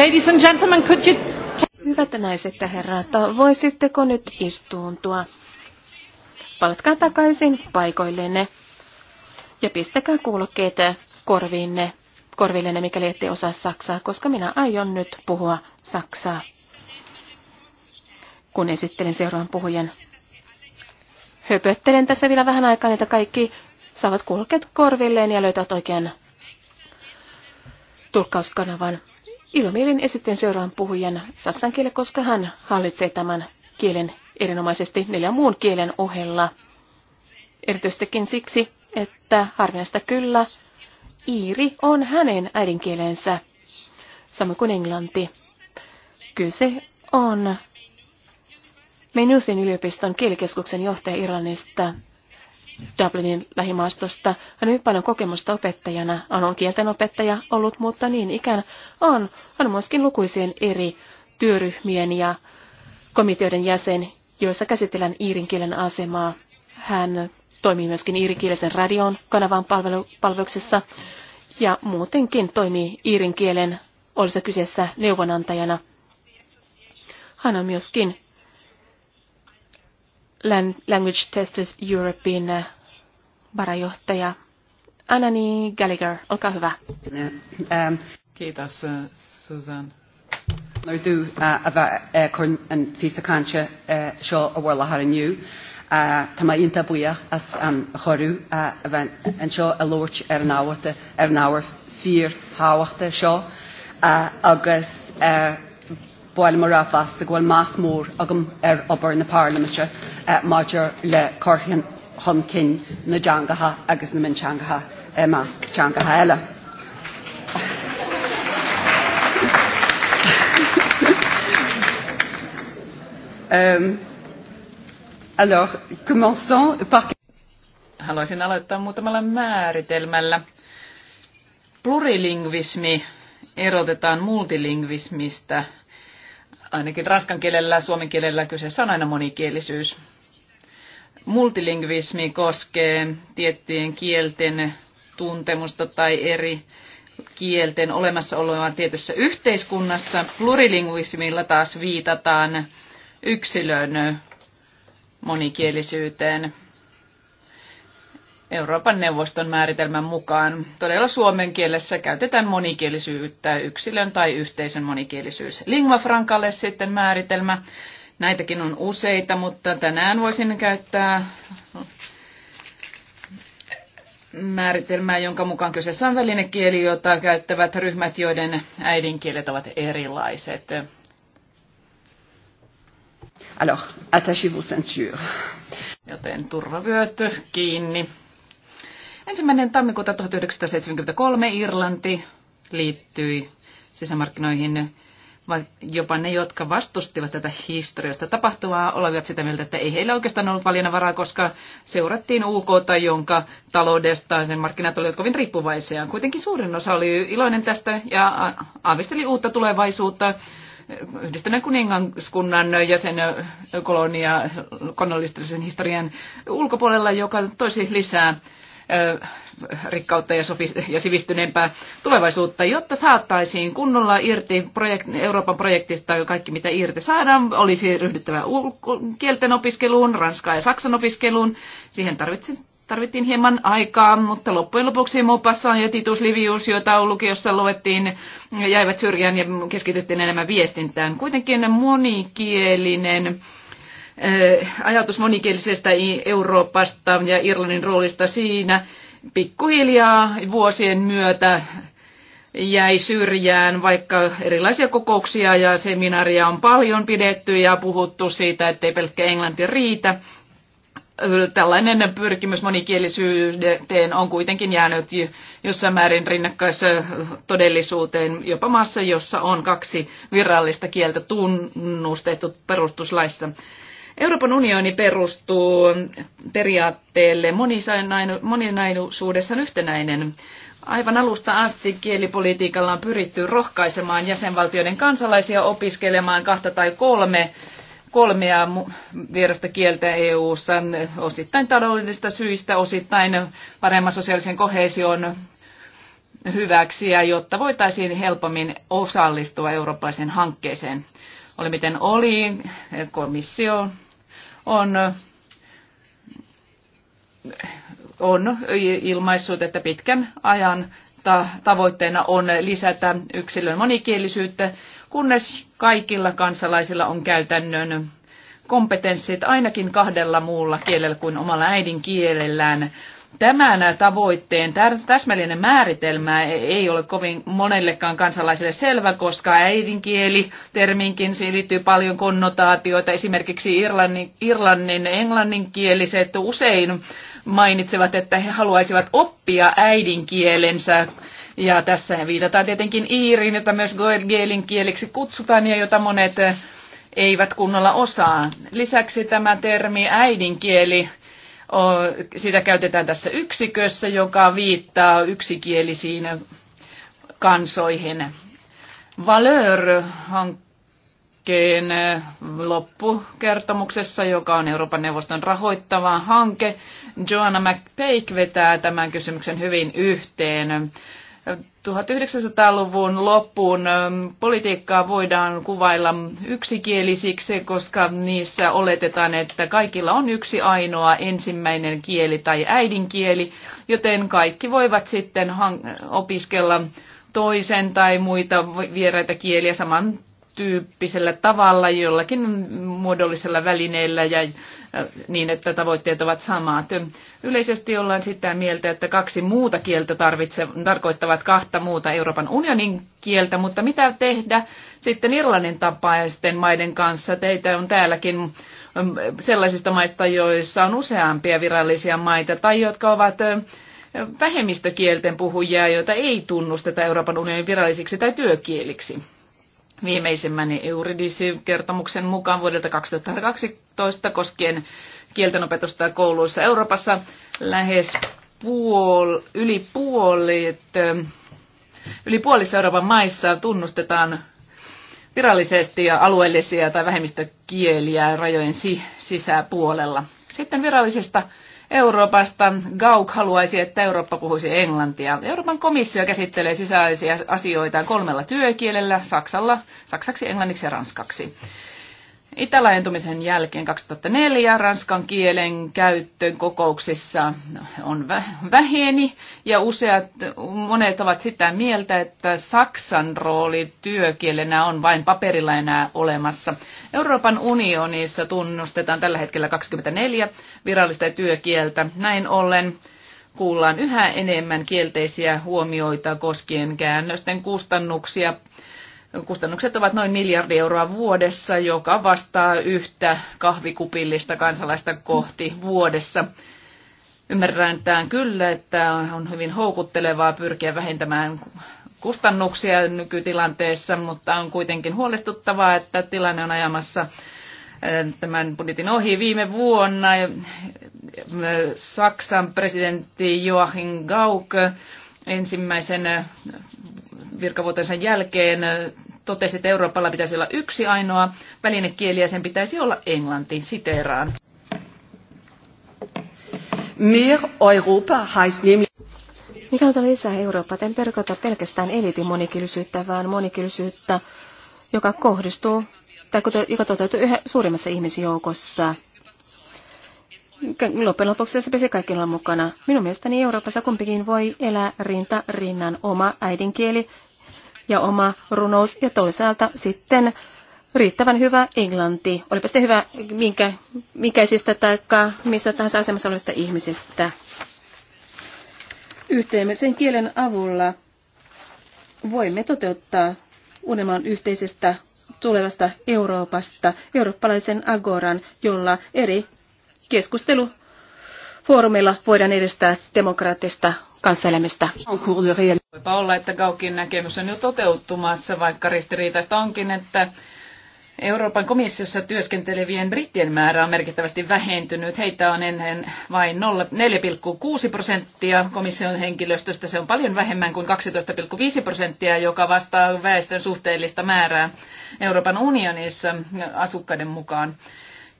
Ladies and gentlemen, could you... Hyvät naiset ja herrat, voisitteko nyt istuuntua? Palatkaa takaisin paikoillenne ja pistäkää kuulokkeet korviinne, korvillenne, mikäli ette osaa saksaa, koska minä aion nyt puhua saksaa, kun esittelen seuraavan puhujan. Höpöttelen tässä vielä vähän aikaa, että kaikki saavat kuulokkeet korvilleen ja löytävät oikean tulkkauskanavan. Ilomielin esitten seuraavan puhujan saksan kielen, koska hän hallitsee tämän kielen erinomaisesti neljän muun kielen ohella. Erityistäkin siksi, että harvinaista kyllä, iiri on hänen äidinkielensä, samoin kuin englanti. Kyse on Menusin yliopiston kielikeskuksen johtaja Irlannista, Dublinin lähimaastosta. Hän on paljon kokemusta opettajana. Hän on opettaja ollut, mutta niin ikään on. Hän on myöskin lukuisien eri työryhmien ja komiteoiden jäsen, joissa käsitellään iirinkielen asemaa. Hän toimii myöskin iirinkielisen radion kanavan palvelu- palveluksessa ja muutenkin toimii iirinkielen olisi kyseessä neuvonantajana. Hän on myöskin Language Testers Europein eh, varajohtaja Anani Gallagher. Olkaa hyvä. Eh, Kiitos eh, Susan. Nor dŵ a bheit chun an físacáse seo a bhfuil lethniu. Tá mai inta buia as an chorú a bheith er an a lóirt ar an áhata ar an áhar fír háhaachta seo agus bhil mar a ghfuil más mór agam ar er obair eh, na Parliamentse maidir le corthain hon cin na deangatha agus na minseangatha measc teangatha eile. Um, alors, commençons par... Haluaisin aloittaa muutamalla määritelmällä. Plurilingvismi erotetaan multilingvismistä Ainakin ranskan kielellä, suomen kielellä kyseessä on aina monikielisyys. Multilingvismi koskee tiettyjen kielten tuntemusta tai eri kielten olemassa olevan tietyssä yhteiskunnassa. Plurilingvismilla taas viitataan yksilön monikielisyyteen. Euroopan neuvoston määritelmän mukaan. Todella suomen kielessä käytetään monikielisyyttä, yksilön tai yhteisön monikielisyys. Lingua francalle sitten määritelmä. Näitäkin on useita, mutta tänään voisin käyttää määritelmää, jonka mukaan kyseessä on välinekieli, jota käyttävät ryhmät, joiden äidinkielet ovat erilaiset. Alors, attachez vos ceintures. Joten turvavyöt kiinni. Ensimmäinen tammikuuta 1973 Irlanti liittyi sisämarkkinoihin jopa ne, jotka vastustivat tätä historiasta tapahtuvaa, olivat sitä mieltä, että ei heillä oikeastaan ollut varaa, koska seurattiin UK, jonka taloudesta sen markkinat olivat kovin riippuvaisia. Kuitenkin suurin osa oli iloinen tästä ja aavisteli uutta tulevaisuutta. Yhdistyneen kuningaskunnan jäsen kolonia historian ulkopuolella, joka toisi lisää rikkautta ja, sofi- ja sivistyneempää tulevaisuutta, jotta saattaisiin kunnolla irti projek- Euroopan projektista jo kaikki, mitä irti saadaan. Olisi ryhdyttävä ulko- kielten opiskeluun, ranskaa ja saksan opiskeluun. Siihen tarvitsin tarvittiin hieman aikaa, mutta loppujen lopuksi mopassa ja Titus Livius, joita lukiossa luettiin, jäivät syrjään ja keskityttiin enemmän viestintään. Kuitenkin monikielinen ajatus monikielisestä Euroopasta ja Irlannin roolista siinä pikkuhiljaa vuosien myötä jäi syrjään, vaikka erilaisia kokouksia ja seminaaria on paljon pidetty ja puhuttu siitä, ettei pelkkä englanti riitä. Tällainen pyrkimys monikielisyyteen on kuitenkin jäänyt jossain määrin rinnakkaissa todellisuuteen jopa maassa, jossa on kaksi virallista kieltä tunnustettu perustuslaissa. Euroopan unioni perustuu periaatteelle moninaisuudessaan yhtenäinen. Aivan alusta asti kielipolitiikalla on pyritty rohkaisemaan jäsenvaltioiden kansalaisia opiskelemaan kahta tai kolme kolmea vierasta kieltä EU-ssa osittain taloudellisista syistä, osittain paremman sosiaalisen kohesion hyväksi ja jotta voitaisiin helpommin osallistua eurooppalaiseen hankkeeseen. Oli miten oli, komissio on on ilmaissut, että pitkän ajan tavoitteena on lisätä yksilön monikielisyyttä, kunnes kaikilla kansalaisilla on käytännön kompetenssit ainakin kahdella muulla kielellä kuin omalla äidinkielellään tämän tavoitteen täsmällinen määritelmä ei ole kovin monellekaan kansalaiselle selvä, koska äidinkieli terminkin liittyy paljon konnotaatioita. Esimerkiksi Irlannin, Irlannin englanninkieliset usein mainitsevat, että he haluaisivat oppia äidinkielensä. Ja tässä viitataan tietenkin Iiriin, jota myös Goelgelin kieliksi kutsutaan ja jota monet eivät kunnolla osaa. Lisäksi tämä termi äidinkieli sitä käytetään tässä yksikössä, joka viittaa yksikielisiin kansoihin. Valör-hankkeen loppukertomuksessa, joka on Euroopan neuvoston rahoittava hanke, Joanna McPake vetää tämän kysymyksen hyvin yhteen. 1900-luvun loppuun ähm, politiikkaa voidaan kuvailla yksikielisiksi, koska niissä oletetaan, että kaikilla on yksi ainoa ensimmäinen kieli tai äidinkieli, joten kaikki voivat sitten opiskella toisen tai muita vieraita kieliä samantyyppisellä tavalla jollakin muodollisella välineellä ja niin, että tavoitteet ovat samat. Yleisesti ollaan sitä mieltä, että kaksi muuta kieltä tarvitse, tarkoittavat kahta muuta Euroopan unionin kieltä, mutta mitä tehdä sitten Irlannin tapaisten maiden kanssa? Teitä on täälläkin mm, sellaisista maista, joissa on useampia virallisia maita tai jotka ovat mm, vähemmistökielten puhujia, joita ei tunnusteta Euroopan unionin virallisiksi tai työkieliksi viimeisimmän Euridisin-kertomuksen mukaan vuodelta 2012 koskien kieltenopetusta kouluissa Euroopassa lähes puol, yli, puolet, yli puolissa Euroopan maissa tunnustetaan virallisesti ja alueellisia tai vähemmistökieliä rajojen sisäpuolella. Sitten virallisista Euroopasta. Gauk haluaisi, että Eurooppa puhuisi englantia. Euroopan komissio käsittelee sisäisiä asioita kolmella työkielellä, saksalla, saksaksi, englanniksi ja ranskaksi. Itälaajentumisen jälkeen 2004 ranskan kielen käyttö kokouksissa on väheni ja useat, monet ovat sitä mieltä, että saksan rooli työkielenä on vain paperilla enää olemassa. Euroopan unionissa tunnustetaan tällä hetkellä 24 virallista työkieltä. Näin ollen kuullaan yhä enemmän kielteisiä huomioita koskien käännösten kustannuksia, Kustannukset ovat noin miljardi euroa vuodessa, joka vastaa yhtä kahvikupillista kansalaista kohti vuodessa. Ymmärrän tämän kyllä, että on hyvin houkuttelevaa pyrkiä vähentämään kustannuksia nykytilanteessa, mutta on kuitenkin huolestuttavaa, että tilanne on ajamassa eh, tämän budjetin ohi viime vuonna. Eh, Saksan presidentti Joachim Gauck ensimmäisen eh, virkavuotensa jälkeen totesi, että Euroopalla pitäisi olla yksi ainoa välinekieli ja sen pitäisi olla englanti. Siteeraan. Mir Europa heißt nämlich... Mikä on lisää Eurooppa? En tarkoita pelkästään eliitin monikielisyyttä, vaan monikielisyyttä, joka kohdistuu tai joka toteutuu yhä suurimmassa ihmisjoukossa – loppujen lopuksi se pitäisi kaikilla mukana. Minun mielestäni Euroopassa kumpikin voi elää rinta rinnan oma äidinkieli ja oma runous ja toisaalta sitten riittävän hyvä englanti. Olipa sitten hyvä minkä, minkäisistä tai missä tahansa asemassa olevista ihmisistä. Yhteisen kielen avulla voimme toteuttaa unelman yhteisestä tulevasta Euroopasta, eurooppalaisen agoran, jolla eri keskustelu foorumilla voidaan edistää demokraattista kanssaelämistä. Voipa olla, että Gaukin näkemys on jo toteutumassa, vaikka ristiriitaista onkin, että Euroopan komissiossa työskentelevien brittien määrä on merkittävästi vähentynyt. Heitä on ennen vain 4,6 prosenttia komission henkilöstöstä. Se on paljon vähemmän kuin 12,5 prosenttia, joka vastaa väestön suhteellista määrää Euroopan unionissa asukkaiden mukaan.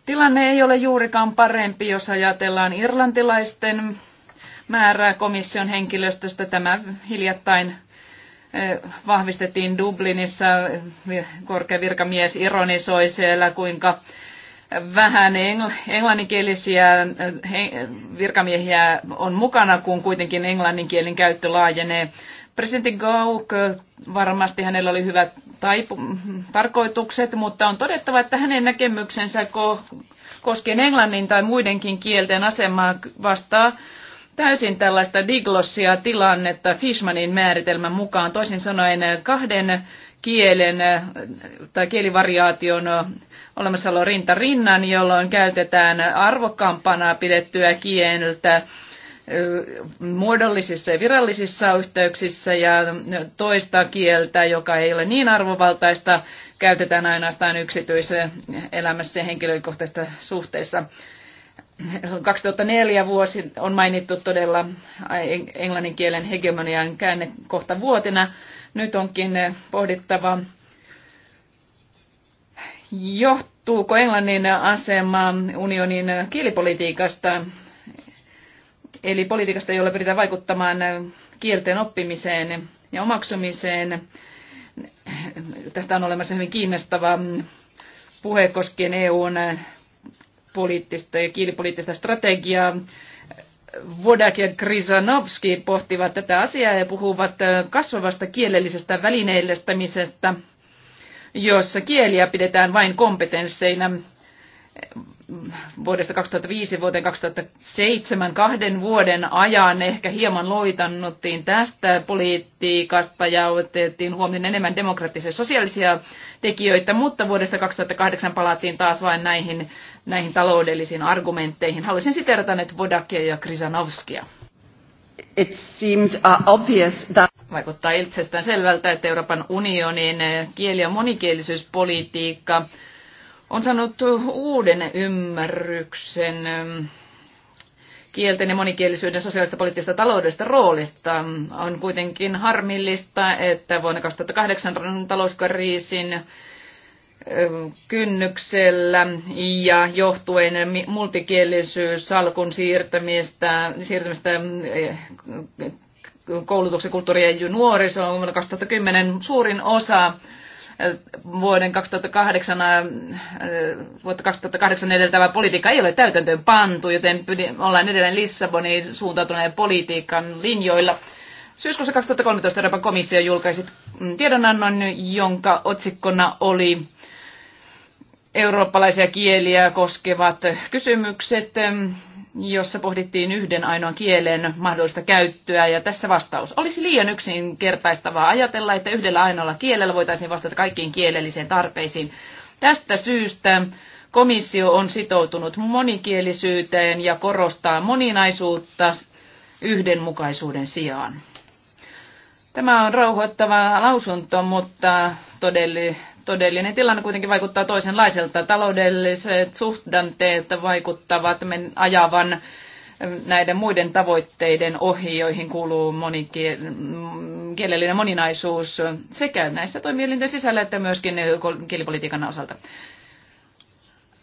Tilanne ei ole juurikaan parempi, jos ajatellaan irlantilaisten määrää komission henkilöstöstä. Tämä hiljattain eh, vahvistettiin Dublinissa. Korkea virkamies ironisoi siellä, kuinka vähän englanninkielisiä eh, virkamiehiä on mukana, kun kuitenkin englanninkielen käyttö laajenee Presidentti Gauk, varmasti hänellä oli hyvät taipu- tarkoitukset, mutta on todettava, että hänen näkemyksensä ko- koskien englannin tai muidenkin kielten asemaa vastaa täysin tällaista diglossia tilannetta Fishmanin määritelmän mukaan. Toisin sanoen kahden kielen tai kielivariaation olemassaolo rinta rinnan, jolloin käytetään arvokkaampana pidettyä kieltä muodollisissa ja virallisissa yhteyksissä ja toista kieltä, joka ei ole niin arvovaltaista, käytetään ainoastaan yksityisen elämässä ja henkilökohtaisissa suhteissa. 2004 vuosi on mainittu todella englannin kielen hegemonian käänne kohta vuotena. Nyt onkin pohdittava, johtuuko englannin asema unionin kielipolitiikasta eli politiikasta, jolla pyritään vaikuttamaan kielten oppimiseen ja omaksumiseen. Tästä on olemassa hyvin kiinnostava puhe koskien EUn poliittista ja kielipoliittista strategiaa. Vodak ja Krisanovski pohtivat tätä asiaa ja puhuvat kasvavasta kielellisestä välineellistämisestä, jossa kieliä pidetään vain kompetensseina vuodesta 2005 vuoteen 2007 kahden vuoden ajan ehkä hieman loitannuttiin tästä politiikasta ja otettiin huomioon enemmän demokraattisia sosiaalisia tekijöitä, mutta vuodesta 2008 palattiin taas vain näihin, näihin taloudellisiin argumentteihin. Haluaisin siterata nyt Vodakia ja Krisanovskia. It seems uh, obvious that... Vaikuttaa itsestään selvältä, että Euroopan unionin kieli- ja monikielisyyspolitiikka – on saanut uuden ymmärryksen ähm, kielten ja monikielisyyden sosiaalista poliittisesta taloudesta roolista. On kuitenkin harmillista, että vuonna 2008 talouskriisin äh, kynnyksellä ja johtuen multikielisyys salkun siirtämistä, siirtämistä äh, koulutuksen, kulttuurien ja nuorisoon vuonna 2010 suurin osa vuoden 2008, äh, vuotta 2008 edeltävä politiikka ei ole täytäntöön pantu, joten ollaan edelleen Lissabonin suuntautuneen politiikan linjoilla. Syyskuussa 2013 Euroopan komissio julkaisi tiedonannon, jonka otsikkona oli eurooppalaisia kieliä koskevat kysymykset jossa pohdittiin yhden ainoan kielen mahdollista käyttöä, ja tässä vastaus. Olisi liian yksinkertaistavaa ajatella, että yhdellä ainoalla kielellä voitaisiin vastata kaikkiin kielellisiin tarpeisiin. Tästä syystä komissio on sitoutunut monikielisyyteen ja korostaa moninaisuutta yhdenmukaisuuden sijaan. Tämä on rauhoittava lausunto, mutta todelli, todellinen tilanne kuitenkin vaikuttaa toisenlaiselta. Taloudelliset suhdanteet vaikuttavat men ajavan näiden muiden tavoitteiden ohi, joihin kuuluu monikielellinen moninaisuus sekä näissä toimielinten sisällä että myöskin kielipolitiikan osalta.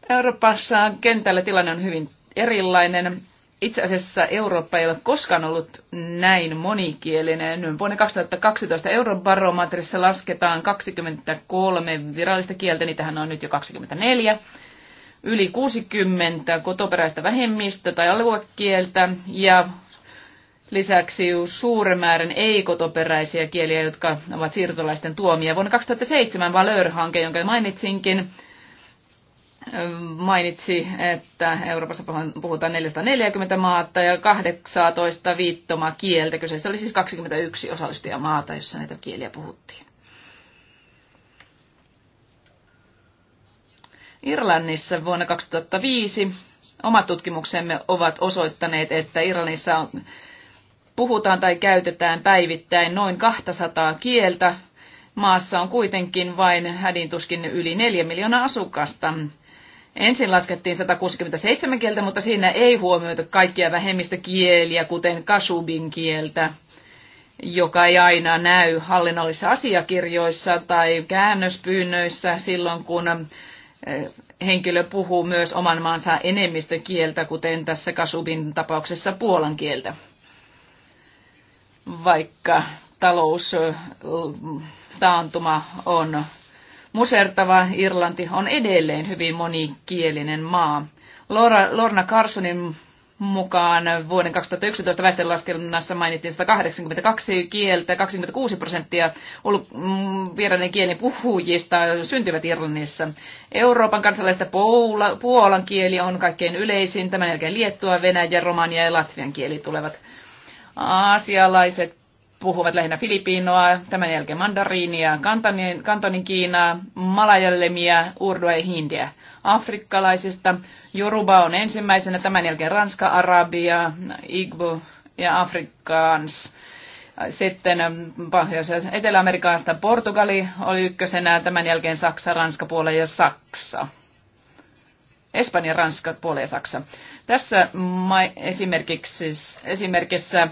Euroopassa kentällä tilanne on hyvin erilainen. Itse asiassa Eurooppa ei ole koskaan ollut näin monikielinen. Vuonna 2012 eurobarometrissa lasketaan 23 virallista kieltä, niitähän on nyt jo 24. Yli 60 kotoperäistä vähemmistö- tai aluekieltä ja Lisäksi suuremäärän ei-kotoperäisiä kieliä, jotka ovat siirtolaisten tuomia. Vuonna 2007 Valör-hanke, jonka mainitsinkin, mainitsi, että Euroopassa puhutaan 440 maata ja 18 viittomaa kieltä. Kyseessä oli siis 21 osallistujamaata, jossa näitä kieliä puhuttiin. Irlannissa vuonna 2005 omat tutkimuksemme ovat osoittaneet, että Irlannissa on, puhutaan tai käytetään päivittäin noin 200 kieltä. Maassa on kuitenkin vain hädintuskin yli 4 miljoonaa asukasta. Ensin laskettiin 167 kieltä, mutta siinä ei huomioitu kaikkia vähemmistökieliä, kuten kasubin kieltä, joka ei aina näy hallinnollisissa asiakirjoissa tai käännöspyynnöissä silloin, kun henkilö puhuu myös oman maansa enemmistökieltä, kuten tässä kasubin tapauksessa puolan kieltä. Vaikka taloustaantuma on Musertava Irlanti on edelleen hyvin monikielinen maa. Laura, Lorna Carsonin mukaan vuoden 2011 väestönlaskennassa mainittiin 182 kieltä, 26 prosenttia mm, vieraiden kielen puhujista syntyvät Irlannissa. Euroopan kansalaista puolan kieli on kaikkein yleisin, tämän jälkeen Liettua, Venäjä, Romania ja Latvian kieli tulevat. Aasialaiset puhuvat lähinnä Filippiinoa, tämän jälkeen mandariinia, kantonin, kantonin Kiinaa, malajallemia, urdua ja hindiä. Afrikkalaisista Joruba on ensimmäisenä, tämän jälkeen Ranska, Arabia, Igbo ja Afrikaans. Sitten ähm, pohjois- Etelä-Amerikasta Portugali oli ykkösenä, tämän jälkeen Saksa, Ranska, Puola ja Saksa. Espanja, Ranska, Puola ja Saksa. Tässä esimerkiksi, esimerkissä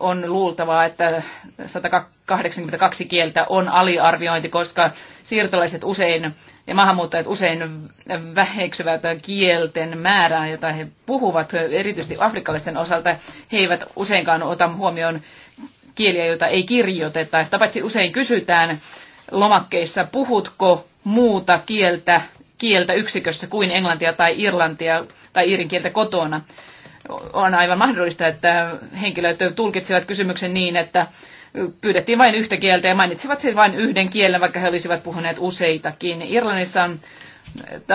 on luultavaa, että 182 kieltä on aliarviointi, koska siirtolaiset usein ja maahanmuuttajat usein väheksyvät kielten määrää, jota he puhuvat, erityisesti afrikkalaisten osalta. He eivät useinkaan ota huomioon kieliä, joita ei kirjoiteta. Sitä paitsi usein kysytään lomakkeissa, puhutko muuta kieltä, kieltä yksikössä kuin englantia tai irlantia tai iirin kieltä kotona on aivan mahdollista, että henkilöt tulkitsevat kysymyksen niin, että pyydettiin vain yhtä kieltä ja mainitsivat sen vain yhden kielen, vaikka he olisivat puhuneet useitakin. Irlannissa on,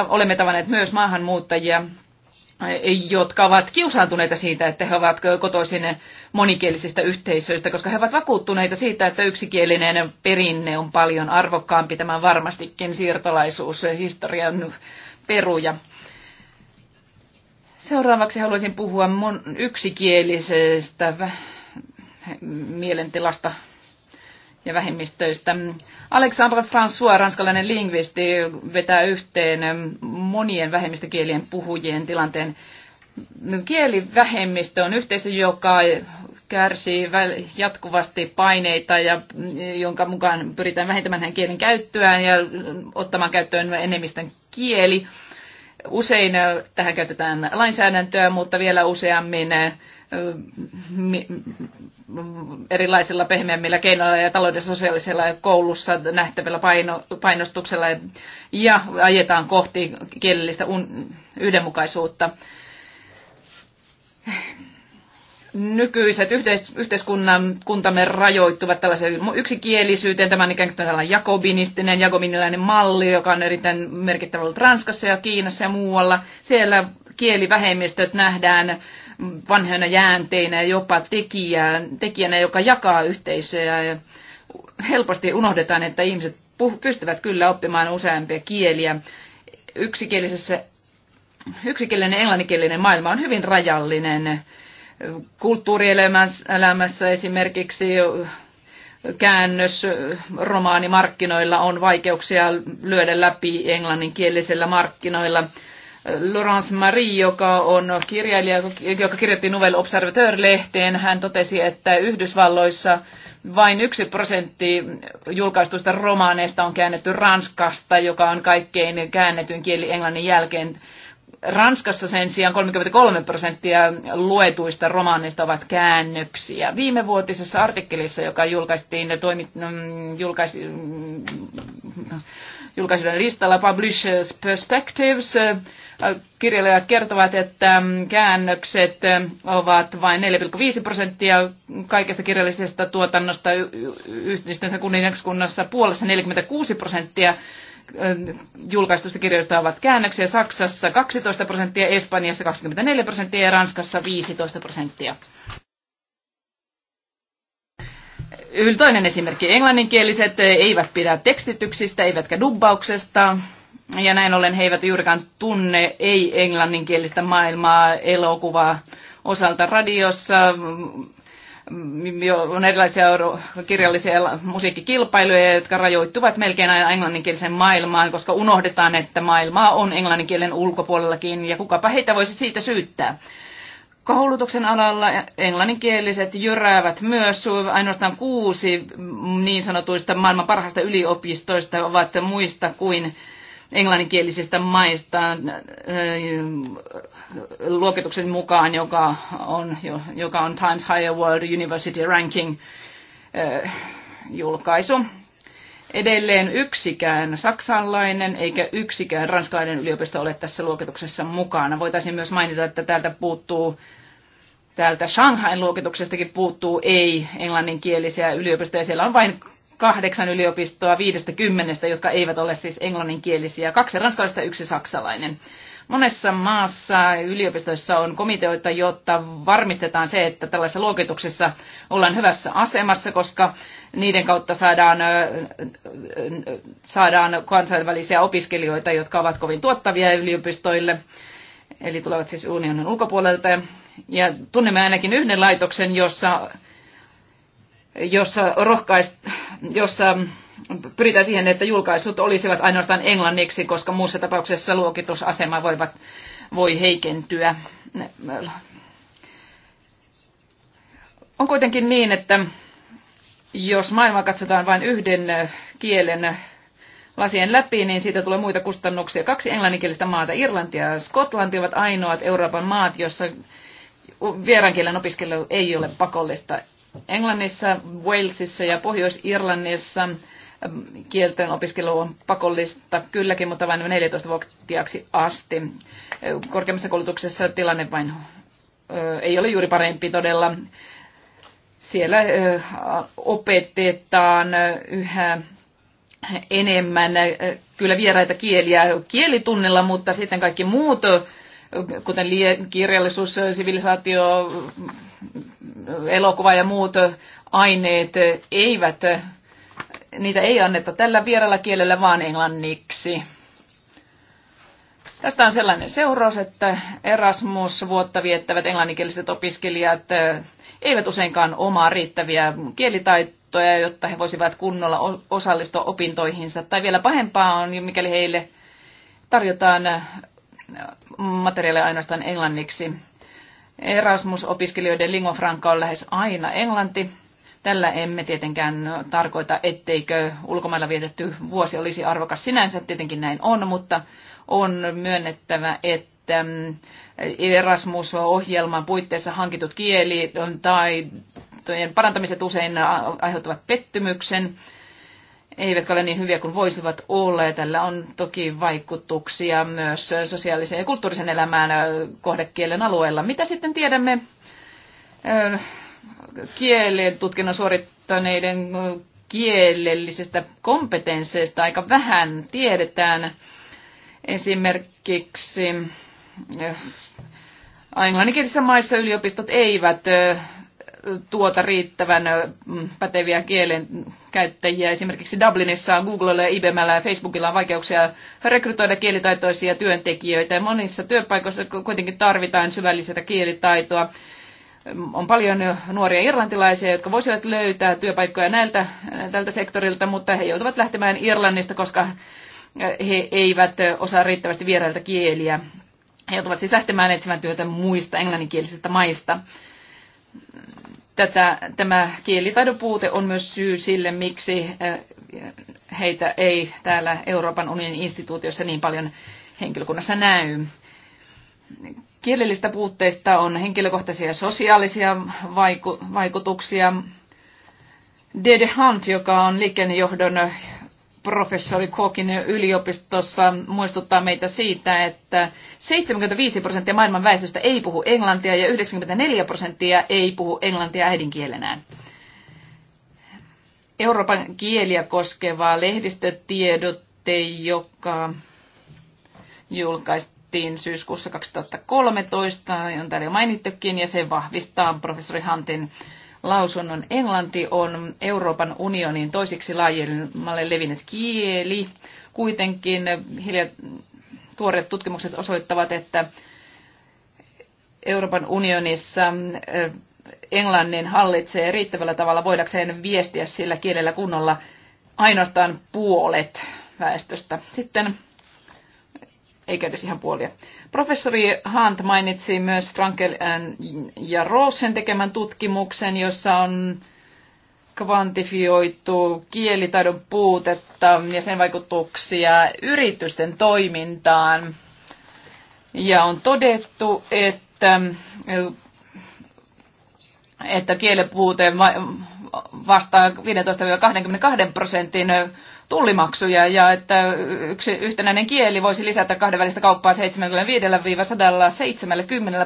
olemme tavanneet myös maahanmuuttajia, jotka ovat kiusaantuneita siitä, että he ovat kotoisin monikielisistä yhteisöistä, koska he ovat vakuuttuneita siitä, että yksikielinen perinne on paljon arvokkaampi. tämän varmastikin siirtolaisuushistorian peruja. Seuraavaksi haluaisin puhua mun yksikielisestä mielentilasta ja vähemmistöistä. Alexandre François, ranskalainen lingvisti, vetää yhteen monien vähemmistökielien puhujien tilanteen. Kielivähemmistö on yhteisö, joka kärsii jatkuvasti paineita, ja jonka mukaan pyritään vähentämään kielen käyttöään ja ottamaan käyttöön enemmistön kieli Usein tähän käytetään lainsäädäntöä, mutta vielä useammin erilaisilla pehmeämmillä keinoilla ja talouden sosiaalisella ja koulussa nähtävällä paino, painostuksella ja ajetaan kohti kielellistä un, yhdenmukaisuutta nykyiset yhteis- yhteiskunnan kuntamme rajoittuvat tällaiseen yksikielisyyteen. Tämä on ikään kuin tällainen jakobinistinen, jakobinilainen malli, joka on erittäin merkittävä ollut Ranskassa ja Kiinassa ja muualla. Siellä kielivähemmistöt nähdään vanhoina jäänteinä ja jopa tekijänä, joka jakaa yhteisöä. Ja helposti unohdetaan, että ihmiset pystyvät kyllä oppimaan useampia kieliä. Yksikielisessä, yksikielinen englanninkielinen maailma on hyvin rajallinen kulttuurielämässä esimerkiksi käännös romaanimarkkinoilla on vaikeuksia lyödä läpi englanninkielisillä markkinoilla. Laurence Marie, joka on kirjailija, joka kirjoitti Nouvelle Observateur-lehteen, hän totesi, että Yhdysvalloissa vain yksi prosentti julkaistuista romaaneista on käännetty Ranskasta, joka on kaikkein käännetyn kieli englannin jälkeen Ranskassa sen sijaan 33 prosenttia luetuista romaaneista ovat käännöksiä. Viime vuotisessa artikkelissa, joka julkaistiin toimit, mm, julkais, mm, julkaisuuden listalla Publishers Perspectives, äh, kirjailijat kertovat, että mm, käännökset ovat vain 4,5 prosenttia kaikesta kirjallisesta tuotannosta yhteistyössä kunnassa puolessa 46 prosenttia Äh, julkaistusta kirjoista ovat käännöksiä Saksassa 12 prosenttia, Espanjassa 24 prosenttia ja Ranskassa 15 prosenttia. Toinen esimerkki. Englanninkieliset eivät pidä tekstityksistä eivätkä dubbauksesta. Ja näin ollen he eivät juurikaan tunne ei-englanninkielistä maailmaa elokuvaa osalta radiossa Mm, on erilaisia kirjallisia musiikkikilpailuja, jotka rajoittuvat melkein aina englanninkielisen maailmaan, koska unohdetaan, että maailmaa on englanninkielen ulkopuolellakin, ja kukapa heitä voisi siitä syyttää. Koulutuksen alalla englanninkieliset jyräävät myös. Ainoastaan kuusi mm, niin sanotuista maailman parhaista yliopistoista ovat muista kuin englanninkielisistä maista äh, luokituksen mukaan, joka on, joka on Times Higher World University Ranking äh, julkaisu. Edelleen yksikään saksalainen eikä yksikään ranskalainen yliopisto ole tässä luokituksessa mukana. Voitaisiin myös mainita, että täältä puuttuu täältä Shanghain luokituksestakin puuttuu ei-englanninkielisiä yliopistoja. Siellä on vain kahdeksan yliopistoa kymmenestä, jotka eivät ole siis englanninkielisiä, kaksi ranskalaista ja yksi saksalainen. Monessa maassa yliopistoissa on komiteoita, jotta varmistetaan se, että tällaisessa luokituksessa ollaan hyvässä asemassa, koska niiden kautta saadaan, saadaan kansainvälisiä opiskelijoita, jotka ovat kovin tuottavia yliopistoille, eli tulevat siis unionin ulkopuolelta. Ja tunnemme ainakin yhden laitoksen, jossa, jossa rohkaistaan jossa pyritään siihen, että julkaisut olisivat ainoastaan englanniksi, koska muussa tapauksessa luokitusasema voivat, voi heikentyä. On kuitenkin niin, että jos maailma katsotaan vain yhden kielen lasien läpi, niin siitä tulee muita kustannuksia. Kaksi englanninkielistä maata, Irlanti ja Skotlanti, ovat ainoat Euroopan maat, joissa vierankielen opiskelu ei ole pakollista. Englannissa, Walesissa ja Pohjois-Irlannissa ähm, kielten opiskelu on pakollista kylläkin, mutta vain 14-vuotiaaksi asti. Äh, korkeammassa koulutuksessa tilanne vain äh, ei ole juuri parempi todella. Siellä äh, opetetaan yhä enemmän kyllä vieraita kieliä kielitunnilla, mutta sitten kaikki muut, kuten kirjallisuus, sivilisaatio, elokuva ja muut aineet eivät, niitä ei anneta tällä vieralla kielellä, vaan englanniksi. Tästä on sellainen seuraus, että Erasmus-vuotta viettävät englanninkieliset opiskelijat eivät useinkaan omaa riittäviä kielitaitoja, jotta he voisivat kunnolla osallistua opintoihinsa. Tai vielä pahempaa on, mikäli heille tarjotaan materiaalia ainoastaan englanniksi. Erasmus-opiskelijoiden lingua franca on lähes aina englanti. Tällä emme tietenkään tarkoita, etteikö ulkomailla vietetty vuosi olisi arvokas sinänsä, tietenkin näin on, mutta on myönnettävä, että mm, Erasmus-ohjelman puitteissa hankitut kieli tai parantamiset usein aiheuttavat pettymyksen eivätkä ole niin hyviä kuin voisivat olla. Tällä on toki vaikutuksia myös sosiaalisen ja kulttuurisen elämään kohdekielen alueella. Mitä sitten tiedämme kielen tutkinnon suorittaneiden kielellisestä kompetensseista? Aika vähän tiedetään esimerkiksi englanninkielisissä maissa yliopistot eivät tuota riittävän päteviä kielen käyttäjiä. Esimerkiksi Dublinissa Googlella, IBMllä ja Facebookilla on vaikeuksia rekrytoida kielitaitoisia työntekijöitä. Monissa työpaikoissa kuitenkin tarvitaan syvällistä kielitaitoa. On paljon nuoria irlantilaisia, jotka voisivat löytää työpaikkoja näiltä, tältä sektorilta, mutta he joutuvat lähtemään Irlannista, koska he eivät osaa riittävästi vierailta kieliä. He joutuvat siis lähtemään etsimään työtä muista englanninkielisistä maista Tätä, tämä kielitaidon puute on myös syy sille, miksi eh, heitä ei täällä Euroopan unionin instituutiossa niin paljon henkilökunnassa näy. Kielellistä puutteista on henkilökohtaisia sosiaalisia vaikutuksia. Dede Hunt, joka on liikennejohdon professori Kokin yliopistossa muistuttaa meitä siitä, että 75 prosenttia maailman väestöstä ei puhu englantia ja 94 prosenttia ei puhu englantia äidinkielenään. Euroopan kieliä koskeva lehdistötiedotte, joka julkaistiin syyskuussa 2013, on täällä jo mainittukin, ja se vahvistaa professori Hantin lausunnon. Englanti on Euroopan unionin toisiksi laajemmalle levinnyt kieli. Kuitenkin hilja, tuoreet tutkimukset osoittavat, että Euroopan unionissa englannin hallitsee riittävällä tavalla voidakseen viestiä sillä kielellä kunnolla ainoastaan puolet väestöstä. Sitten eikä edes ihan puolia. Professori Hunt mainitsi myös Frankel ähm, ja Rosen tekemän tutkimuksen, jossa on kvantifioitu kielitaidon puutetta ja sen vaikutuksia yritysten toimintaan. Ja on todettu, että, että kielen puute vastaa 15-22 prosentin tullimaksuja ja että yksi yhtenäinen kieli voisi lisätä kahdenvälistä kauppaa 75-170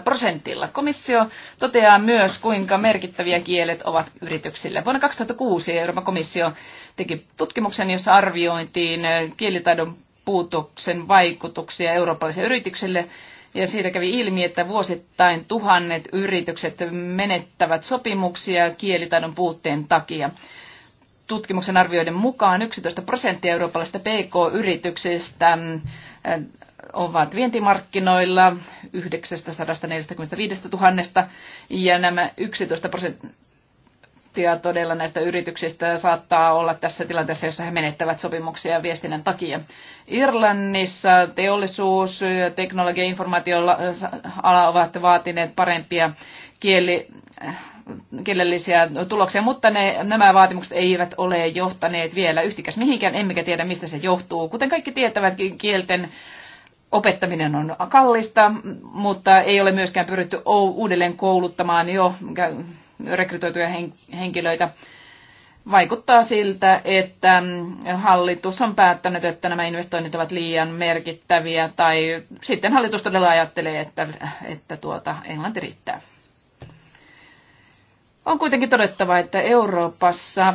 prosentilla. Komissio toteaa myös, kuinka merkittäviä kielet ovat yrityksille. Vuonna 2006 Euroopan komissio teki tutkimuksen, jossa arviointiin kielitaidon puutoksen vaikutuksia eurooppalaisille yrityksille ja siitä kävi ilmi, että vuosittain tuhannet yritykset menettävät sopimuksia kielitaidon puutteen takia tutkimuksen arvioiden mukaan 11 prosenttia eurooppalaisista PK-yrityksistä mm, eh, ovat vientimarkkinoilla 945 000 ja nämä 11 prosenttia todella näistä yrityksistä saattaa olla tässä tilanteessa, jossa he menettävät sopimuksia viestinnän takia. Irlannissa teollisuus, teknologia ja informaatioala ovat vaatineet parempia kieli kielellisiä tuloksia, mutta ne, nämä vaatimukset eivät ole johtaneet vielä yhtikäs mihinkään, emmekä tiedä mistä se johtuu. Kuten kaikki tietävät, kielten opettaminen on kallista, mutta ei ole myöskään pyritty uudelleen kouluttamaan jo rekrytoituja henkilöitä. Vaikuttaa siltä, että mm, hallitus on päättänyt, että nämä investoinnit ovat liian merkittäviä, tai sitten hallitus todella ajattelee, että, että tuota, englanti riittää. On kuitenkin todettava, että Euroopassa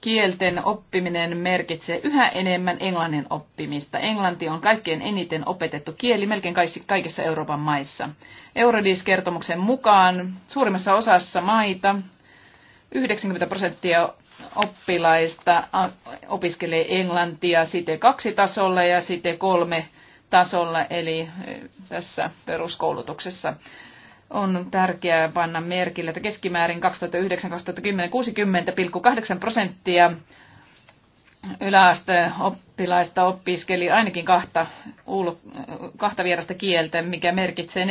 kielten oppiminen merkitsee yhä enemmän englannin oppimista. Englanti on kaikkein eniten opetettu kieli melkein kaikissa Euroopan maissa. Eurodis-kertomuksen mukaan suurimmassa osassa maita 90 prosenttia oppilaista opiskelee englantia sitten kaksi tasolla ja sitten kolme tasolla, eli tässä peruskoulutuksessa on tärkeää panna merkille, että keskimäärin 2009-2010 60,8 prosenttia yläasteen oppilaista opiskeli ainakin kahta, ulko, kahta vierasta kieltä, mikä merkitsee 14,1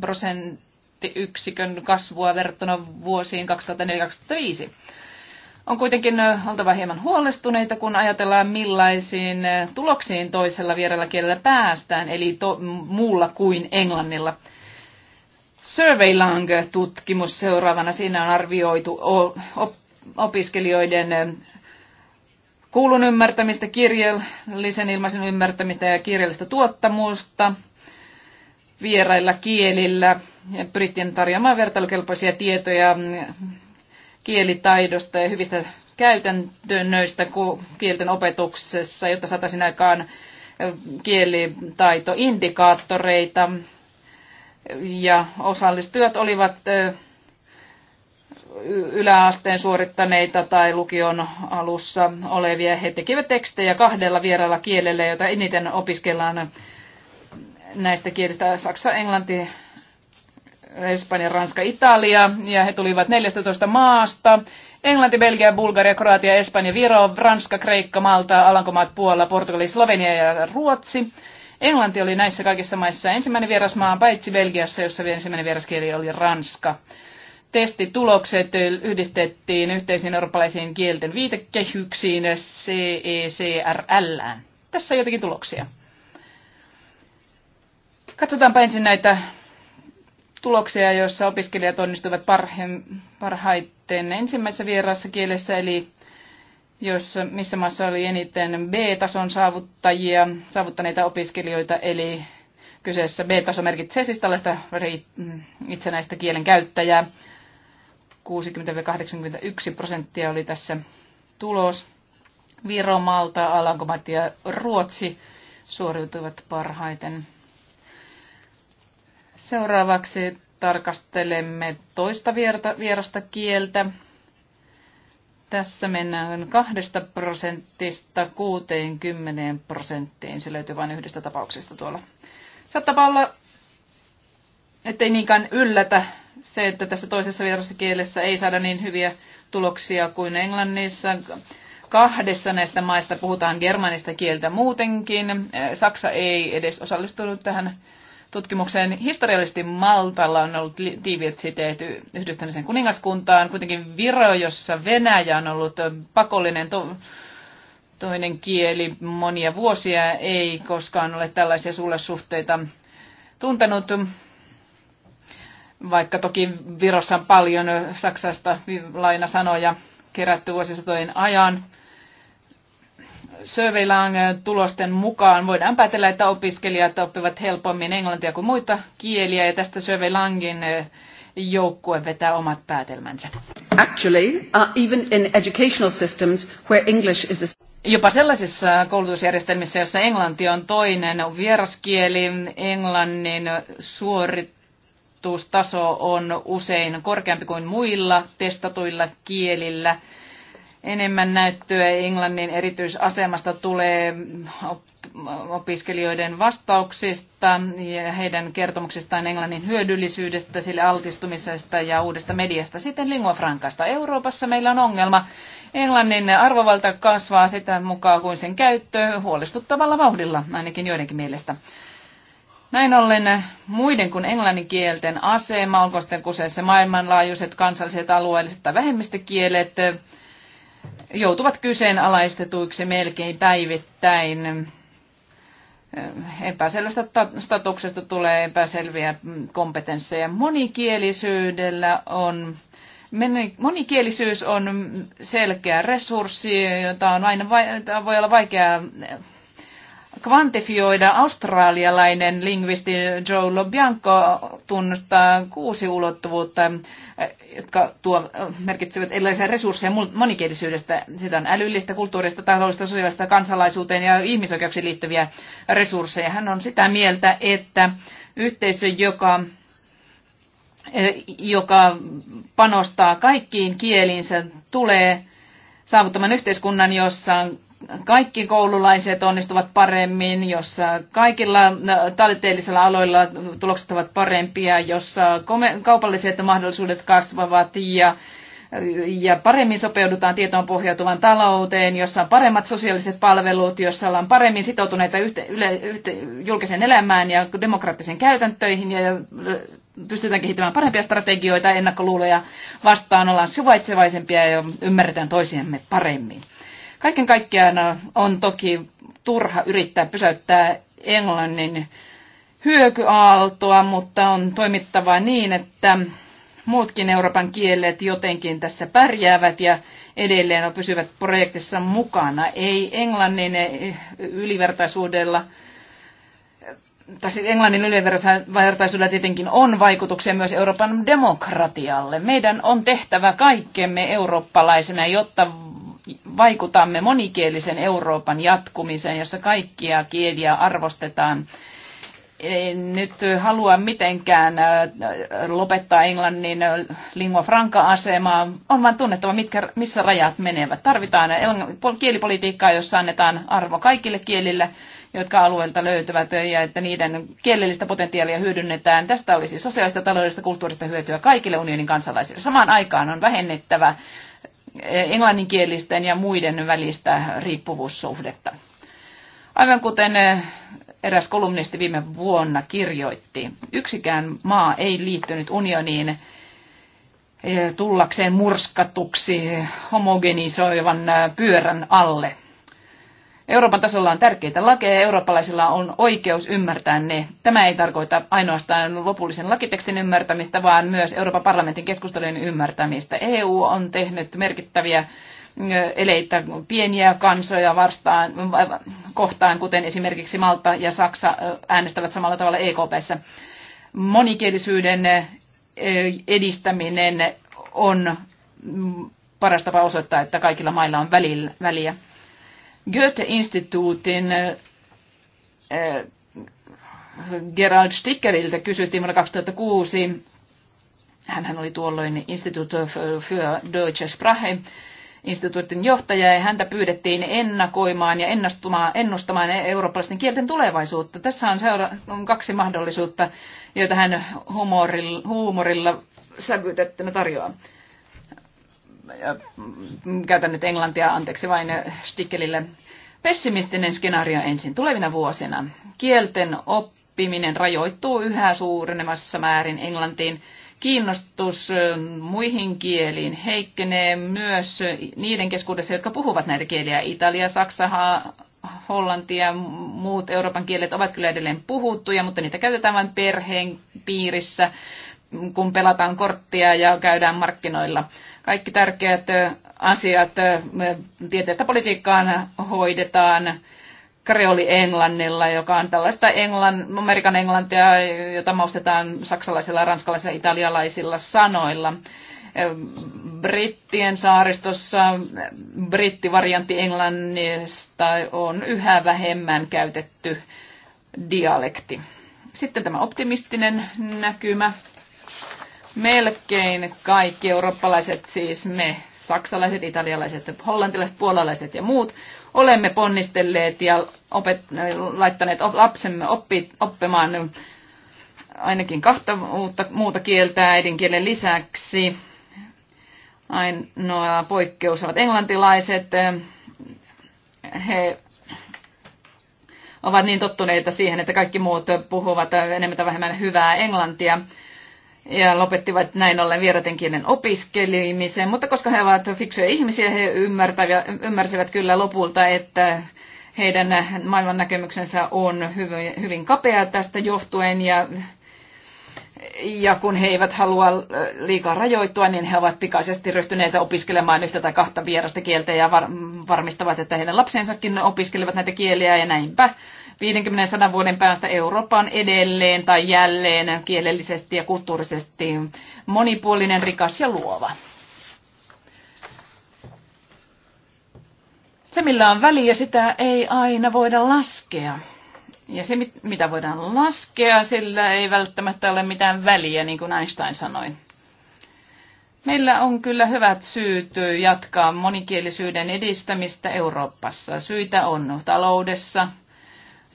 prosenttiyksikön kasvua verrattuna vuosiin 2004-2005. On kuitenkin oltava hieman huolestuneita, kun ajatellaan millaisiin tuloksiin toisella vierellä kielellä päästään, eli to, muulla kuin englannilla – lang tutkimus seuraavana. Siinä on arvioitu opiskelijoiden kuulun ymmärtämistä, kirjallisen ilmaisen ymmärtämistä ja kirjallista tuottamusta vierailla kielillä. Ja pyrittiin tarjoamaan vertailukelpoisia tietoja mm, kielitaidosta ja hyvistä käytännöistä kielten opetuksessa, jotta saataisiin aikaan kielitaitoindikaattoreita ja osallistujat olivat yläasteen suorittaneita tai lukion alussa olevia. He tekivät tekstejä kahdella vieraalla kielellä, jota eniten opiskellaan näistä kielistä Saksa, Englanti, Espanja, Ranska, Italia. Ja he tulivat 14 maasta. Englanti, Belgia, Bulgaria, Kroatia, Espanja, Viro, Ranska, Kreikka, Malta, Alankomaat, Puola, Portugali, Slovenia ja Ruotsi. Englanti oli näissä kaikissa maissa ensimmäinen vierasmaa, paitsi Belgiassa, jossa ensimmäinen vieraskieli oli ranska. Testitulokset yhdistettiin yhteisiin eurooppalaisiin kielten viitekehyksiin CECRL. Tässä on jotakin tuloksia. Katsotaanpa ensin näitä tuloksia, joissa opiskelijat onnistuivat parhaiten ensimmäisessä vierassa kielessä, eli jos missä maassa oli eniten B-tason saavuttajia, saavuttaneita opiskelijoita, eli kyseessä B-taso merkitsee siis tällaista mm, itsenäistä kielen käyttäjää. 60-81 prosenttia oli tässä tulos. Viro, Malta, Alankomat ja Ruotsi suoriutuivat parhaiten. Seuraavaksi tarkastelemme toista vierasta kieltä, tässä mennään kahdesta prosentista 60 prosenttiin. Se löytyy vain yhdestä tapauksesta tuolla. Saattaa olla, ettei niinkään yllätä se, että tässä toisessa vierassa kielessä ei saada niin hyviä tuloksia kuin Englannissa. Kahdessa näistä maista puhutaan germanista kieltä muutenkin. Saksa ei edes osallistunut tähän tutkimukseen. Historiallisesti Maltalla on ollut tiiviit siteet yhdistämisen kuningaskuntaan. Kuitenkin Viro, jossa Venäjä on ollut pakollinen to- toinen kieli monia vuosia, ei koskaan ole tällaisia sulle suhteita tuntenut. Vaikka toki Virossa on paljon Saksasta lainasanoja kerätty vuosisatojen ajan. Surveylan tulosten mukaan voidaan päätellä, että opiskelijat oppivat helpommin englantia kuin muita kieliä, ja tästä söveilangin eh, joukkue vetää omat päätelmänsä. Actually, uh, even in educational systems where English is the... Jopa sellaisissa koulutusjärjestelmissä, jossa englanti on toinen on vieraskieli, englannin suoritustaso on usein korkeampi kuin muilla testatuilla kielillä – enemmän näyttöä Englannin erityisasemasta tulee opiskelijoiden vastauksista ja heidän kertomuksistaan Englannin hyödyllisyydestä, sille altistumisesta ja uudesta mediasta. Sitten lingua frankasta. Euroopassa meillä on ongelma. Englannin arvovalta kasvaa sitä mukaan kuin sen käyttö huolestuttavalla vauhdilla, ainakin joidenkin mielestä. Näin ollen muiden kuin englannin kielten asema, olkoon sitten kuseessa maailmanlaajuiset, kansalliset, alueelliset tai vähemmistökielet, joutuvat kyseenalaistetuiksi melkein päivittäin. Epäselvästä statuksesta tulee epäselviä kompetensseja. Monikielisyydellä on Monikielisyys on selkeä resurssi, jota on aina jota voi olla vaikea kvantifioida australialainen lingvisti Joe Lobianco tunnustaa kuusi ulottuvuutta, jotka tuo, merkitsevät erilaisia resursseja monikielisyydestä. Sitä on älyllistä, kulttuurista, taloudellista, sosiaalista, kansalaisuuteen ja ihmisoikeuksiin liittyviä resursseja. Hän on sitä mieltä, että yhteisö, joka e, joka panostaa kaikkiin kieliinsä, tulee saavuttamaan yhteiskunnan, jossa kaikki koululaiset onnistuvat paremmin, jossa kaikilla no, taiteellisilla aloilla tulokset ovat parempia, jossa kaupalliset mahdollisuudet kasvavat ja ja paremmin sopeudutaan tietoon pohjautuvan talouteen, jossa on paremmat sosiaaliset palvelut, jossa ollaan paremmin sitoutuneita yhte, yle, yhte, julkisen elämään ja demokraattisiin käytäntöihin ja pystytään kehittämään parempia strategioita, ennakkoluuloja vastaan, ollaan suvaitsevaisempia ja ymmärretään toisiamme paremmin. Kaiken kaikkiaan on toki turha yrittää pysäyttää Englannin hyökyaaltoa, mutta on toimittava niin, että muutkin Euroopan kielet jotenkin tässä pärjäävät ja edelleen on pysyvät projektissa mukana. Ei englannin ylivertaisuudella, tai siis englannin ylivertaisuudella tietenkin on vaikutuksia myös Euroopan demokratialle. Meidän on tehtävä kaikkemme eurooppalaisena, jotta vaikutamme monikielisen Euroopan jatkumiseen, jossa kaikkia kieliä arvostetaan. En nyt halua mitenkään lopettaa englannin lingua franca-asemaa. On vain tunnettava, mitkä, missä rajat menevät. Tarvitaan kielipolitiikkaa, jossa annetaan arvo kaikille kielille, jotka alueelta löytyvät, ja että niiden kielellistä potentiaalia hyödynnetään. Tästä olisi sosiaalista, taloudellista, kulttuurista hyötyä kaikille unionin kansalaisille. Samaan aikaan on vähennettävä englanninkielisten ja muiden välistä riippuvuussuhdetta. Aivan kuten eh, eräs kolumnisti viime vuonna kirjoitti, yksikään maa ei liittynyt unioniin eh, tullakseen murskatuksi homogenisoivan eh, pyörän alle – Euroopan tasolla on tärkeitä lakeja ja eurooppalaisilla on oikeus ymmärtää ne. Tämä ei tarkoita ainoastaan lopullisen lakitekstin ymmärtämistä, vaan myös Euroopan parlamentin keskustelujen ymmärtämistä. EU on tehnyt merkittäviä eleitä pieniä kansoja vastaan, kohtaan, kuten esimerkiksi Malta ja Saksa äänestävät samalla tavalla EKPssä. Monikielisyyden edistäminen on mm, paras tapa osoittaa, että kaikilla mailla on välillä, väliä. Goethe-instituutin eh, eh, Gerald Stickeriltä kysyttiin vuonna 2006. Hänhän oli tuolloin Institut eh, für Deutsche Sprache instituutin johtaja ja häntä pyydettiin ennakoimaan ja ennustamaan eurooppalaisten kielten tulevaisuutta. Tässä on, seura- on kaksi mahdollisuutta, joita hän huumorilla, huumorilla sävytettynä tarjoaa. Mm, käytän nyt englantia, anteeksi vain äh, Stikkelille, pessimistinen skenaario ensin tulevina vuosina. Kielten oppiminen rajoittuu yhä suurenemassa määrin Englantiin. Kiinnostus äh, muihin kieliin heikkenee myös niiden keskuudessa, jotka puhuvat näitä kieliä. Italia, Saksa, hollanti ja muut Euroopan kielet ovat kyllä edelleen puhuttuja, mutta niitä käytetään vain perheen piirissä, kun pelataan korttia ja käydään markkinoilla. Kaikki tärkeät asiat tieteestä politiikkaan hoidetaan kreoli englannilla, joka on tällaista englann, Amerikan englantia, jota maustetaan saksalaisilla, ranskalaisilla ja italialaisilla sanoilla. Brittien saaristossa brittivariantti englannista on yhä vähemmän käytetty dialekti. Sitten tämä optimistinen näkymä melkein kaikki eurooppalaiset, siis me, saksalaiset, italialaiset, hollantilaiset, puolalaiset ja muut, olemme ponnistelleet ja opet, laittaneet lapsemme oppi, oppimaan ainakin kahta muuta, muuta kieltä äidinkielen lisäksi. Ainoa poikkeus ovat englantilaiset. He ovat niin tottuneita siihen, että kaikki muut puhuvat enemmän tai vähemmän hyvää englantia ja lopettivat näin ollen vieraten kielen opiskelimisen, mutta koska he ovat fiksuja ihmisiä, he ymmärsivät kyllä lopulta, että heidän maailman näkemyksensä on hyvin, hyvin kapea tästä johtuen ja, ja kun he eivät halua liikaa rajoittua, niin he ovat pikaisesti ryhtyneet opiskelemaan yhtä tai kahta vierasta kieltä ja varmistavat, että heidän lapsensakin opiskelevat näitä kieliä ja näinpä 50-100 vuoden päästä Euroopan edelleen tai jälleen kielellisesti ja kulttuurisesti monipuolinen, rikas ja luova. Se, millä on väliä, sitä ei aina voida laskea. Ja se, mitä voidaan laskea, sillä ei välttämättä ole mitään väliä, niin kuin Einstein sanoi. Meillä on kyllä hyvät syyt jatkaa monikielisyyden edistämistä Euroopassa. Syitä on taloudessa,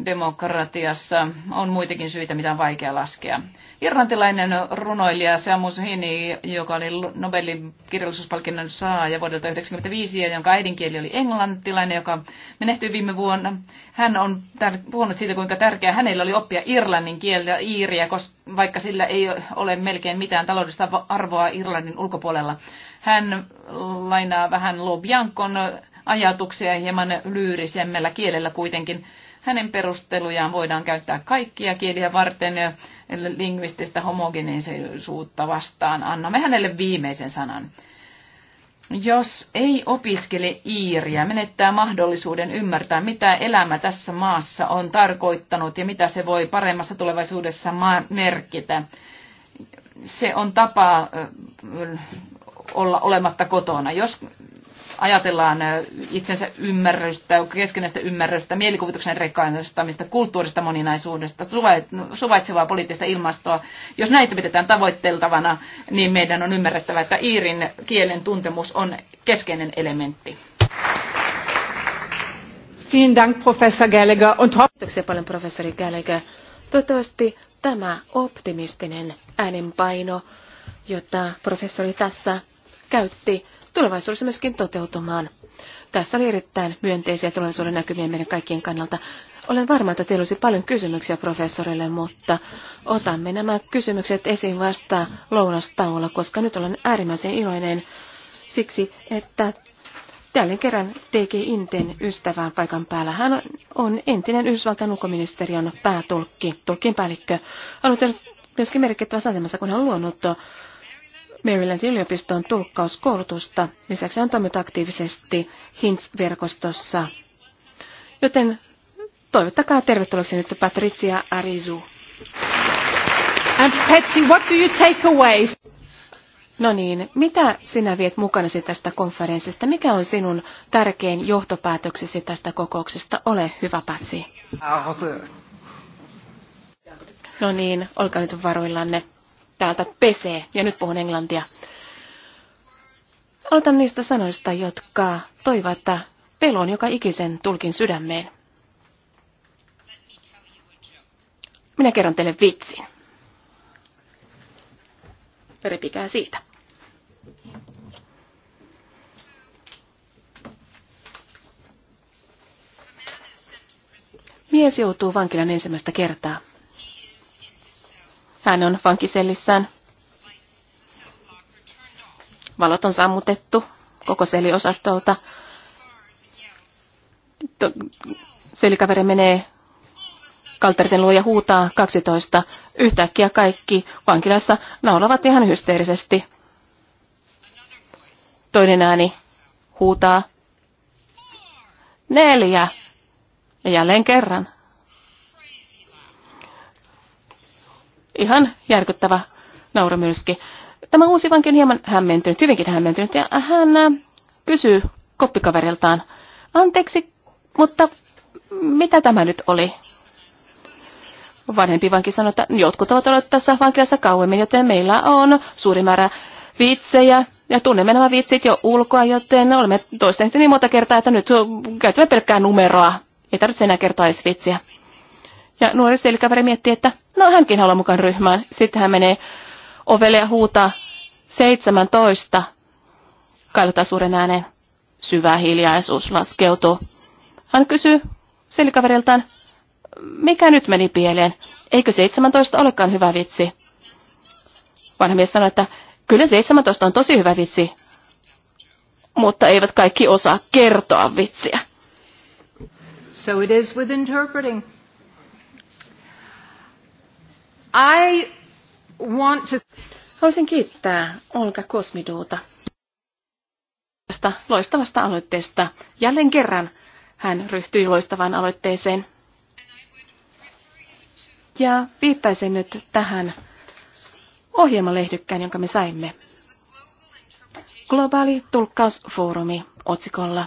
demokratiassa on muitakin syitä, mitä on vaikea laskea. Irlantilainen runoilija Samus Hini, joka oli Nobelin kirjallisuuspalkinnon saaja vuodelta 1995 ja jonka äidinkieli oli englantilainen, joka menehtyi viime vuonna. Hän on puhunut siitä, kuinka tärkeää hänellä oli oppia irlannin kieltä iiriä, koska vaikka sillä ei ole melkein mitään taloudellista arvoa Irlannin ulkopuolella. Hän lainaa vähän Lo Biancon ajatuksia hieman lyyrisemmällä kielellä kuitenkin. Hänen perustelujaan voidaan käyttää kaikkia kieliä varten lingvististä homogeneisuutta vastaan. Annamme hänelle viimeisen sanan. Jos ei opiskele iiriä, menettää mahdollisuuden ymmärtää, mitä elämä tässä maassa on tarkoittanut ja mitä se voi paremmassa tulevaisuudessa merkitä. Se on tapa olla olematta kotona. Jos ajatellaan itsensä ymmärrystä, keskenäistä ymmärrystä, mielikuvituksen rekaistamista, kulttuurista moninaisuudesta, suvaitsevaa poliittista ilmastoa. Jos näitä pidetään tavoitteltavana, niin meidän on ymmärrettävä, että Iirin kielen tuntemus on keskeinen elementti. Dank, Kiitoksia paljon, professori Gallagher. Toivottavasti tämä optimistinen äänenpaino, jota professori tässä käytti, tulevaisuudessa myöskin toteutumaan. Tässä oli erittäin myönteisiä tulevaisuuden näkymiä meidän kaikkien kannalta. Olen varma, että teillä olisi paljon kysymyksiä professorille, mutta otamme nämä kysymykset esiin vasta lounastauolla, koska nyt olen äärimmäisen iloinen siksi, että tällä kerran TG Inten ystävään paikan päällä. Hän on entinen Yhdysvaltain ulkoministeriön päätulkki, tulkin päällikkö. Hän on myöskin merkittävässä asemassa, kun hän on luonut Marylandi yliopiston tulkkauskoulutusta. Lisäksi on toiminut aktiivisesti HINTS-verkostossa. Joten toivottakaa tervetulleeksi nyt Patricia Arizu. And Patsy, what do you take away? No niin, mitä sinä viet mukanasi tästä konferenssista? Mikä on sinun tärkein johtopäätöksesi tästä kokouksesta? Ole hyvä, Patsy. No niin, olkaa nyt varoillanne täältä pesee. Ja nyt puhun englantia. Aloitan niistä sanoista, jotka toivat pelon joka ikisen tulkin sydämeen. Minä kerron teille vitsin. Repikää siitä. Mies joutuu vankilan ensimmäistä kertaa. Hän on vankisellissään. Valot on sammutettu koko seliosastolta. Selikaveri menee kalterten luo ja huutaa 12. Yhtäkkiä kaikki vankilassa naulavat ihan hysteerisesti. Toinen ääni huutaa. Neljä. Ja jälleen kerran. Ihan järkyttävä nauramyrski. Tämä uusi vanki on hieman hämmentynyt, hyvinkin hämmentynyt, ja hän äh, kysyy koppikaveriltaan, anteeksi, mutta mitä tämä nyt oli? Vanhempi vanki sanoi, että jotkut ovat olleet tässä vankilassa kauemmin, joten meillä on suuri määrä vitsejä, ja tunnemme nämä vitsit jo ulkoa, joten olemme toistaneet niin monta kertaa, että nyt käytämme pelkkää numeroa. Ei tarvitse enää kertoa edes vitsiä. Ja nuori selkäpäri miettii, että no hänkin haluaa mukaan ryhmään. Sitten hän menee ovelle ja huutaa 17. Kailutaan suuren ääneen. Syvä hiljaisuus laskeutuu. Hän kysyy selkäveriltään, mikä nyt meni pieleen? Eikö 17 olekaan hyvä vitsi? Vanha mies sanoi, että kyllä 17 on tosi hyvä vitsi, mutta eivät kaikki osaa kertoa vitsiä. So it is with interpreting. I want to... Haluaisin kiittää Olga Kosmiduuta tästä loistavasta aloitteesta. Jälleen kerran hän ryhtyi loistavaan aloitteeseen. Ja viittaisin nyt tähän ohjelmalehdykkään, jonka me saimme. Globaali tulkkausfoorumi otsikolla.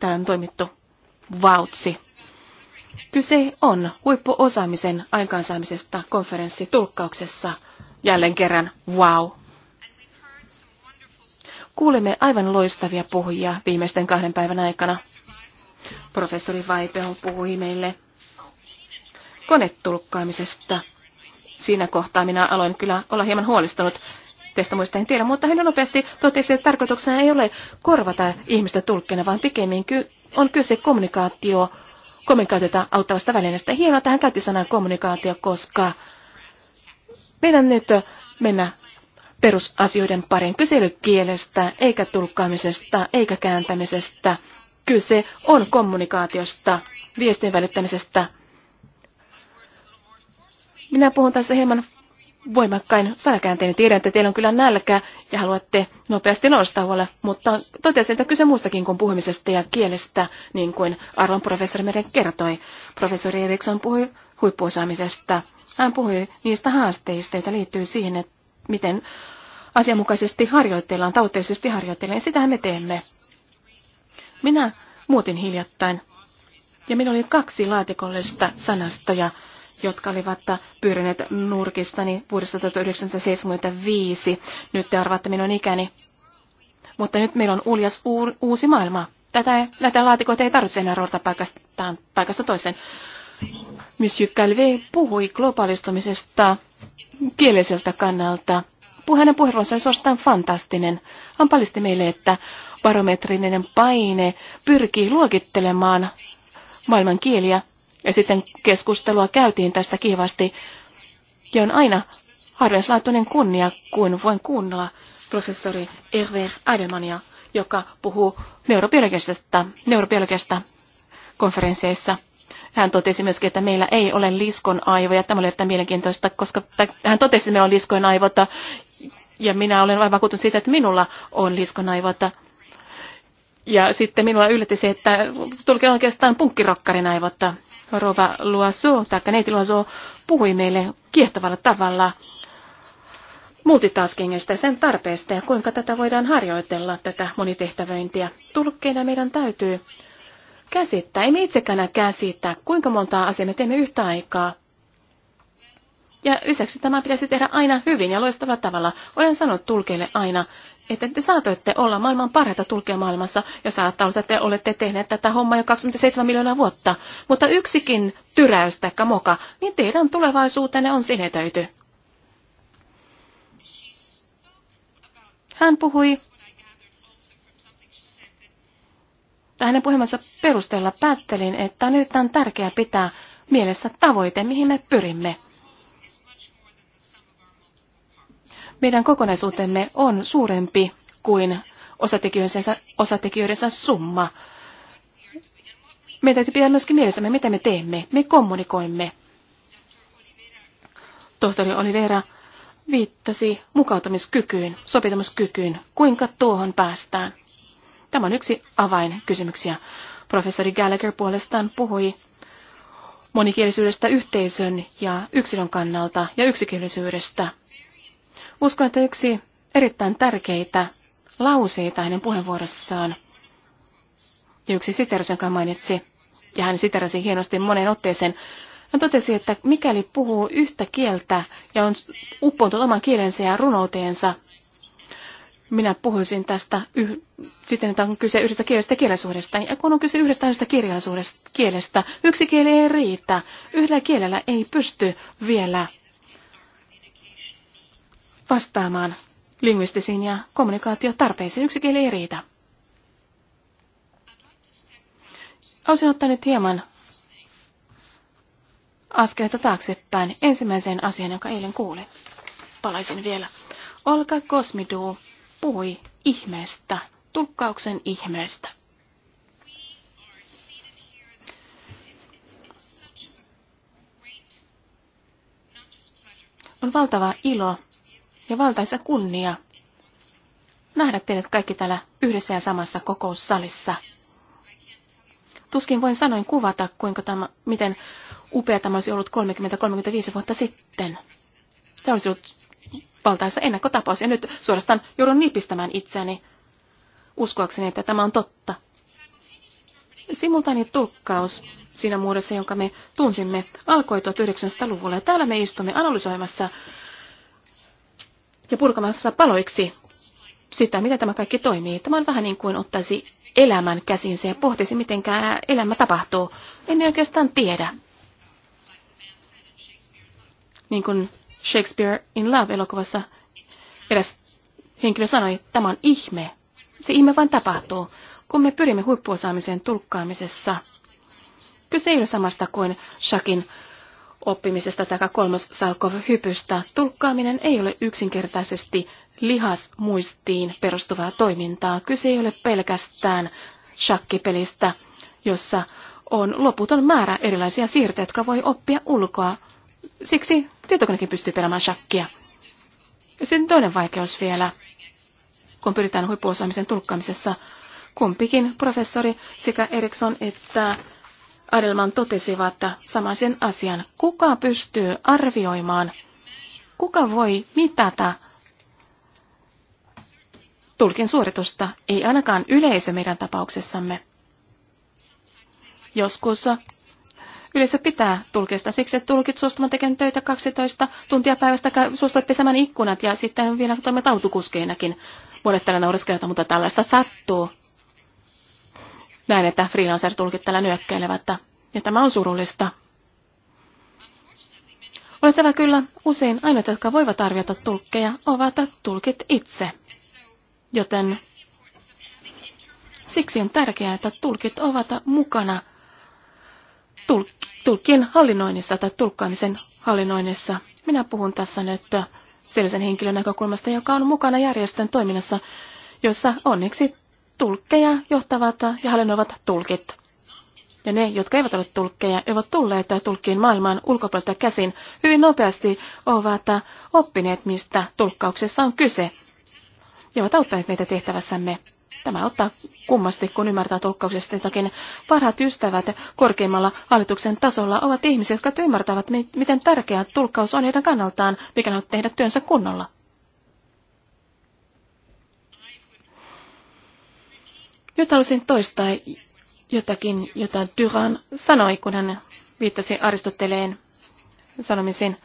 Tämä on toimittu vautsi. Kyse on huippuosaamisen aikaansaamisesta konferenssitulkkauksessa. Jälleen kerran, wow! Kuulemme aivan loistavia puhujia viimeisten kahden päivän aikana. Professori Vaipel puhui meille konetulkkaamisesta. Siinä kohtaa minä aloin kyllä olla hieman huolestunut. Teistä muista en tiedä, mutta hän nopeasti totesi, että tarkoituksena ei ole korvata ihmistä tulkkina, vaan pikemminkin on kyse kommunikaatio kommunikaatiota auttavasta välineestä. Hienoa, että hän käytti sanan kommunikaatio, koska meidän nyt mennä perusasioiden parin kyselykielestä, eikä tulkkaamisesta, eikä kääntämisestä. Kyse on kommunikaatiosta, viestin välittämisestä. Minä puhun tässä hieman voimakkain sanakäänteinen. Tiedän, että teillä on kyllä nälkä ja haluatte nopeasti huolella, mutta totesin, että kyse muustakin kuin puhumisesta ja kielestä, niin kuin arvon professori meidän kertoi. Professori Eriksson puhui huippuosaamisesta. Hän puhui niistä haasteista, joita liittyy siihen, että miten asianmukaisesti harjoitellaan, tavoitteellisesti harjoitellaan, ja sitähän me teemme. Minä muutin hiljattain, ja minulla oli kaksi laatikollista sanastoja jotka olivat pyörineet nurkistani vuodesta 1975. Nyt te arvaatte minun ikäni. Mutta nyt meillä on uljas uusi maailma. Tätä, näitä laatikoita ei tarvitse enää ruorata paikasta, paikasta toiseen. Monsieur Calvé puhui globaalistumisesta kieliseltä kannalta. Hänen puheenvuoronsa oli suorastaan fantastinen. Hän paljasti meille, että barometrinen paine pyrkii luokittelemaan maailman kieliä ja sitten keskustelua käytiin tästä kivasti. Ja on aina harvinaislaatuinen kunnia, kun voin kuunnella professori Erve Adelmania, joka puhuu neurobiologisesta, neurobiologisesta konferensseissa. Hän totesi myöskin, että meillä ei ole liskon aivoja. Tämä oli erittäin mielenkiintoista, koska hän totesi, että meillä on liskon aivota, Ja minä olen vain vakuutunut siitä, että minulla on liskon aivota. Ja sitten minua yllätti se, että tulkin oikeastaan punkkirokkarina aivotta. Rova Luaso, tai neiti Luaso, puhui meille kiehtovalla tavalla multitaskingista ja sen tarpeesta ja kuinka tätä voidaan harjoitella, tätä monitehtävöintiä. Tulkkeina meidän täytyy käsittää, emme itsekään käsittää, kuinka montaa asiaa me teemme yhtä aikaa. Ja lisäksi tämä pitäisi tehdä aina hyvin ja loistavalla tavalla. Olen sanonut tulkeille aina, että te saatoitte olla maailman parhaita tulkia maailmassa ja saattaa olla, että te olette tehneet tätä hommaa jo 27 miljoonaa vuotta. Mutta yksikin tyräys tai moka, niin teidän tulevaisuutenne on sinetöity. Hän puhui tai hänen puhemansa perusteella päättelin, että on erittäin tärkeää pitää mielessä tavoite, mihin me pyrimme. Meidän kokonaisuutemme on suurempi kuin osatekijöidensä, osatekijöidensä summa. Meidän täytyy pitää myöskin mielessämme, mitä me teemme. Me kommunikoimme. Tohtori Olivera viittasi mukautumiskykyyn, sopitumiskykyyn, kuinka tuohon päästään. Tämä on yksi avainkysymyksiä. Professori Gallagher puolestaan puhui monikielisyydestä yhteisön ja yksilön kannalta ja yksikielisyydestä Uskon, että yksi erittäin tärkeitä lauseita hänen puheenvuorossaan ja yksi siteros, jonka mainitsi, ja hän siterasi hienosti monen otteeseen, hän totesi, että mikäli puhuu yhtä kieltä ja on uppoutunut oman kielensä ja runouteensa, minä puhuisin tästä yh- siten, että on kyse yhdestä kielestä kielisuudesta. Ja kun on kyse yhdestä yhdestä kielestä, yksi kieli ei riitä. Yhdellä kielellä ei pysty vielä vastaamaan lingvistisiin ja kommunikaatiotarpeisiin. Yksi kieli ei riitä. Olisin ottanut hieman askelta taaksepäin ensimmäiseen asiaan, jonka eilen kuulin. Palaisin vielä. Olka Kosmidu puhui ihmeestä, tulkkauksen ihmeestä. On valtava ilo ja valtaisa kunnia nähdä teidät kaikki täällä yhdessä ja samassa kokoussalissa. Tuskin voin sanoin kuvata, kuinka tämä, miten upea tämä olisi ollut 30-35 vuotta sitten. Se olisi ollut valtaisa ennakkotapaus ja nyt suorastaan joudun nipistämään itseäni uskoakseni, että tämä on totta. Simultaaninen tulkkaus siinä muodossa, jonka me tunsimme, alkoi 1900-luvulla. Ja täällä me istumme analysoimassa ja purkamassa paloiksi sitä, miten tämä kaikki toimii. Tämä on vähän niin kuin ottaisi elämän käsinsä ja pohtisi, miten elämä tapahtuu. Emme oikeastaan tiedä. Niin kuin Shakespeare in Love-elokuvassa eräs henkilö sanoi, tämä on ihme. Se ihme vain tapahtuu, kun me pyrimme huippuosaamiseen tulkkaamisessa. Kyse ei ole samasta kuin Shakin oppimisesta tai kolmas Salkov-hypystä. Tulkkaaminen ei ole yksinkertaisesti lihasmuistiin perustuvaa toimintaa. Kyse ei ole pelkästään shakkipelistä, jossa on loputon määrä erilaisia siirtoja, jotka voi oppia ulkoa. Siksi tietokonekin pystyy pelaamaan shakkia. Ja sitten toinen vaikeus vielä, kun pyritään huippuosaamisen tulkkaamisessa. Kumpikin professori, sekä Eriksson että Adelman totesivat samaisen asian. Kuka pystyy arvioimaan, kuka voi mitata tulkin suoritusta? Ei ainakaan yleisö meidän tapauksessamme. Joskus yleisö pitää tulkista siksi, että tulkit suostuvat tekemään töitä 12 tuntia päivästä, suostuvat pesemään ikkunat ja sitten vielä toimit autokuskeinakin. Monet täällä mutta tällaista sattuu. Näin, että freelancer-tulkit täällä nyökkäilevät, ja tämä on surullista. Olettava kyllä usein ainoat, jotka voivat arvioida tulkkeja, ovat tulkit itse. Joten siksi on tärkeää, että tulkit ovat mukana tulk- tulkien hallinnoinnissa tai tulkkaamisen hallinnoinnissa. Minä puhun tässä nyt sellaisen henkilön näkökulmasta, joka on mukana järjestön toiminnassa, jossa onneksi tulkkeja johtavat ja hallinnoivat tulkit. Ja ne, jotka eivät ole tulkkeja, ovat tulleet tulkkiin maailman ulkopuolelta käsin, hyvin nopeasti ovat oppineet, mistä tulkkauksessa on kyse. Ja ovat auttaneet meitä tehtävässämme. Tämä ottaa kummasti, kun ymmärtää tulkkauksesta jotakin. Parhaat ystävät korkeimmalla hallituksen tasolla ovat ihmiset, jotka ymmärtävät, miten tärkeä tulkkaus on heidän kannaltaan, mikä on tehdä työnsä kunnolla. Nyt halusin toistaa jotakin, jota Duran sanoi, kun hän viittasi Aristoteleen sanomisiin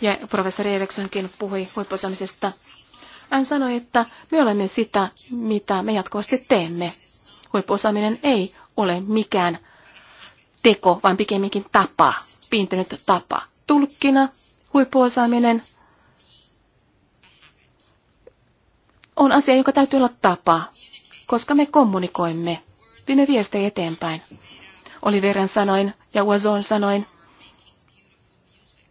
ja professori Eriksonkin puhui huippuosaamisesta. Hän sanoi, että me olemme sitä, mitä me jatkuvasti teemme. Huippuosaaminen ei ole mikään teko, vaan pikemminkin tapa, piintynyt tapa. Tulkkina huippuosaaminen on asia, joka täytyy olla tapa, koska me kommunikoimme, viime viestejä eteenpäin. Oliveran sanoin ja Wazon sanoin,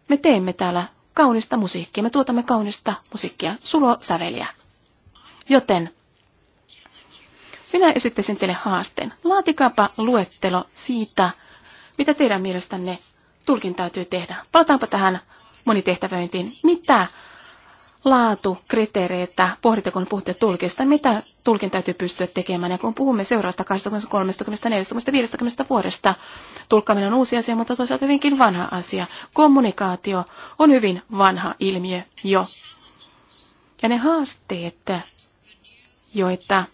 me teemme täällä kaunista musiikkia, me tuotamme kaunista musiikkia, sulosäveliä. Joten minä esittäisin teille haasteen. Laatikaapa luettelo siitä, mitä teidän mielestänne tulkin täytyy tehdä. Palataanpa tähän monitehtävöintiin. Mitä laatukriteereitä pohditte, kun puhutte tulkista, mitä tulkin täytyy pystyä tekemään. Ja kun puhumme seuraavasta 23, 40, 50 vuodesta, tulkkaaminen on uusi asia, mutta toisaalta hyvinkin vanha asia. Kommunikaatio on hyvin vanha ilmiö jo. Ja ne haasteet, joita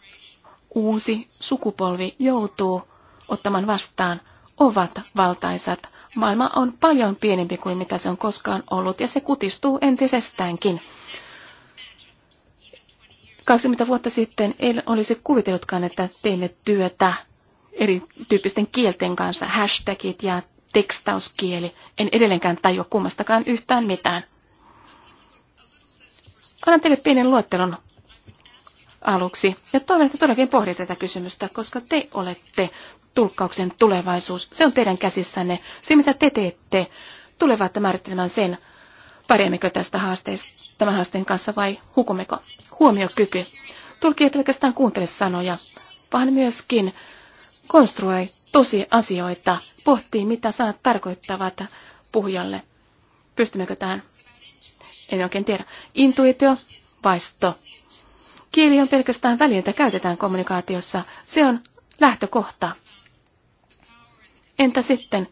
uusi sukupolvi joutuu ottamaan vastaan – ovat valtaisat. Maailma on paljon pienempi kuin mitä se on koskaan ollut ja se kutistuu entisestäänkin. 20 vuotta sitten en olisi kuvitellutkaan, että teemme työtä erityyppisten kielten kanssa, hashtagit ja tekstauskieli. En edelleenkään tajua kummastakaan yhtään mitään. Annan teille pienen luettelon aluksi. Ja toivon, että todellakin pohdit tätä kysymystä, koska te olette tulkkauksen tulevaisuus. Se on teidän käsissänne. Se, mitä te teette, tulevat määrittelemään sen, pärjäämmekö tästä haasteesta, tämän haasteen kanssa vai hukummeko. Huomiokyky. Tulki ei pelkästään kuuntele sanoja, vaan myöskin konstruoi tosi asioita, pohtii mitä sanat tarkoittavat puhujalle. Pystymmekö tähän? En oikein tiedä. Intuitio, vaisto. Kieli on pelkästään väline, jota käytetään kommunikaatiossa. Se on lähtökohta. Entä sitten,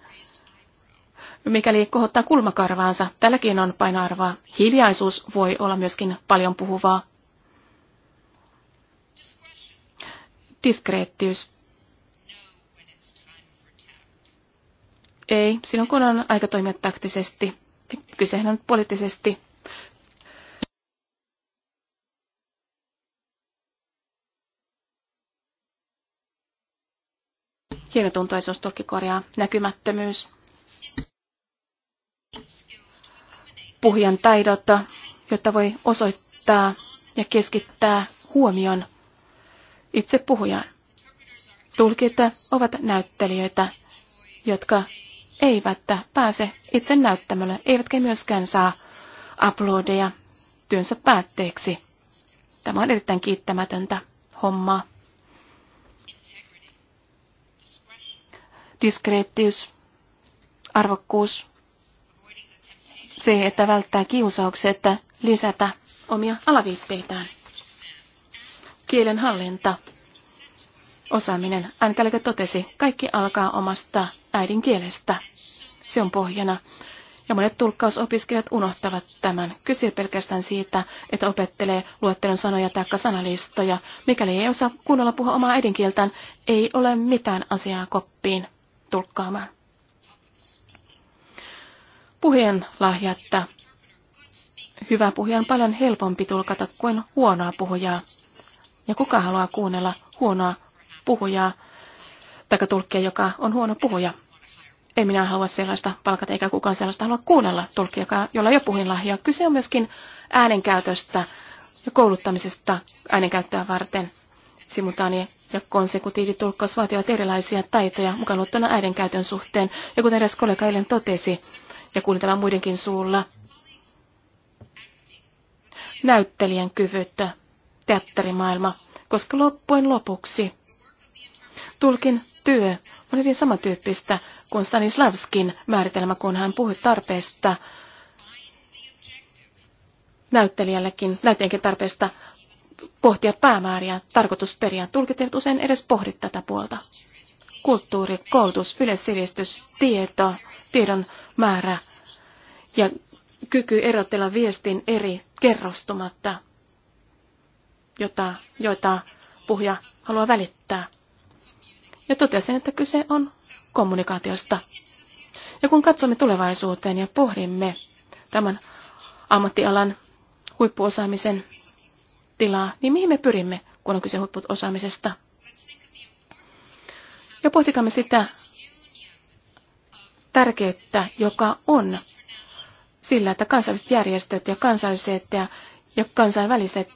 mikäli kohottaa kulmakarvaansa? Tälläkin on painoarvoa. Hiljaisuus voi olla myöskin paljon puhuvaa. Diskreettiys. Ei, silloin kun on aika toimia taktisesti. Niin kysehän on poliittisesti hienotuntoisuus korjaa näkymättömyys, puhujan taidot, jotta voi osoittaa ja keskittää huomion itse puhujaan. Tulkit ovat näyttelijöitä, jotka eivät pääse itse näyttämölle, eivätkä myöskään saa aplodeja työnsä päätteeksi. Tämä on erittäin kiittämätöntä hommaa. Diskreettius, arvokkuus, se, että välttää kiusaukset lisätä omia alaviitteitään. Kielen hallinta, osaaminen, Ankelke totesi, kaikki alkaa omasta äidinkielestä. Se on pohjana. Ja monet tulkkausopiskelijat unohtavat tämän. Kyse pelkästään siitä, että opettelee luettelon sanoja tai sanalistoja. Mikäli ei osaa kunnolla puhua omaa äidinkieltään, ei ole mitään asiaa koppiin tulkkaamaan. Puheen lahjatta. Hyvä puhuja on paljon helpompi tulkata kuin huonoa puhujaa. Ja kuka haluaa kuunnella huonoa puhujaa, tai tulkkia, joka on huono puhuja? Ei minä halua sellaista palkata, eikä kukaan sellaista halua kuunnella tulkkia, jolla ei ole puhinlahjaa. Kyse on myöskin äänenkäytöstä ja kouluttamisesta äänenkäyttöä varten simultaani- ja konsekutiivitulkkaus vaativat erilaisia taitoja mukaan luottuna äidinkäytön suhteen. Ja kuten eräs kollega eilen totesi, ja kuulin muidenkin suulla, näyttelijän kyvyttä, teatterimaailma, koska loppujen lopuksi tulkin työ on hyvin samantyyppistä kuin Stanislavskin määritelmä, kun hän puhui tarpeesta näyttelijällekin, näyttelijänkin tarpeesta pohtia päämääriä, tarkoitusperiaan. Tulkit eivät usein edes pohdi tätä puolta. Kulttuuri, koulutus, yleissivistys, tieto, tiedon määrä ja kyky erotella viestin eri kerrostumatta, jota, joita puhuja haluaa välittää. Ja totesin, että kyse on kommunikaatiosta. Ja kun katsomme tulevaisuuteen ja pohdimme tämän ammattialan huippuosaamisen tilaa, niin mihin me pyrimme, kun on kyse osaamisesta? Ja pohtikamme sitä tärkeyttä, joka on sillä, että kansainväliset järjestöt ja kansalliset ja, ja kansainväliset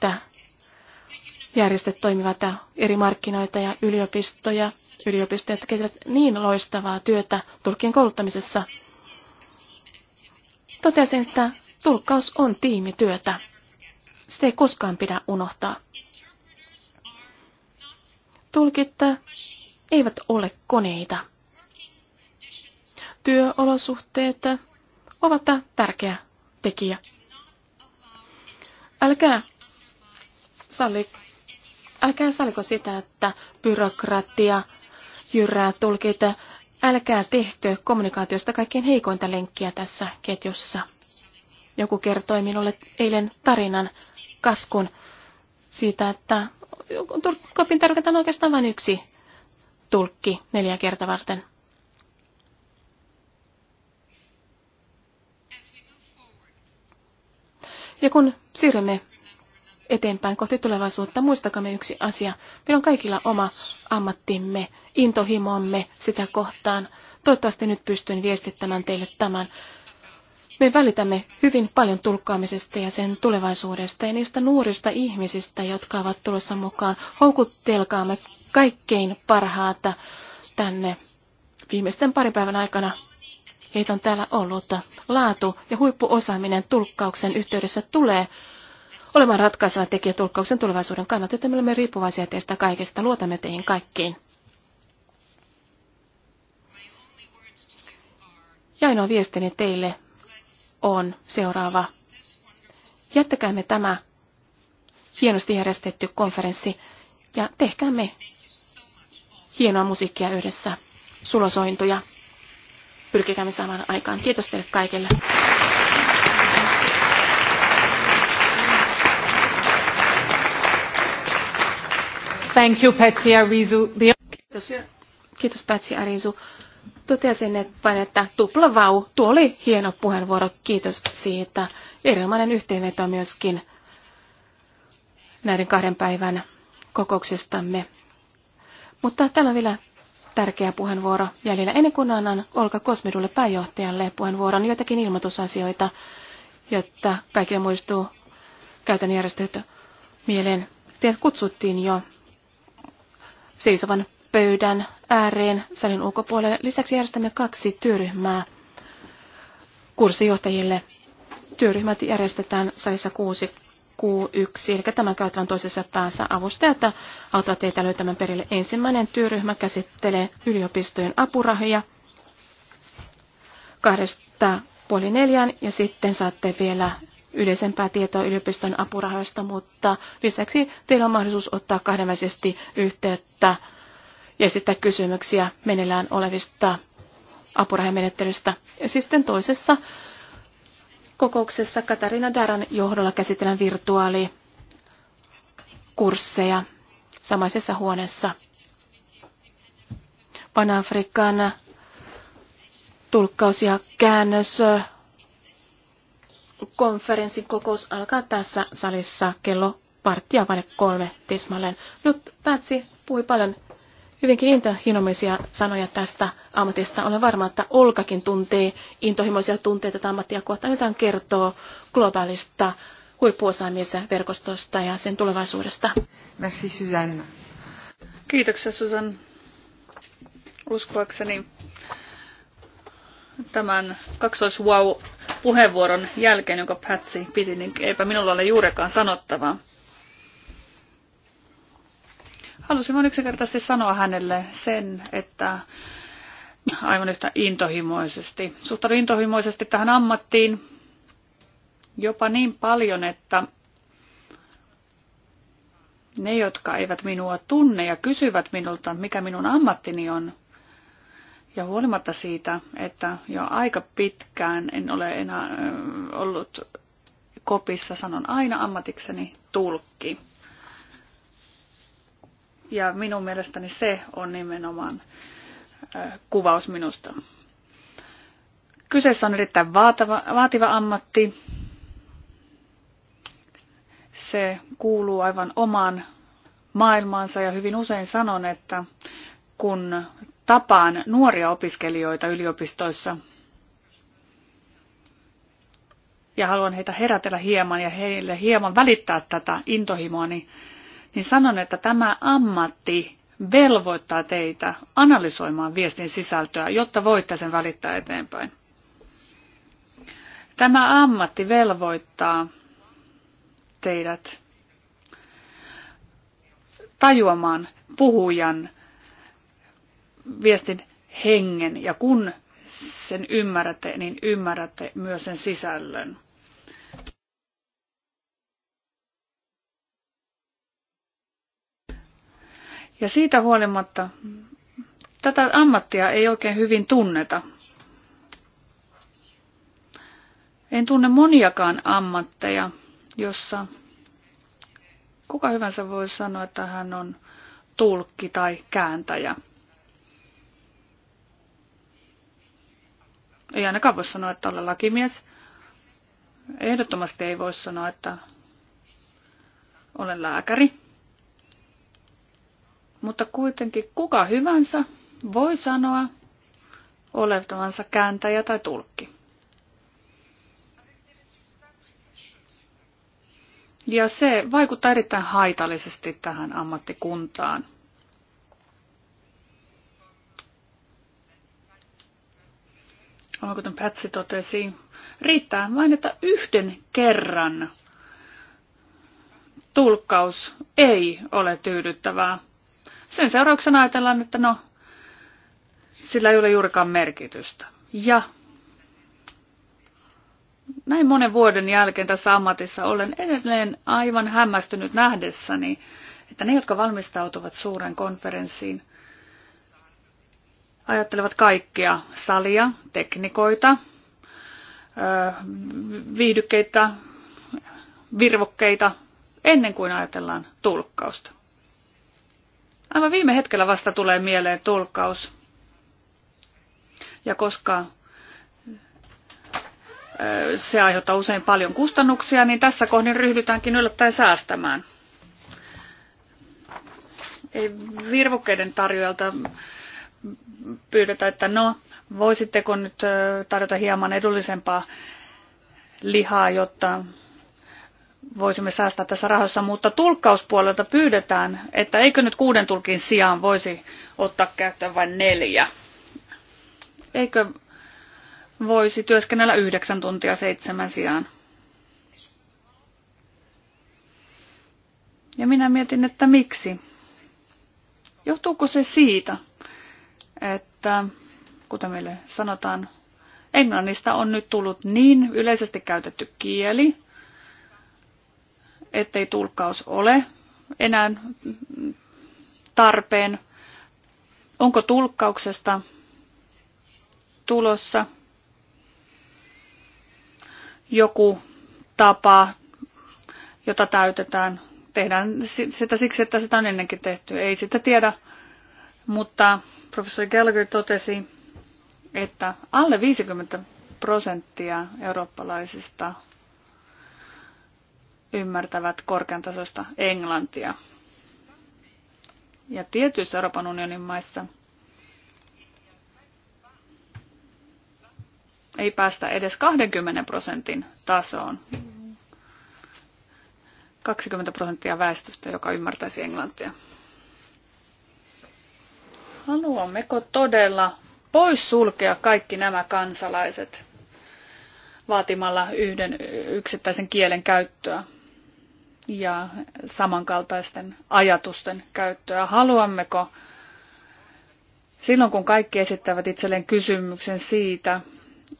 järjestöt toimivat eri markkinoita ja yliopistoja. Yliopistot tekevät niin loistavaa työtä tulkien kouluttamisessa. Totesin, että tulkkaus on tiimityötä. Sitä ei koskaan pidä unohtaa. Tulkit eivät ole koneita. Työolosuhteet ovat tärkeä tekijä. Älkää salli, älkää salliko sitä, että byrokratia jyrää tulkita. Älkää tehkö kommunikaatiosta kaikkein heikointa lenkkiä tässä ketjussa. Joku kertoi minulle eilen tarinan kaskun siitä, että Turkkopin tarkoitan oikeastaan vain yksi tulkki neljä kertaa varten. Ja kun siirrymme eteenpäin kohti tulevaisuutta, muistakamme yksi asia. Meillä on kaikilla oma ammattimme, intohimomme sitä kohtaan. Toivottavasti nyt pystyn viestittämään teille tämän. Me välitämme hyvin paljon tulkkaamisesta ja sen tulevaisuudesta ja niistä nuorista ihmisistä, jotka ovat tulossa mukaan. Houkuttelkaamme kaikkein parhaata tänne viimeisten parin päivän aikana. Heitä on täällä ollut. Laatu ja huippuosaaminen tulkkauksen yhteydessä tulee olemaan ratkaiseva tekijä tulkkauksen tulevaisuuden kannalta, joten me olemme riippuvaisia teistä kaikesta. Luotamme teihin kaikkiin. Ja ainoa viestini teille on seuraava. Jättäkäämme tämä hienosti järjestetty konferenssi ja tehkäämme hienoa musiikkia yhdessä, sulosointuja. Pyrkikäämme saamaan aikaan. Kiitos teille kaikille. Thank you, Patsy Arizu. Kiitos, kiitos Patsy Arizu. Totesin että vain, että tupla vau, tuo oli hieno puheenvuoro, kiitos siitä. Erilainen yhteenveto myöskin näiden kahden päivän kokouksestamme. Mutta täällä on vielä tärkeä puheenvuoro jäljellä. Ennen kuin annan Olka Kosmidulle pääjohtajalle puheenvuoron, joitakin ilmoitusasioita, jotta kaikille muistuu käytännön järjestöt mieleen. Teidät kutsuttiin jo seisovan pöydän ääreen salin ulkopuolelle. Lisäksi järjestämme kaksi työryhmää kurssijohtajille. Työryhmät järjestetään salissa 6 Q1, eli tämän käytävän toisessa päässä avustajat auttavat teitä löytämään perille. Ensimmäinen työryhmä käsittelee yliopistojen apurahoja kahdesta puoli neljään, ja sitten saatte vielä yleisempää tietoa yliopiston apurahoista, mutta lisäksi teillä on mahdollisuus ottaa kahdenväisesti yhteyttä ja esittää kysymyksiä meneillään olevista apurahamenettelystä. Ja sitten toisessa kokouksessa Katarina Daran johdolla käsitellään virtuaalikursseja samaisessa huoneessa. Pan-Afrikan tulkkaus ja käännös konferenssin kokous alkaa tässä salissa kello parttia vaille kolme tismalleen. Nyt päätsi puhui paljon hyvinkin intohimoisia sanoja tästä ammatista. Olen varma, että Olkakin tuntee intohimoisia tunteita tätä ammattia kohtaan, jota kertoo globaalista huippuosaamisen verkostosta ja sen tulevaisuudesta. Merci Susanne. Kiitoksia Susan. Uskoakseni tämän kaksois wow puheenvuoron jälkeen, jonka Patsi piti, niin eipä minulla ole juurikaan sanottavaa. Halusin vain yksinkertaisesti sanoa hänelle sen, että aivan yhtä intohimoisesti. Suhtaudun intohimoisesti tähän ammattiin jopa niin paljon, että ne, jotka eivät minua tunne ja kysyvät minulta, mikä minun ammattini on, ja huolimatta siitä, että jo aika pitkään en ole enää ollut kopissa, sanon aina ammatikseni tulkki. Ja minun mielestäni se on nimenomaan kuvaus minusta. Kyseessä on erittäin vaativa, vaativa ammatti. Se kuuluu aivan omaan maailmaansa ja hyvin usein sanon, että kun tapaan nuoria opiskelijoita yliopistoissa ja haluan heitä herätellä hieman ja heille hieman välittää tätä intohimoani, niin niin sanon, että tämä ammatti velvoittaa teitä analysoimaan viestin sisältöä, jotta voitte sen välittää eteenpäin. Tämä ammatti velvoittaa teidät tajuamaan puhujan viestin hengen ja kun sen ymmärrätte, niin ymmärrätte myös sen sisällön. Ja siitä huolimatta tätä ammattia ei oikein hyvin tunneta. En tunne moniakaan ammatteja, jossa kuka hyvänsä voi sanoa, että hän on tulkki tai kääntäjä. Ei ainakaan voi sanoa, että olen lakimies. Ehdottomasti ei voi sanoa, että olen lääkäri. Mutta kuitenkin kuka hyvänsä voi sanoa olevansa kääntäjä tai tulkki. Ja se vaikuttaa erittäin haitallisesti tähän ammattikuntaan. Aivan kuten Pätsi totesi, riittää vain, että yhden kerran. Tulkkaus ei ole tyydyttävää. Sen seurauksena ajatellaan, että no, sillä ei ole juurikaan merkitystä. Ja näin monen vuoden jälkeen tässä ammatissa olen edelleen aivan hämmästynyt nähdessäni, että ne, jotka valmistautuvat suuren konferenssiin, ajattelevat kaikkia salia, teknikoita, viihdykkeitä, virvokkeita, ennen kuin ajatellaan tulkkausta. Aivan viime hetkellä vasta tulee mieleen tulkkaus. Ja koska se aiheuttaa usein paljon kustannuksia, niin tässä kohdin ryhdytäänkin yllättäen säästämään. Ei virvokkeiden tarjoajalta pyydetä, että no, voisitteko nyt tarjota hieman edullisempaa lihaa, jotta voisimme säästää tässä rahoissa, mutta tulkkauspuolelta pyydetään, että eikö nyt kuuden tulkin sijaan voisi ottaa käyttöön vain neljä. Eikö voisi työskennellä yhdeksän tuntia seitsemän sijaan? Ja minä mietin, että miksi. Johtuuko se siitä, että kuten meille sanotaan, englannista on nyt tullut niin yleisesti käytetty kieli, ettei tulkkaus ole enää tarpeen. Onko tulkkauksesta tulossa joku tapa, jota täytetään. Tehdään sitä siksi, että sitä on ennenkin tehty. Ei sitä tiedä, mutta professori Gallagher totesi, että alle 50 prosenttia eurooppalaisista ymmärtävät korkean tasosta englantia. Ja tietyissä Euroopan unionin maissa ei päästä edes 20 prosentin tasoon. 20 prosenttia väestöstä, joka ymmärtäisi englantia. Haluammeko todella poissulkea kaikki nämä kansalaiset vaatimalla yhden yksittäisen kielen käyttöä? ja samankaltaisten ajatusten käyttöä. Haluammeko silloin, kun kaikki esittävät itselleen kysymyksen siitä,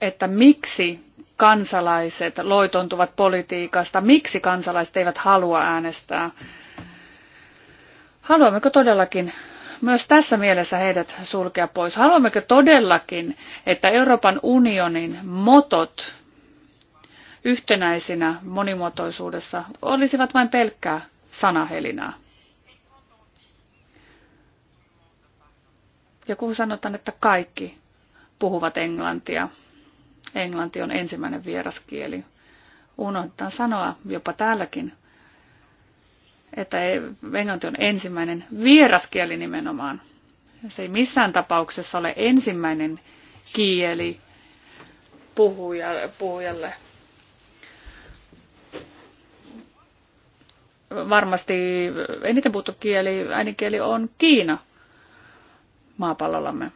että miksi kansalaiset loitontuvat politiikasta, miksi kansalaiset eivät halua äänestää. Haluammeko todellakin myös tässä mielessä heidät sulkea pois? Haluammeko todellakin, että Euroopan unionin motot yhtenäisinä monimuotoisuudessa olisivat vain pelkkää sanahelinää. Ja kun sanotaan, että kaikki puhuvat englantia, englanti on ensimmäinen vieraskieli, unohdetaan sanoa jopa täälläkin, että englanti on ensimmäinen vieraskieli nimenomaan. Se ei missään tapauksessa ole ensimmäinen kieli puhuja, puhujalle. varmasti eniten puhuttu kieli, äidinkieli on Kiina maapallollamme.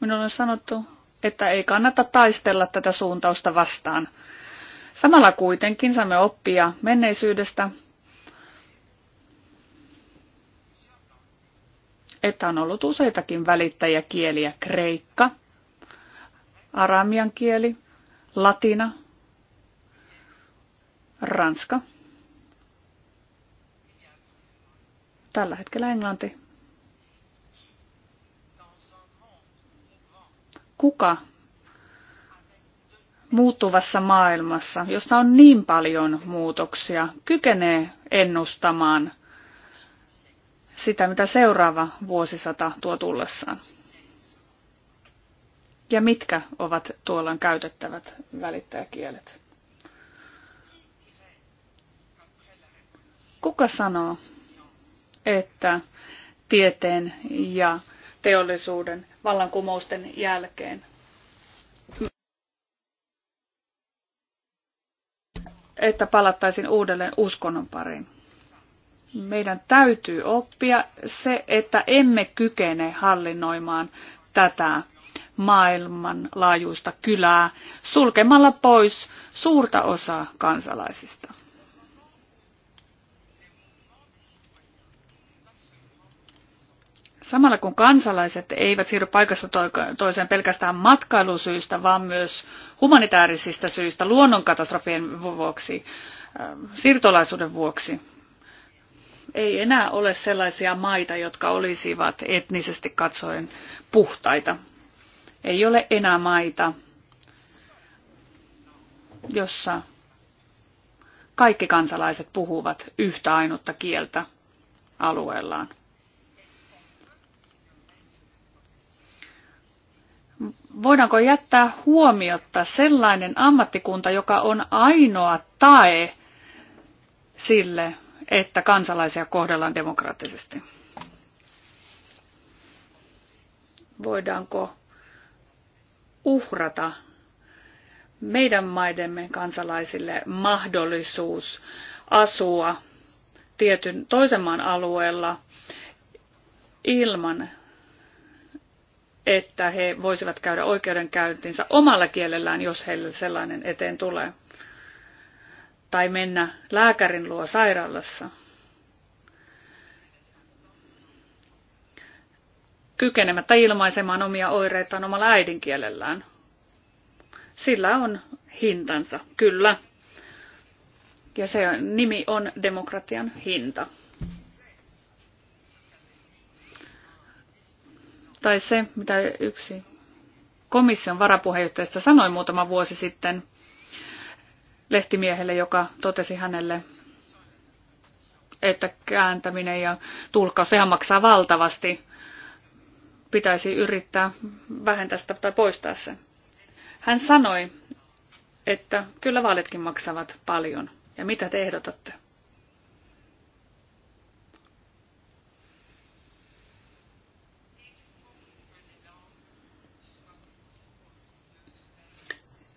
Minulle on sanottu, että ei kannata taistella tätä suuntausta vastaan. Samalla kuitenkin saamme oppia menneisyydestä, että on ollut useitakin välittäjäkieliä, kreikka, aramian kieli, latina, Ranska, tällä hetkellä Englanti. Kuka muuttuvassa maailmassa, jossa on niin paljon muutoksia, kykenee ennustamaan sitä, mitä seuraava vuosisata tuo tullessaan? Ja mitkä ovat tuolloin käytettävät välittäjäkielet? Kuka sanoo, että tieteen ja teollisuuden vallankumousten jälkeen että palattaisiin uudelleen uskonnon pariin. Meidän täytyy oppia se, että emme kykene hallinnoimaan tätä maailmanlaajuista kylää sulkemalla pois suurta osaa kansalaisista. Samalla kun kansalaiset eivät siirry paikasta toiseen pelkästään matkailusyistä, vaan myös humanitaarisista syistä, luonnonkatastrofien vuoksi, ähm, siirtolaisuuden vuoksi, ei enää ole sellaisia maita, jotka olisivat etnisesti katsoen puhtaita. Ei ole enää maita, jossa kaikki kansalaiset puhuvat yhtä ainutta kieltä alueellaan. voidaanko jättää huomiotta sellainen ammattikunta, joka on ainoa tae sille, että kansalaisia kohdellaan demokraattisesti? Voidaanko uhrata meidän maidemme kansalaisille mahdollisuus asua tietyn toisen maan alueella ilman että he voisivat käydä oikeudenkäyntinsä omalla kielellään, jos heille sellainen eteen tulee. Tai mennä lääkärin luo sairaalassa. Kykenemättä ilmaisemaan omia oireitaan omalla äidinkielellään. Sillä on hintansa, kyllä. Ja se nimi on demokratian hinta. tai se, mitä yksi komission varapuheenjohtajista sanoi muutama vuosi sitten lehtimiehelle, joka totesi hänelle, että kääntäminen ja tulkkaus, sehän maksaa valtavasti. Pitäisi yrittää vähentää sitä tai poistaa se. Hän sanoi, että kyllä vaalitkin maksavat paljon. Ja mitä te ehdotatte?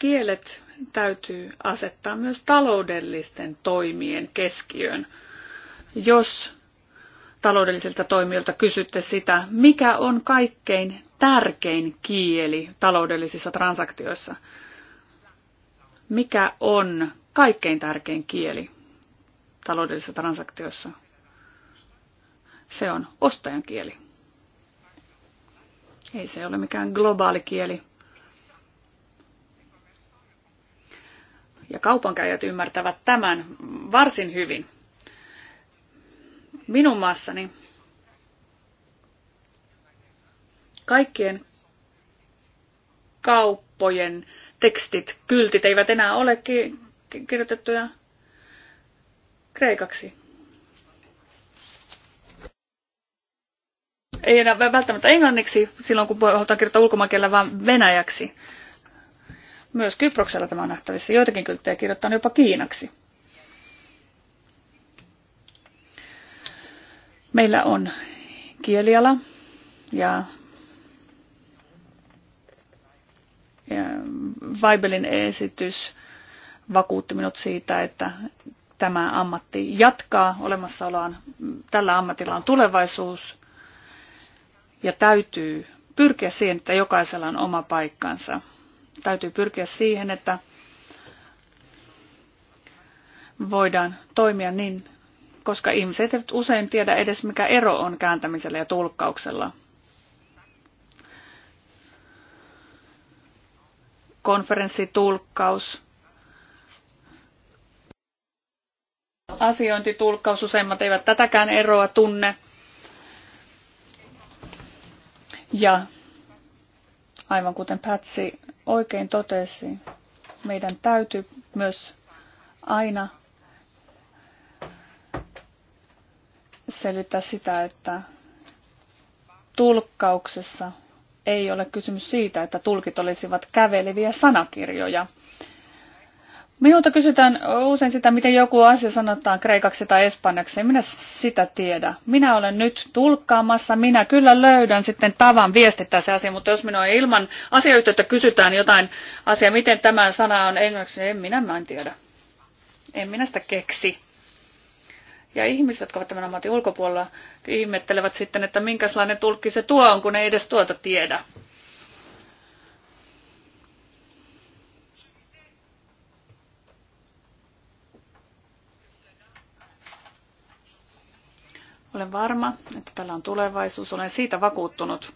Kielet täytyy asettaa myös taloudellisten toimien keskiöön. Jos taloudellisilta toimijoilta kysytte sitä, mikä on kaikkein tärkein kieli taloudellisissa transaktioissa, mikä on kaikkein tärkein kieli taloudellisissa transaktioissa, se on ostajan kieli. Ei se ole mikään globaali kieli. ja kaupankäijät ymmärtävät tämän varsin hyvin. Minun maassani kaikkien kauppojen tekstit, kyltit eivät enää ole kirjoitettuja kreikaksi. Ei enää välttämättä englanniksi silloin, kun halutaan kirjoittaa ulkomaankielellä, vaan venäjäksi. Myös Kyproksella tämä on nähtävissä. Joitakin kylttejä kirjoittaa jopa kiinaksi. Meillä on kieliala ja, ja Weibelin esitys vakuutti minut siitä, että tämä ammatti jatkaa olemassaoloaan. Tällä ammatilla on tulevaisuus ja täytyy pyrkiä siihen, että jokaisella on oma paikkansa. Täytyy pyrkiä siihen, että voidaan toimia niin, koska ihmiset eivät usein tiedä edes, mikä ero on kääntämisellä ja tulkkauksella. Konferenssitulkkaus, asiointitulkkaus, useimmat eivät tätäkään eroa tunne. Ja aivan kuten Patsi oikein totesi, meidän täytyy myös aina selittää sitä, että tulkkauksessa ei ole kysymys siitä, että tulkit olisivat käveleviä sanakirjoja – Minulta kysytään usein sitä, miten joku asia sanotaan kreikaksi tai espanjaksi. En minä sitä tiedä. Minä olen nyt tulkkaamassa. Minä kyllä löydän sitten tavan viestittää se asia, mutta jos minua ilman asiayhteyttä kysytään jotain asiaa, miten tämä sana on englanniksi, niin en minä mä en tiedä. En minä sitä keksi. Ja ihmiset, jotka ovat tämän ammatin ulkopuolella, ihmettelevät sitten, että minkälainen tulkki se tuo on, kun ei edes tuota tiedä. Olen varma, että tällä on tulevaisuus. Olen siitä vakuuttunut,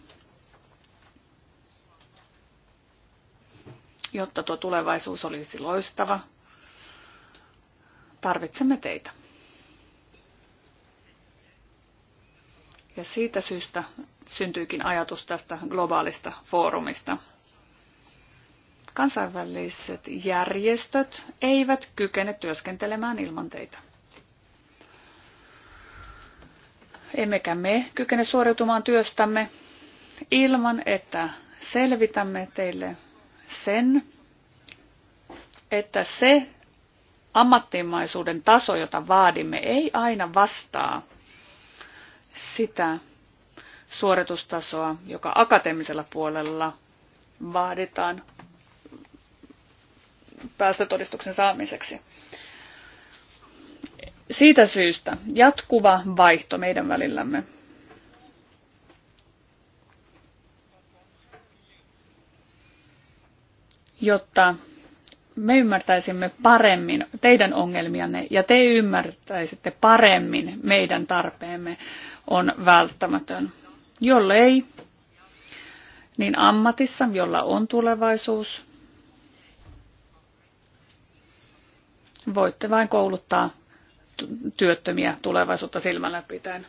jotta tuo tulevaisuus olisi loistava. Tarvitsemme teitä. Ja siitä syystä syntyykin ajatus tästä globaalista foorumista. Kansainväliset järjestöt eivät kykene työskentelemään ilman teitä. emmekä me kykene suoriutumaan työstämme ilman, että selvitämme teille sen, että se ammattimaisuuden taso, jota vaadimme, ei aina vastaa sitä suoritustasoa, joka akateemisella puolella vaaditaan päästötodistuksen saamiseksi. Siitä syystä jatkuva vaihto meidän välillämme. Jotta me ymmärtäisimme paremmin teidän ongelmianne ja te ymmärtäisitte paremmin meidän tarpeemme on välttämätön. Jollei, niin ammatissa, jolla on tulevaisuus, voitte vain kouluttaa työttömiä tulevaisuutta silmällä pitäen.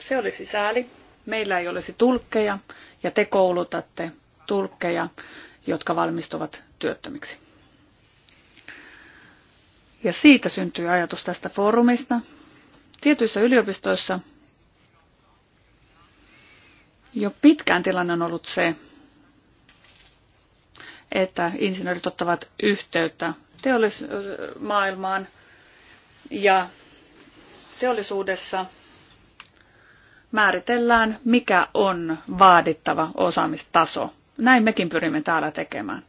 Se olisi sääli. Meillä ei olisi tulkkeja ja te koulutatte tulkkeja, jotka valmistuvat työttömiksi. Ja siitä syntyy ajatus tästä foorumista. Tietyissä yliopistoissa jo pitkään tilanne on ollut se, että insinöörit ottavat yhteyttä teollismaailmaan ja teollisuudessa määritellään, mikä on vaadittava osaamistaso. Näin mekin pyrimme täällä tekemään.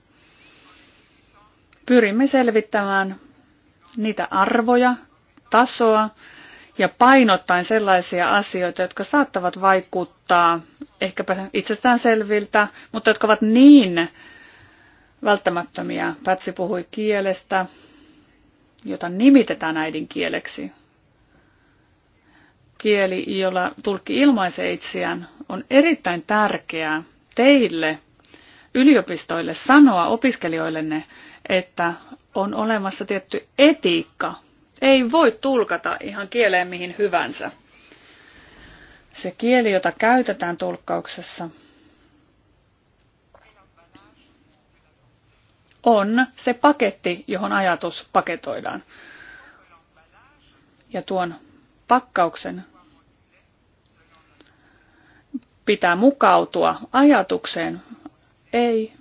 Pyrimme selvittämään niitä arvoja, tasoa ja painottaen sellaisia asioita, jotka saattavat vaikuttaa ehkäpä itsestäänselviltä, mutta jotka ovat niin välttämättömiä. Pätsi puhui kielestä, jota nimitetään äidinkieleksi kieli, jolla tulkki ilmaisee itseään, on erittäin tärkeää teille yliopistoille sanoa opiskelijoillenne, että on olemassa tietty etiikka. Ei voi tulkata ihan kieleen mihin hyvänsä. Se kieli, jota käytetään tulkkauksessa, on se paketti, johon ajatus paketoidaan. Ja tuon pakkauksen pitää mukautua ajatukseen, ei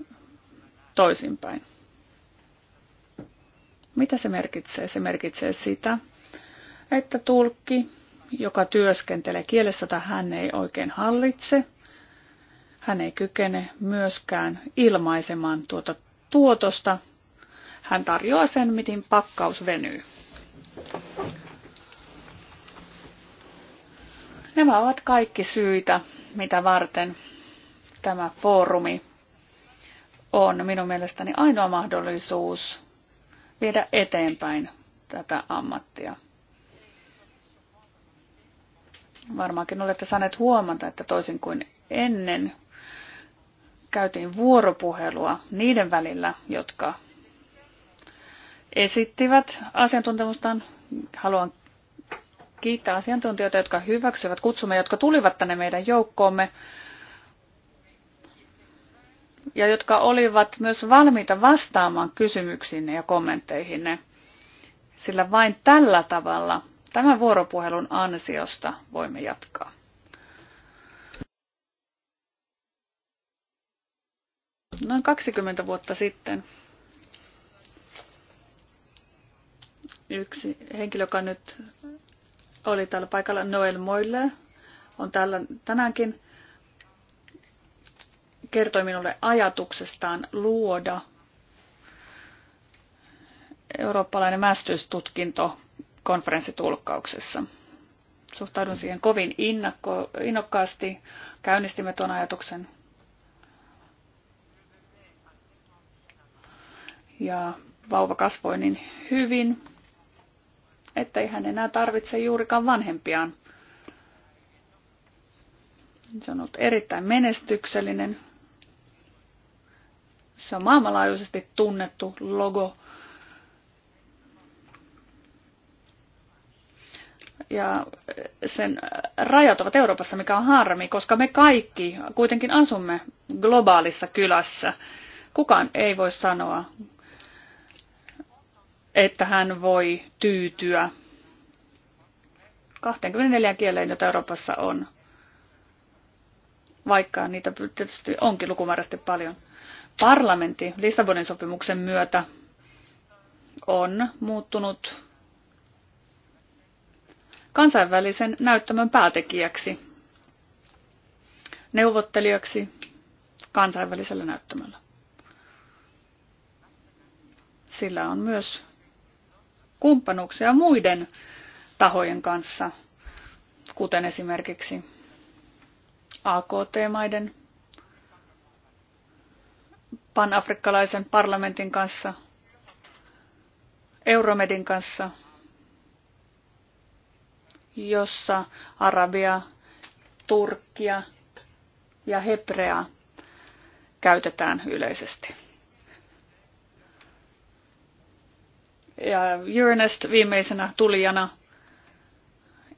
toisinpäin. Mitä se merkitsee? Se merkitsee sitä, että tulkki, joka työskentelee kielessä, jota hän ei oikein hallitse, hän ei kykene myöskään ilmaisemaan tuota tuotosta. Hän tarjoaa sen, miten pakkaus venyy. Nämä ovat kaikki syitä mitä varten tämä foorumi on minun mielestäni ainoa mahdollisuus viedä eteenpäin tätä ammattia. Varmaankin olette saaneet huomata, että toisin kuin ennen käytiin vuoropuhelua niiden välillä, jotka esittivät asiantuntemustaan. Haluan kiittää asiantuntijoita, jotka hyväksyvät kutsumme, jotka tulivat tänne meidän joukkoomme ja jotka olivat myös valmiita vastaamaan kysymyksiinne ja kommentteihinne. Sillä vain tällä tavalla, tämän vuoropuhelun ansiosta, voimme jatkaa. Noin 20 vuotta sitten yksi henkilö, joka nyt oli täällä paikalla Noel Moille, on täällä tänäänkin, kertoi minulle ajatuksestaan luoda eurooppalainen mästystutkinto konferenssitulkkauksessa. Suhtaudun siihen kovin innokkaasti. Käynnistimme tuon ajatuksen. Ja vauva kasvoi niin hyvin, ettei hän enää tarvitse juurikaan vanhempiaan. Se on ollut erittäin menestyksellinen. Se on maailmanlaajuisesti tunnettu logo. Ja sen rajat ovat Euroopassa, mikä on harmi, koska me kaikki kuitenkin asumme globaalissa kylässä. Kukaan ei voi sanoa että hän voi tyytyä 24 kieleen, joita Euroopassa on, vaikka niitä tietysti onkin lukumääräisesti paljon. Parlamentti Lissabonin sopimuksen myötä on muuttunut kansainvälisen näyttämön päätekijäksi, neuvottelijaksi kansainvälisellä näyttämöllä. Sillä on myös kumppanuuksia muiden tahojen kanssa, kuten esimerkiksi AKT-maiden, panafrikkalaisen parlamentin kanssa, Euromedin kanssa, jossa Arabia, Turkkia ja Hebrea käytetään yleisesti. ja Uranest viimeisenä tulijana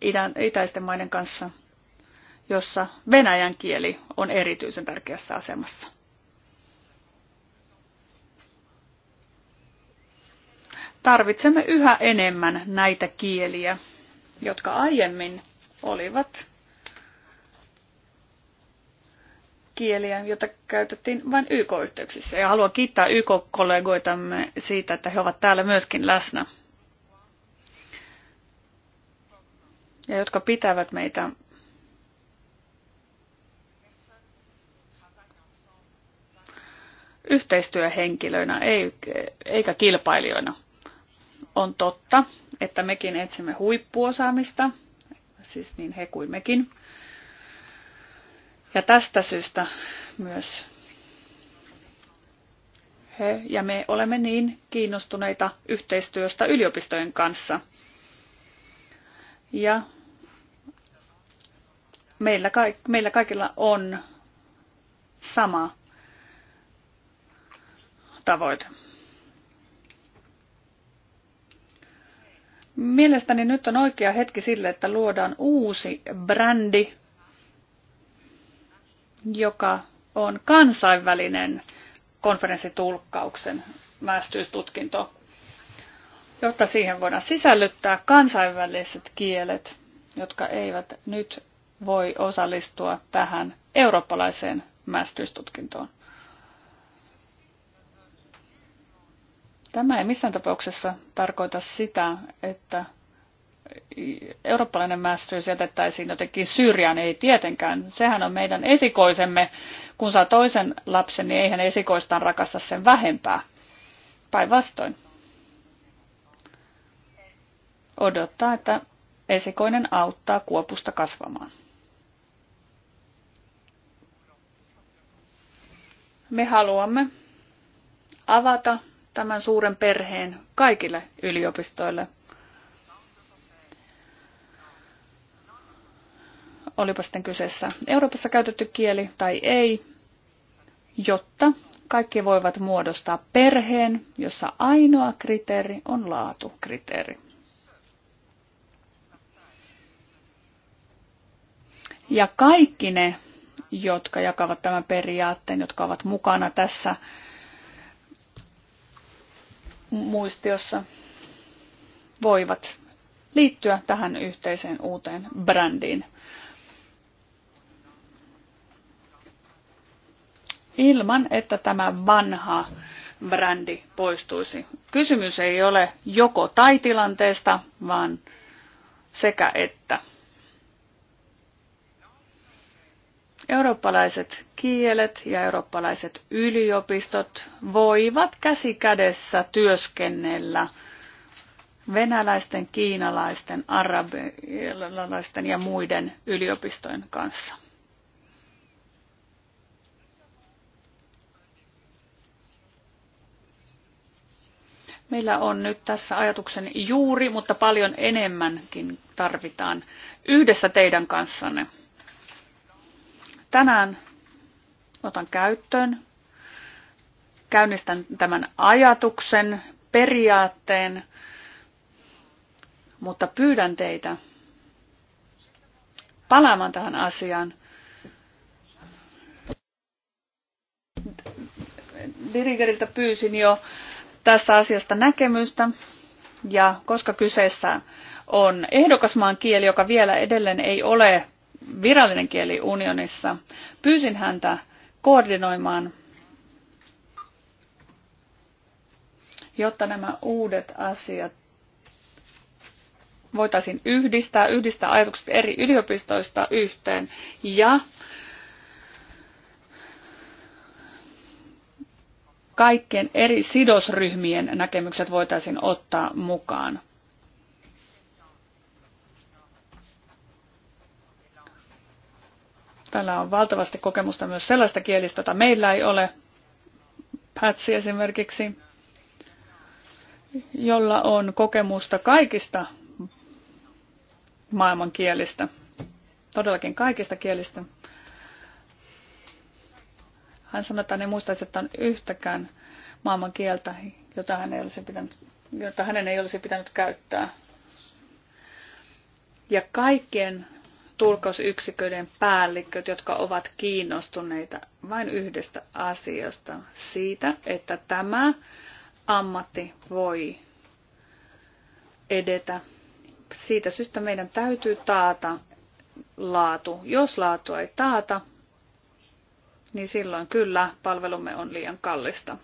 idän, itäisten maiden kanssa, jossa venäjän kieli on erityisen tärkeässä asemassa. Tarvitsemme yhä enemmän näitä kieliä, jotka aiemmin olivat kieliä, jota käytettiin vain YK-yhteyksissä. Ja haluan kiittää YK-kollegoitamme siitä, että he ovat täällä myöskin läsnä. Ja jotka pitävät meitä yhteistyöhenkilöinä, eikä kilpailijoina. On totta, että mekin etsimme huippuosaamista, siis niin he kuin mekin. Ja tästä syystä myös he ja me olemme niin kiinnostuneita yhteistyöstä yliopistojen kanssa. Ja meillä, ka- meillä kaikilla on sama tavoite. Mielestäni nyt on oikea hetki sille, että luodaan uusi brändi joka on kansainvälinen konferenssitulkkauksen väestöystutkinto, jotta siihen voidaan sisällyttää kansainväliset kielet, jotka eivät nyt voi osallistua tähän eurooppalaiseen mästystutkintoon. Tämä ei missään tapauksessa tarkoita sitä, että eurooppalainen määräys jätettäisiin jotenkin syrjään, ei tietenkään. Sehän on meidän esikoisemme. Kun saa toisen lapsen, niin eihän esikoistaan rakasta sen vähempää. Päinvastoin. Odottaa, että esikoinen auttaa kuopusta kasvamaan. Me haluamme avata tämän suuren perheen kaikille yliopistoille – olipa sitten kyseessä Euroopassa käytetty kieli tai ei, jotta kaikki voivat muodostaa perheen, jossa ainoa kriteeri on laatukriteeri. Ja kaikki ne, jotka jakavat tämän periaatteen, jotka ovat mukana tässä muistiossa, voivat liittyä tähän yhteiseen uuteen brändiin. ilman, että tämä vanha brändi poistuisi. Kysymys ei ole joko tai tilanteesta, vaan sekä että. Eurooppalaiset kielet ja eurooppalaiset yliopistot voivat käsi kädessä työskennellä venäläisten, kiinalaisten, arabialaisten ja muiden yliopistojen kanssa. Meillä on nyt tässä ajatuksen juuri, mutta paljon enemmänkin tarvitaan yhdessä teidän kanssanne. Tänään otan käyttöön, käynnistän tämän ajatuksen, periaatteen, mutta pyydän teitä palaamaan tähän asiaan. Dirigeriltä pyysin jo tästä asiasta näkemystä. Ja koska kyseessä on ehdokasmaan kieli, joka vielä edelleen ei ole virallinen kieli unionissa, pyysin häntä koordinoimaan, jotta nämä uudet asiat voitaisiin yhdistää, yhdistää ajatukset eri yliopistoista yhteen ja kaikkien eri sidosryhmien näkemykset voitaisiin ottaa mukaan. Täällä on valtavasti kokemusta myös sellaista kielistä, jota meillä ei ole. Pätsi esimerkiksi, jolla on kokemusta kaikista maailmankielistä, todellakin kaikista kielistä. Hän sanoi, että hän ei muistaisi, että on yhtäkään maailman kieltä, jota, hän ei olisi pitänyt, jota hänen ei olisi pitänyt käyttää. Ja kaikkien tulkausyksiköiden päälliköt, jotka ovat kiinnostuneita vain yhdestä asiasta, siitä, että tämä ammatti voi edetä. Siitä syystä meidän täytyy taata laatu. Jos laatu ei taata, niin silloin kyllä palvelumme on liian kallista,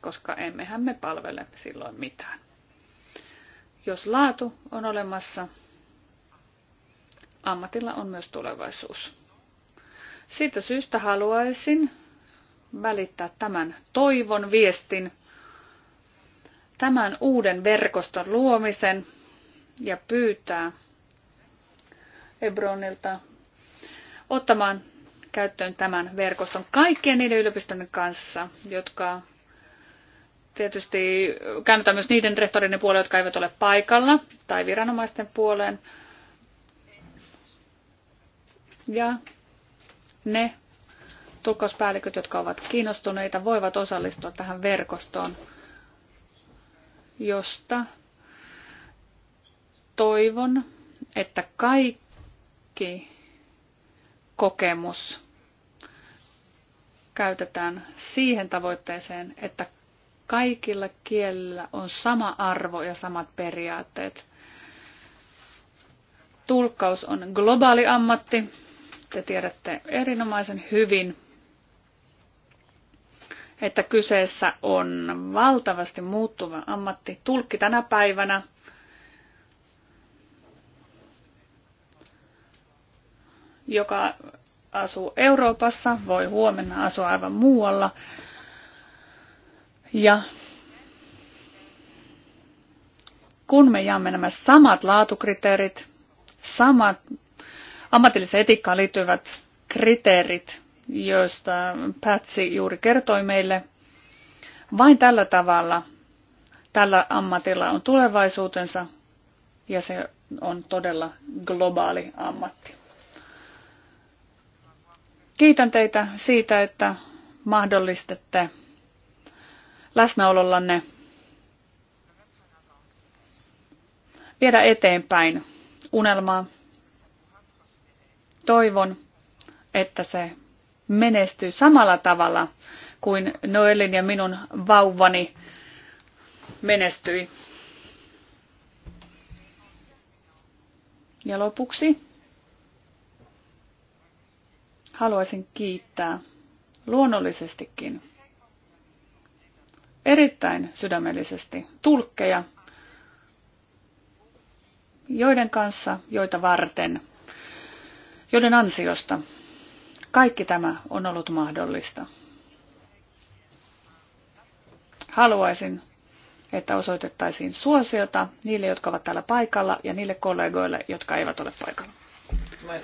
koska emmehän me palvele silloin mitään. Jos laatu on olemassa, ammatilla on myös tulevaisuus. Siitä syystä haluaisin välittää tämän toivon viestin, tämän uuden verkoston luomisen ja pyytää Ebronilta ottamaan käyttöön tämän verkoston kaikkien niiden yliopistojen kanssa, jotka tietysti käännetään myös niiden rehtorien puoleen, jotka eivät ole paikalla, tai viranomaisten puoleen. Ja ne tulkkauspäälliköt, jotka ovat kiinnostuneita, voivat osallistua tähän verkostoon, josta toivon, että kaikki kokemus käytetään siihen tavoitteeseen, että kaikilla kielillä on sama arvo ja samat periaatteet. Tulkkaus on globaali ammatti. Te tiedätte erinomaisen hyvin, että kyseessä on valtavasti muuttuva ammatti. Tulkki tänä päivänä joka asuu Euroopassa, voi huomenna asua aivan muualla. Ja kun me jaamme nämä samat laatukriteerit, samat ammatilliseen etiikkaan liittyvät kriteerit, joista Pätsi juuri kertoi meille, vain tällä tavalla tällä ammatilla on tulevaisuutensa ja se on todella globaali ammatti. Kiitän teitä siitä, että mahdollistatte läsnäolollanne viedä eteenpäin unelmaa. Toivon, että se menestyy samalla tavalla kuin Noelin ja minun vauvani menestyi. Ja lopuksi haluaisin kiittää luonnollisestikin erittäin sydämellisesti tulkkeja, joiden kanssa, joita varten, joiden ansiosta kaikki tämä on ollut mahdollista. Haluaisin, että osoitettaisiin suosiota niille, jotka ovat täällä paikalla ja niille kollegoille, jotka eivät ole paikalla. Moi.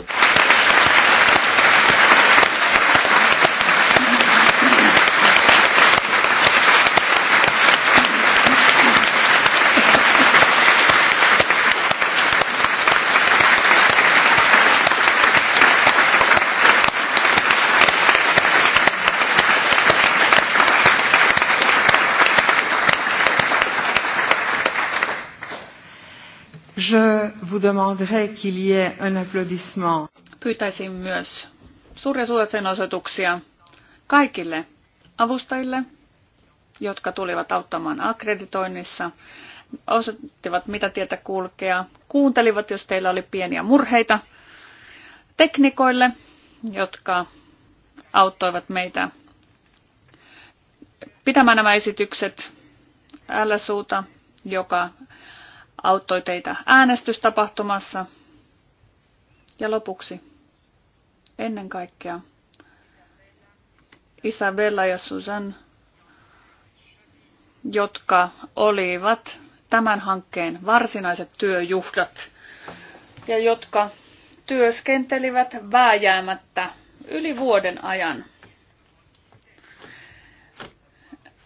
vous demanderai qu'il y ait un applaudissement. Pyytäisin myös suuria suosien osoituksia kaikille avustajille, jotka tulivat auttamaan akkreditoinnissa, osoittivat mitä tietä kulkea, kuuntelivat, jos teillä oli pieniä murheita, teknikoille, jotka auttoivat meitä pitämään nämä esitykset, LSUta, joka auttoi teitä äänestystapahtumassa. Ja lopuksi, ennen kaikkea, Isabella ja Susan, jotka olivat tämän hankkeen varsinaiset työjuhdat ja jotka työskentelivät vääjäämättä yli vuoden ajan –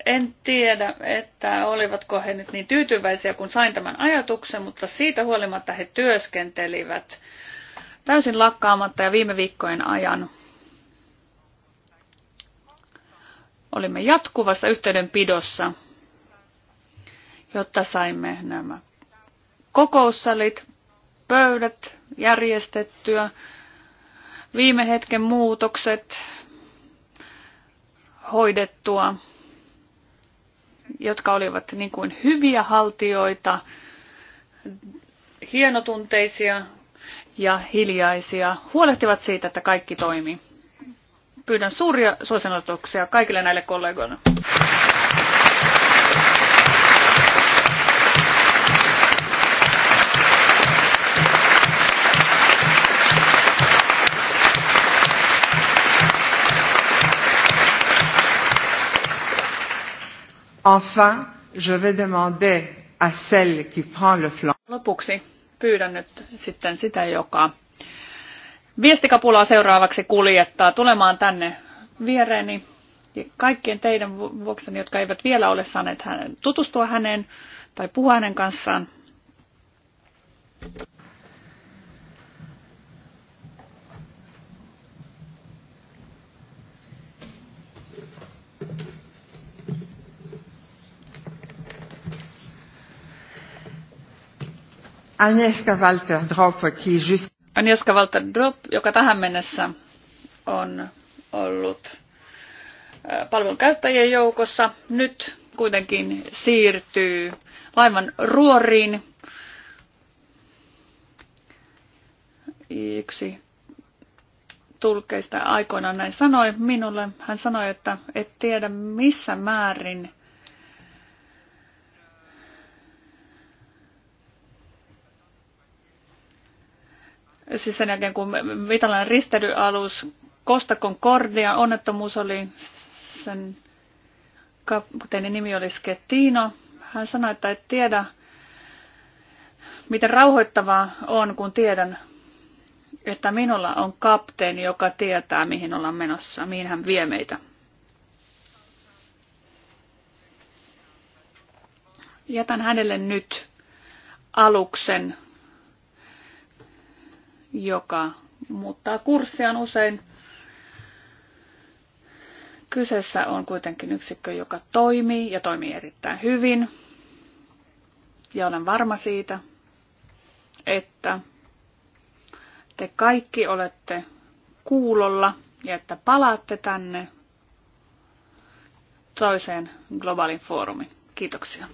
En tiedä, että olivatko he nyt niin tyytyväisiä, kun sain tämän ajatuksen, mutta siitä huolimatta he työskentelivät täysin lakkaamatta ja viime viikkojen ajan olimme jatkuvassa yhteydenpidossa, jotta saimme nämä kokoussalit, pöydät järjestettyä, viime hetken muutokset hoidettua jotka olivat niin kuin hyviä haltioita, hienotunteisia ja hiljaisia, huolehtivat siitä, että kaikki toimii. Pyydän suuria suosinotuksia kaikille näille kollegoille. Enfin, je vais demander à celle qui prend le flanc. Lopuksi pyydän nyt sitten sitä, joka viestikapulaa seuraavaksi kuljettaa tulemaan tänne viereeni. Ja kaikkien teidän vuokseni, jotka eivät vielä ole saaneet hänen, tutustua häneen tai puhua hänen kanssaan. Agnieszka Walter Drop, just... Agnieszka Walter Drop, joka tähän mennessä on ollut palvelun käyttäjien joukossa, nyt kuitenkin siirtyy laivan ruoriin. Yksi tulkeista aikoinaan näin sanoi minulle. Hän sanoi, että et tiedä missä määrin siis sen jälkeen kun italialainen risteilyalus Costa Concordia, onnettomuus oli sen kapteenin nimi oli Skettino. Hän sanoi, että et tiedä, miten rauhoittavaa on, kun tiedän, että minulla on kapteeni, joka tietää, mihin ollaan menossa, mihin hän vie meitä. Jätän hänelle nyt aluksen joka muuttaa kurssiaan usein. Kyseessä on kuitenkin yksikkö, joka toimii ja toimii erittäin hyvin. Ja olen varma siitä, että te kaikki olette kuulolla ja että palaatte tänne toiseen globaalin foorumiin. Kiitoksia.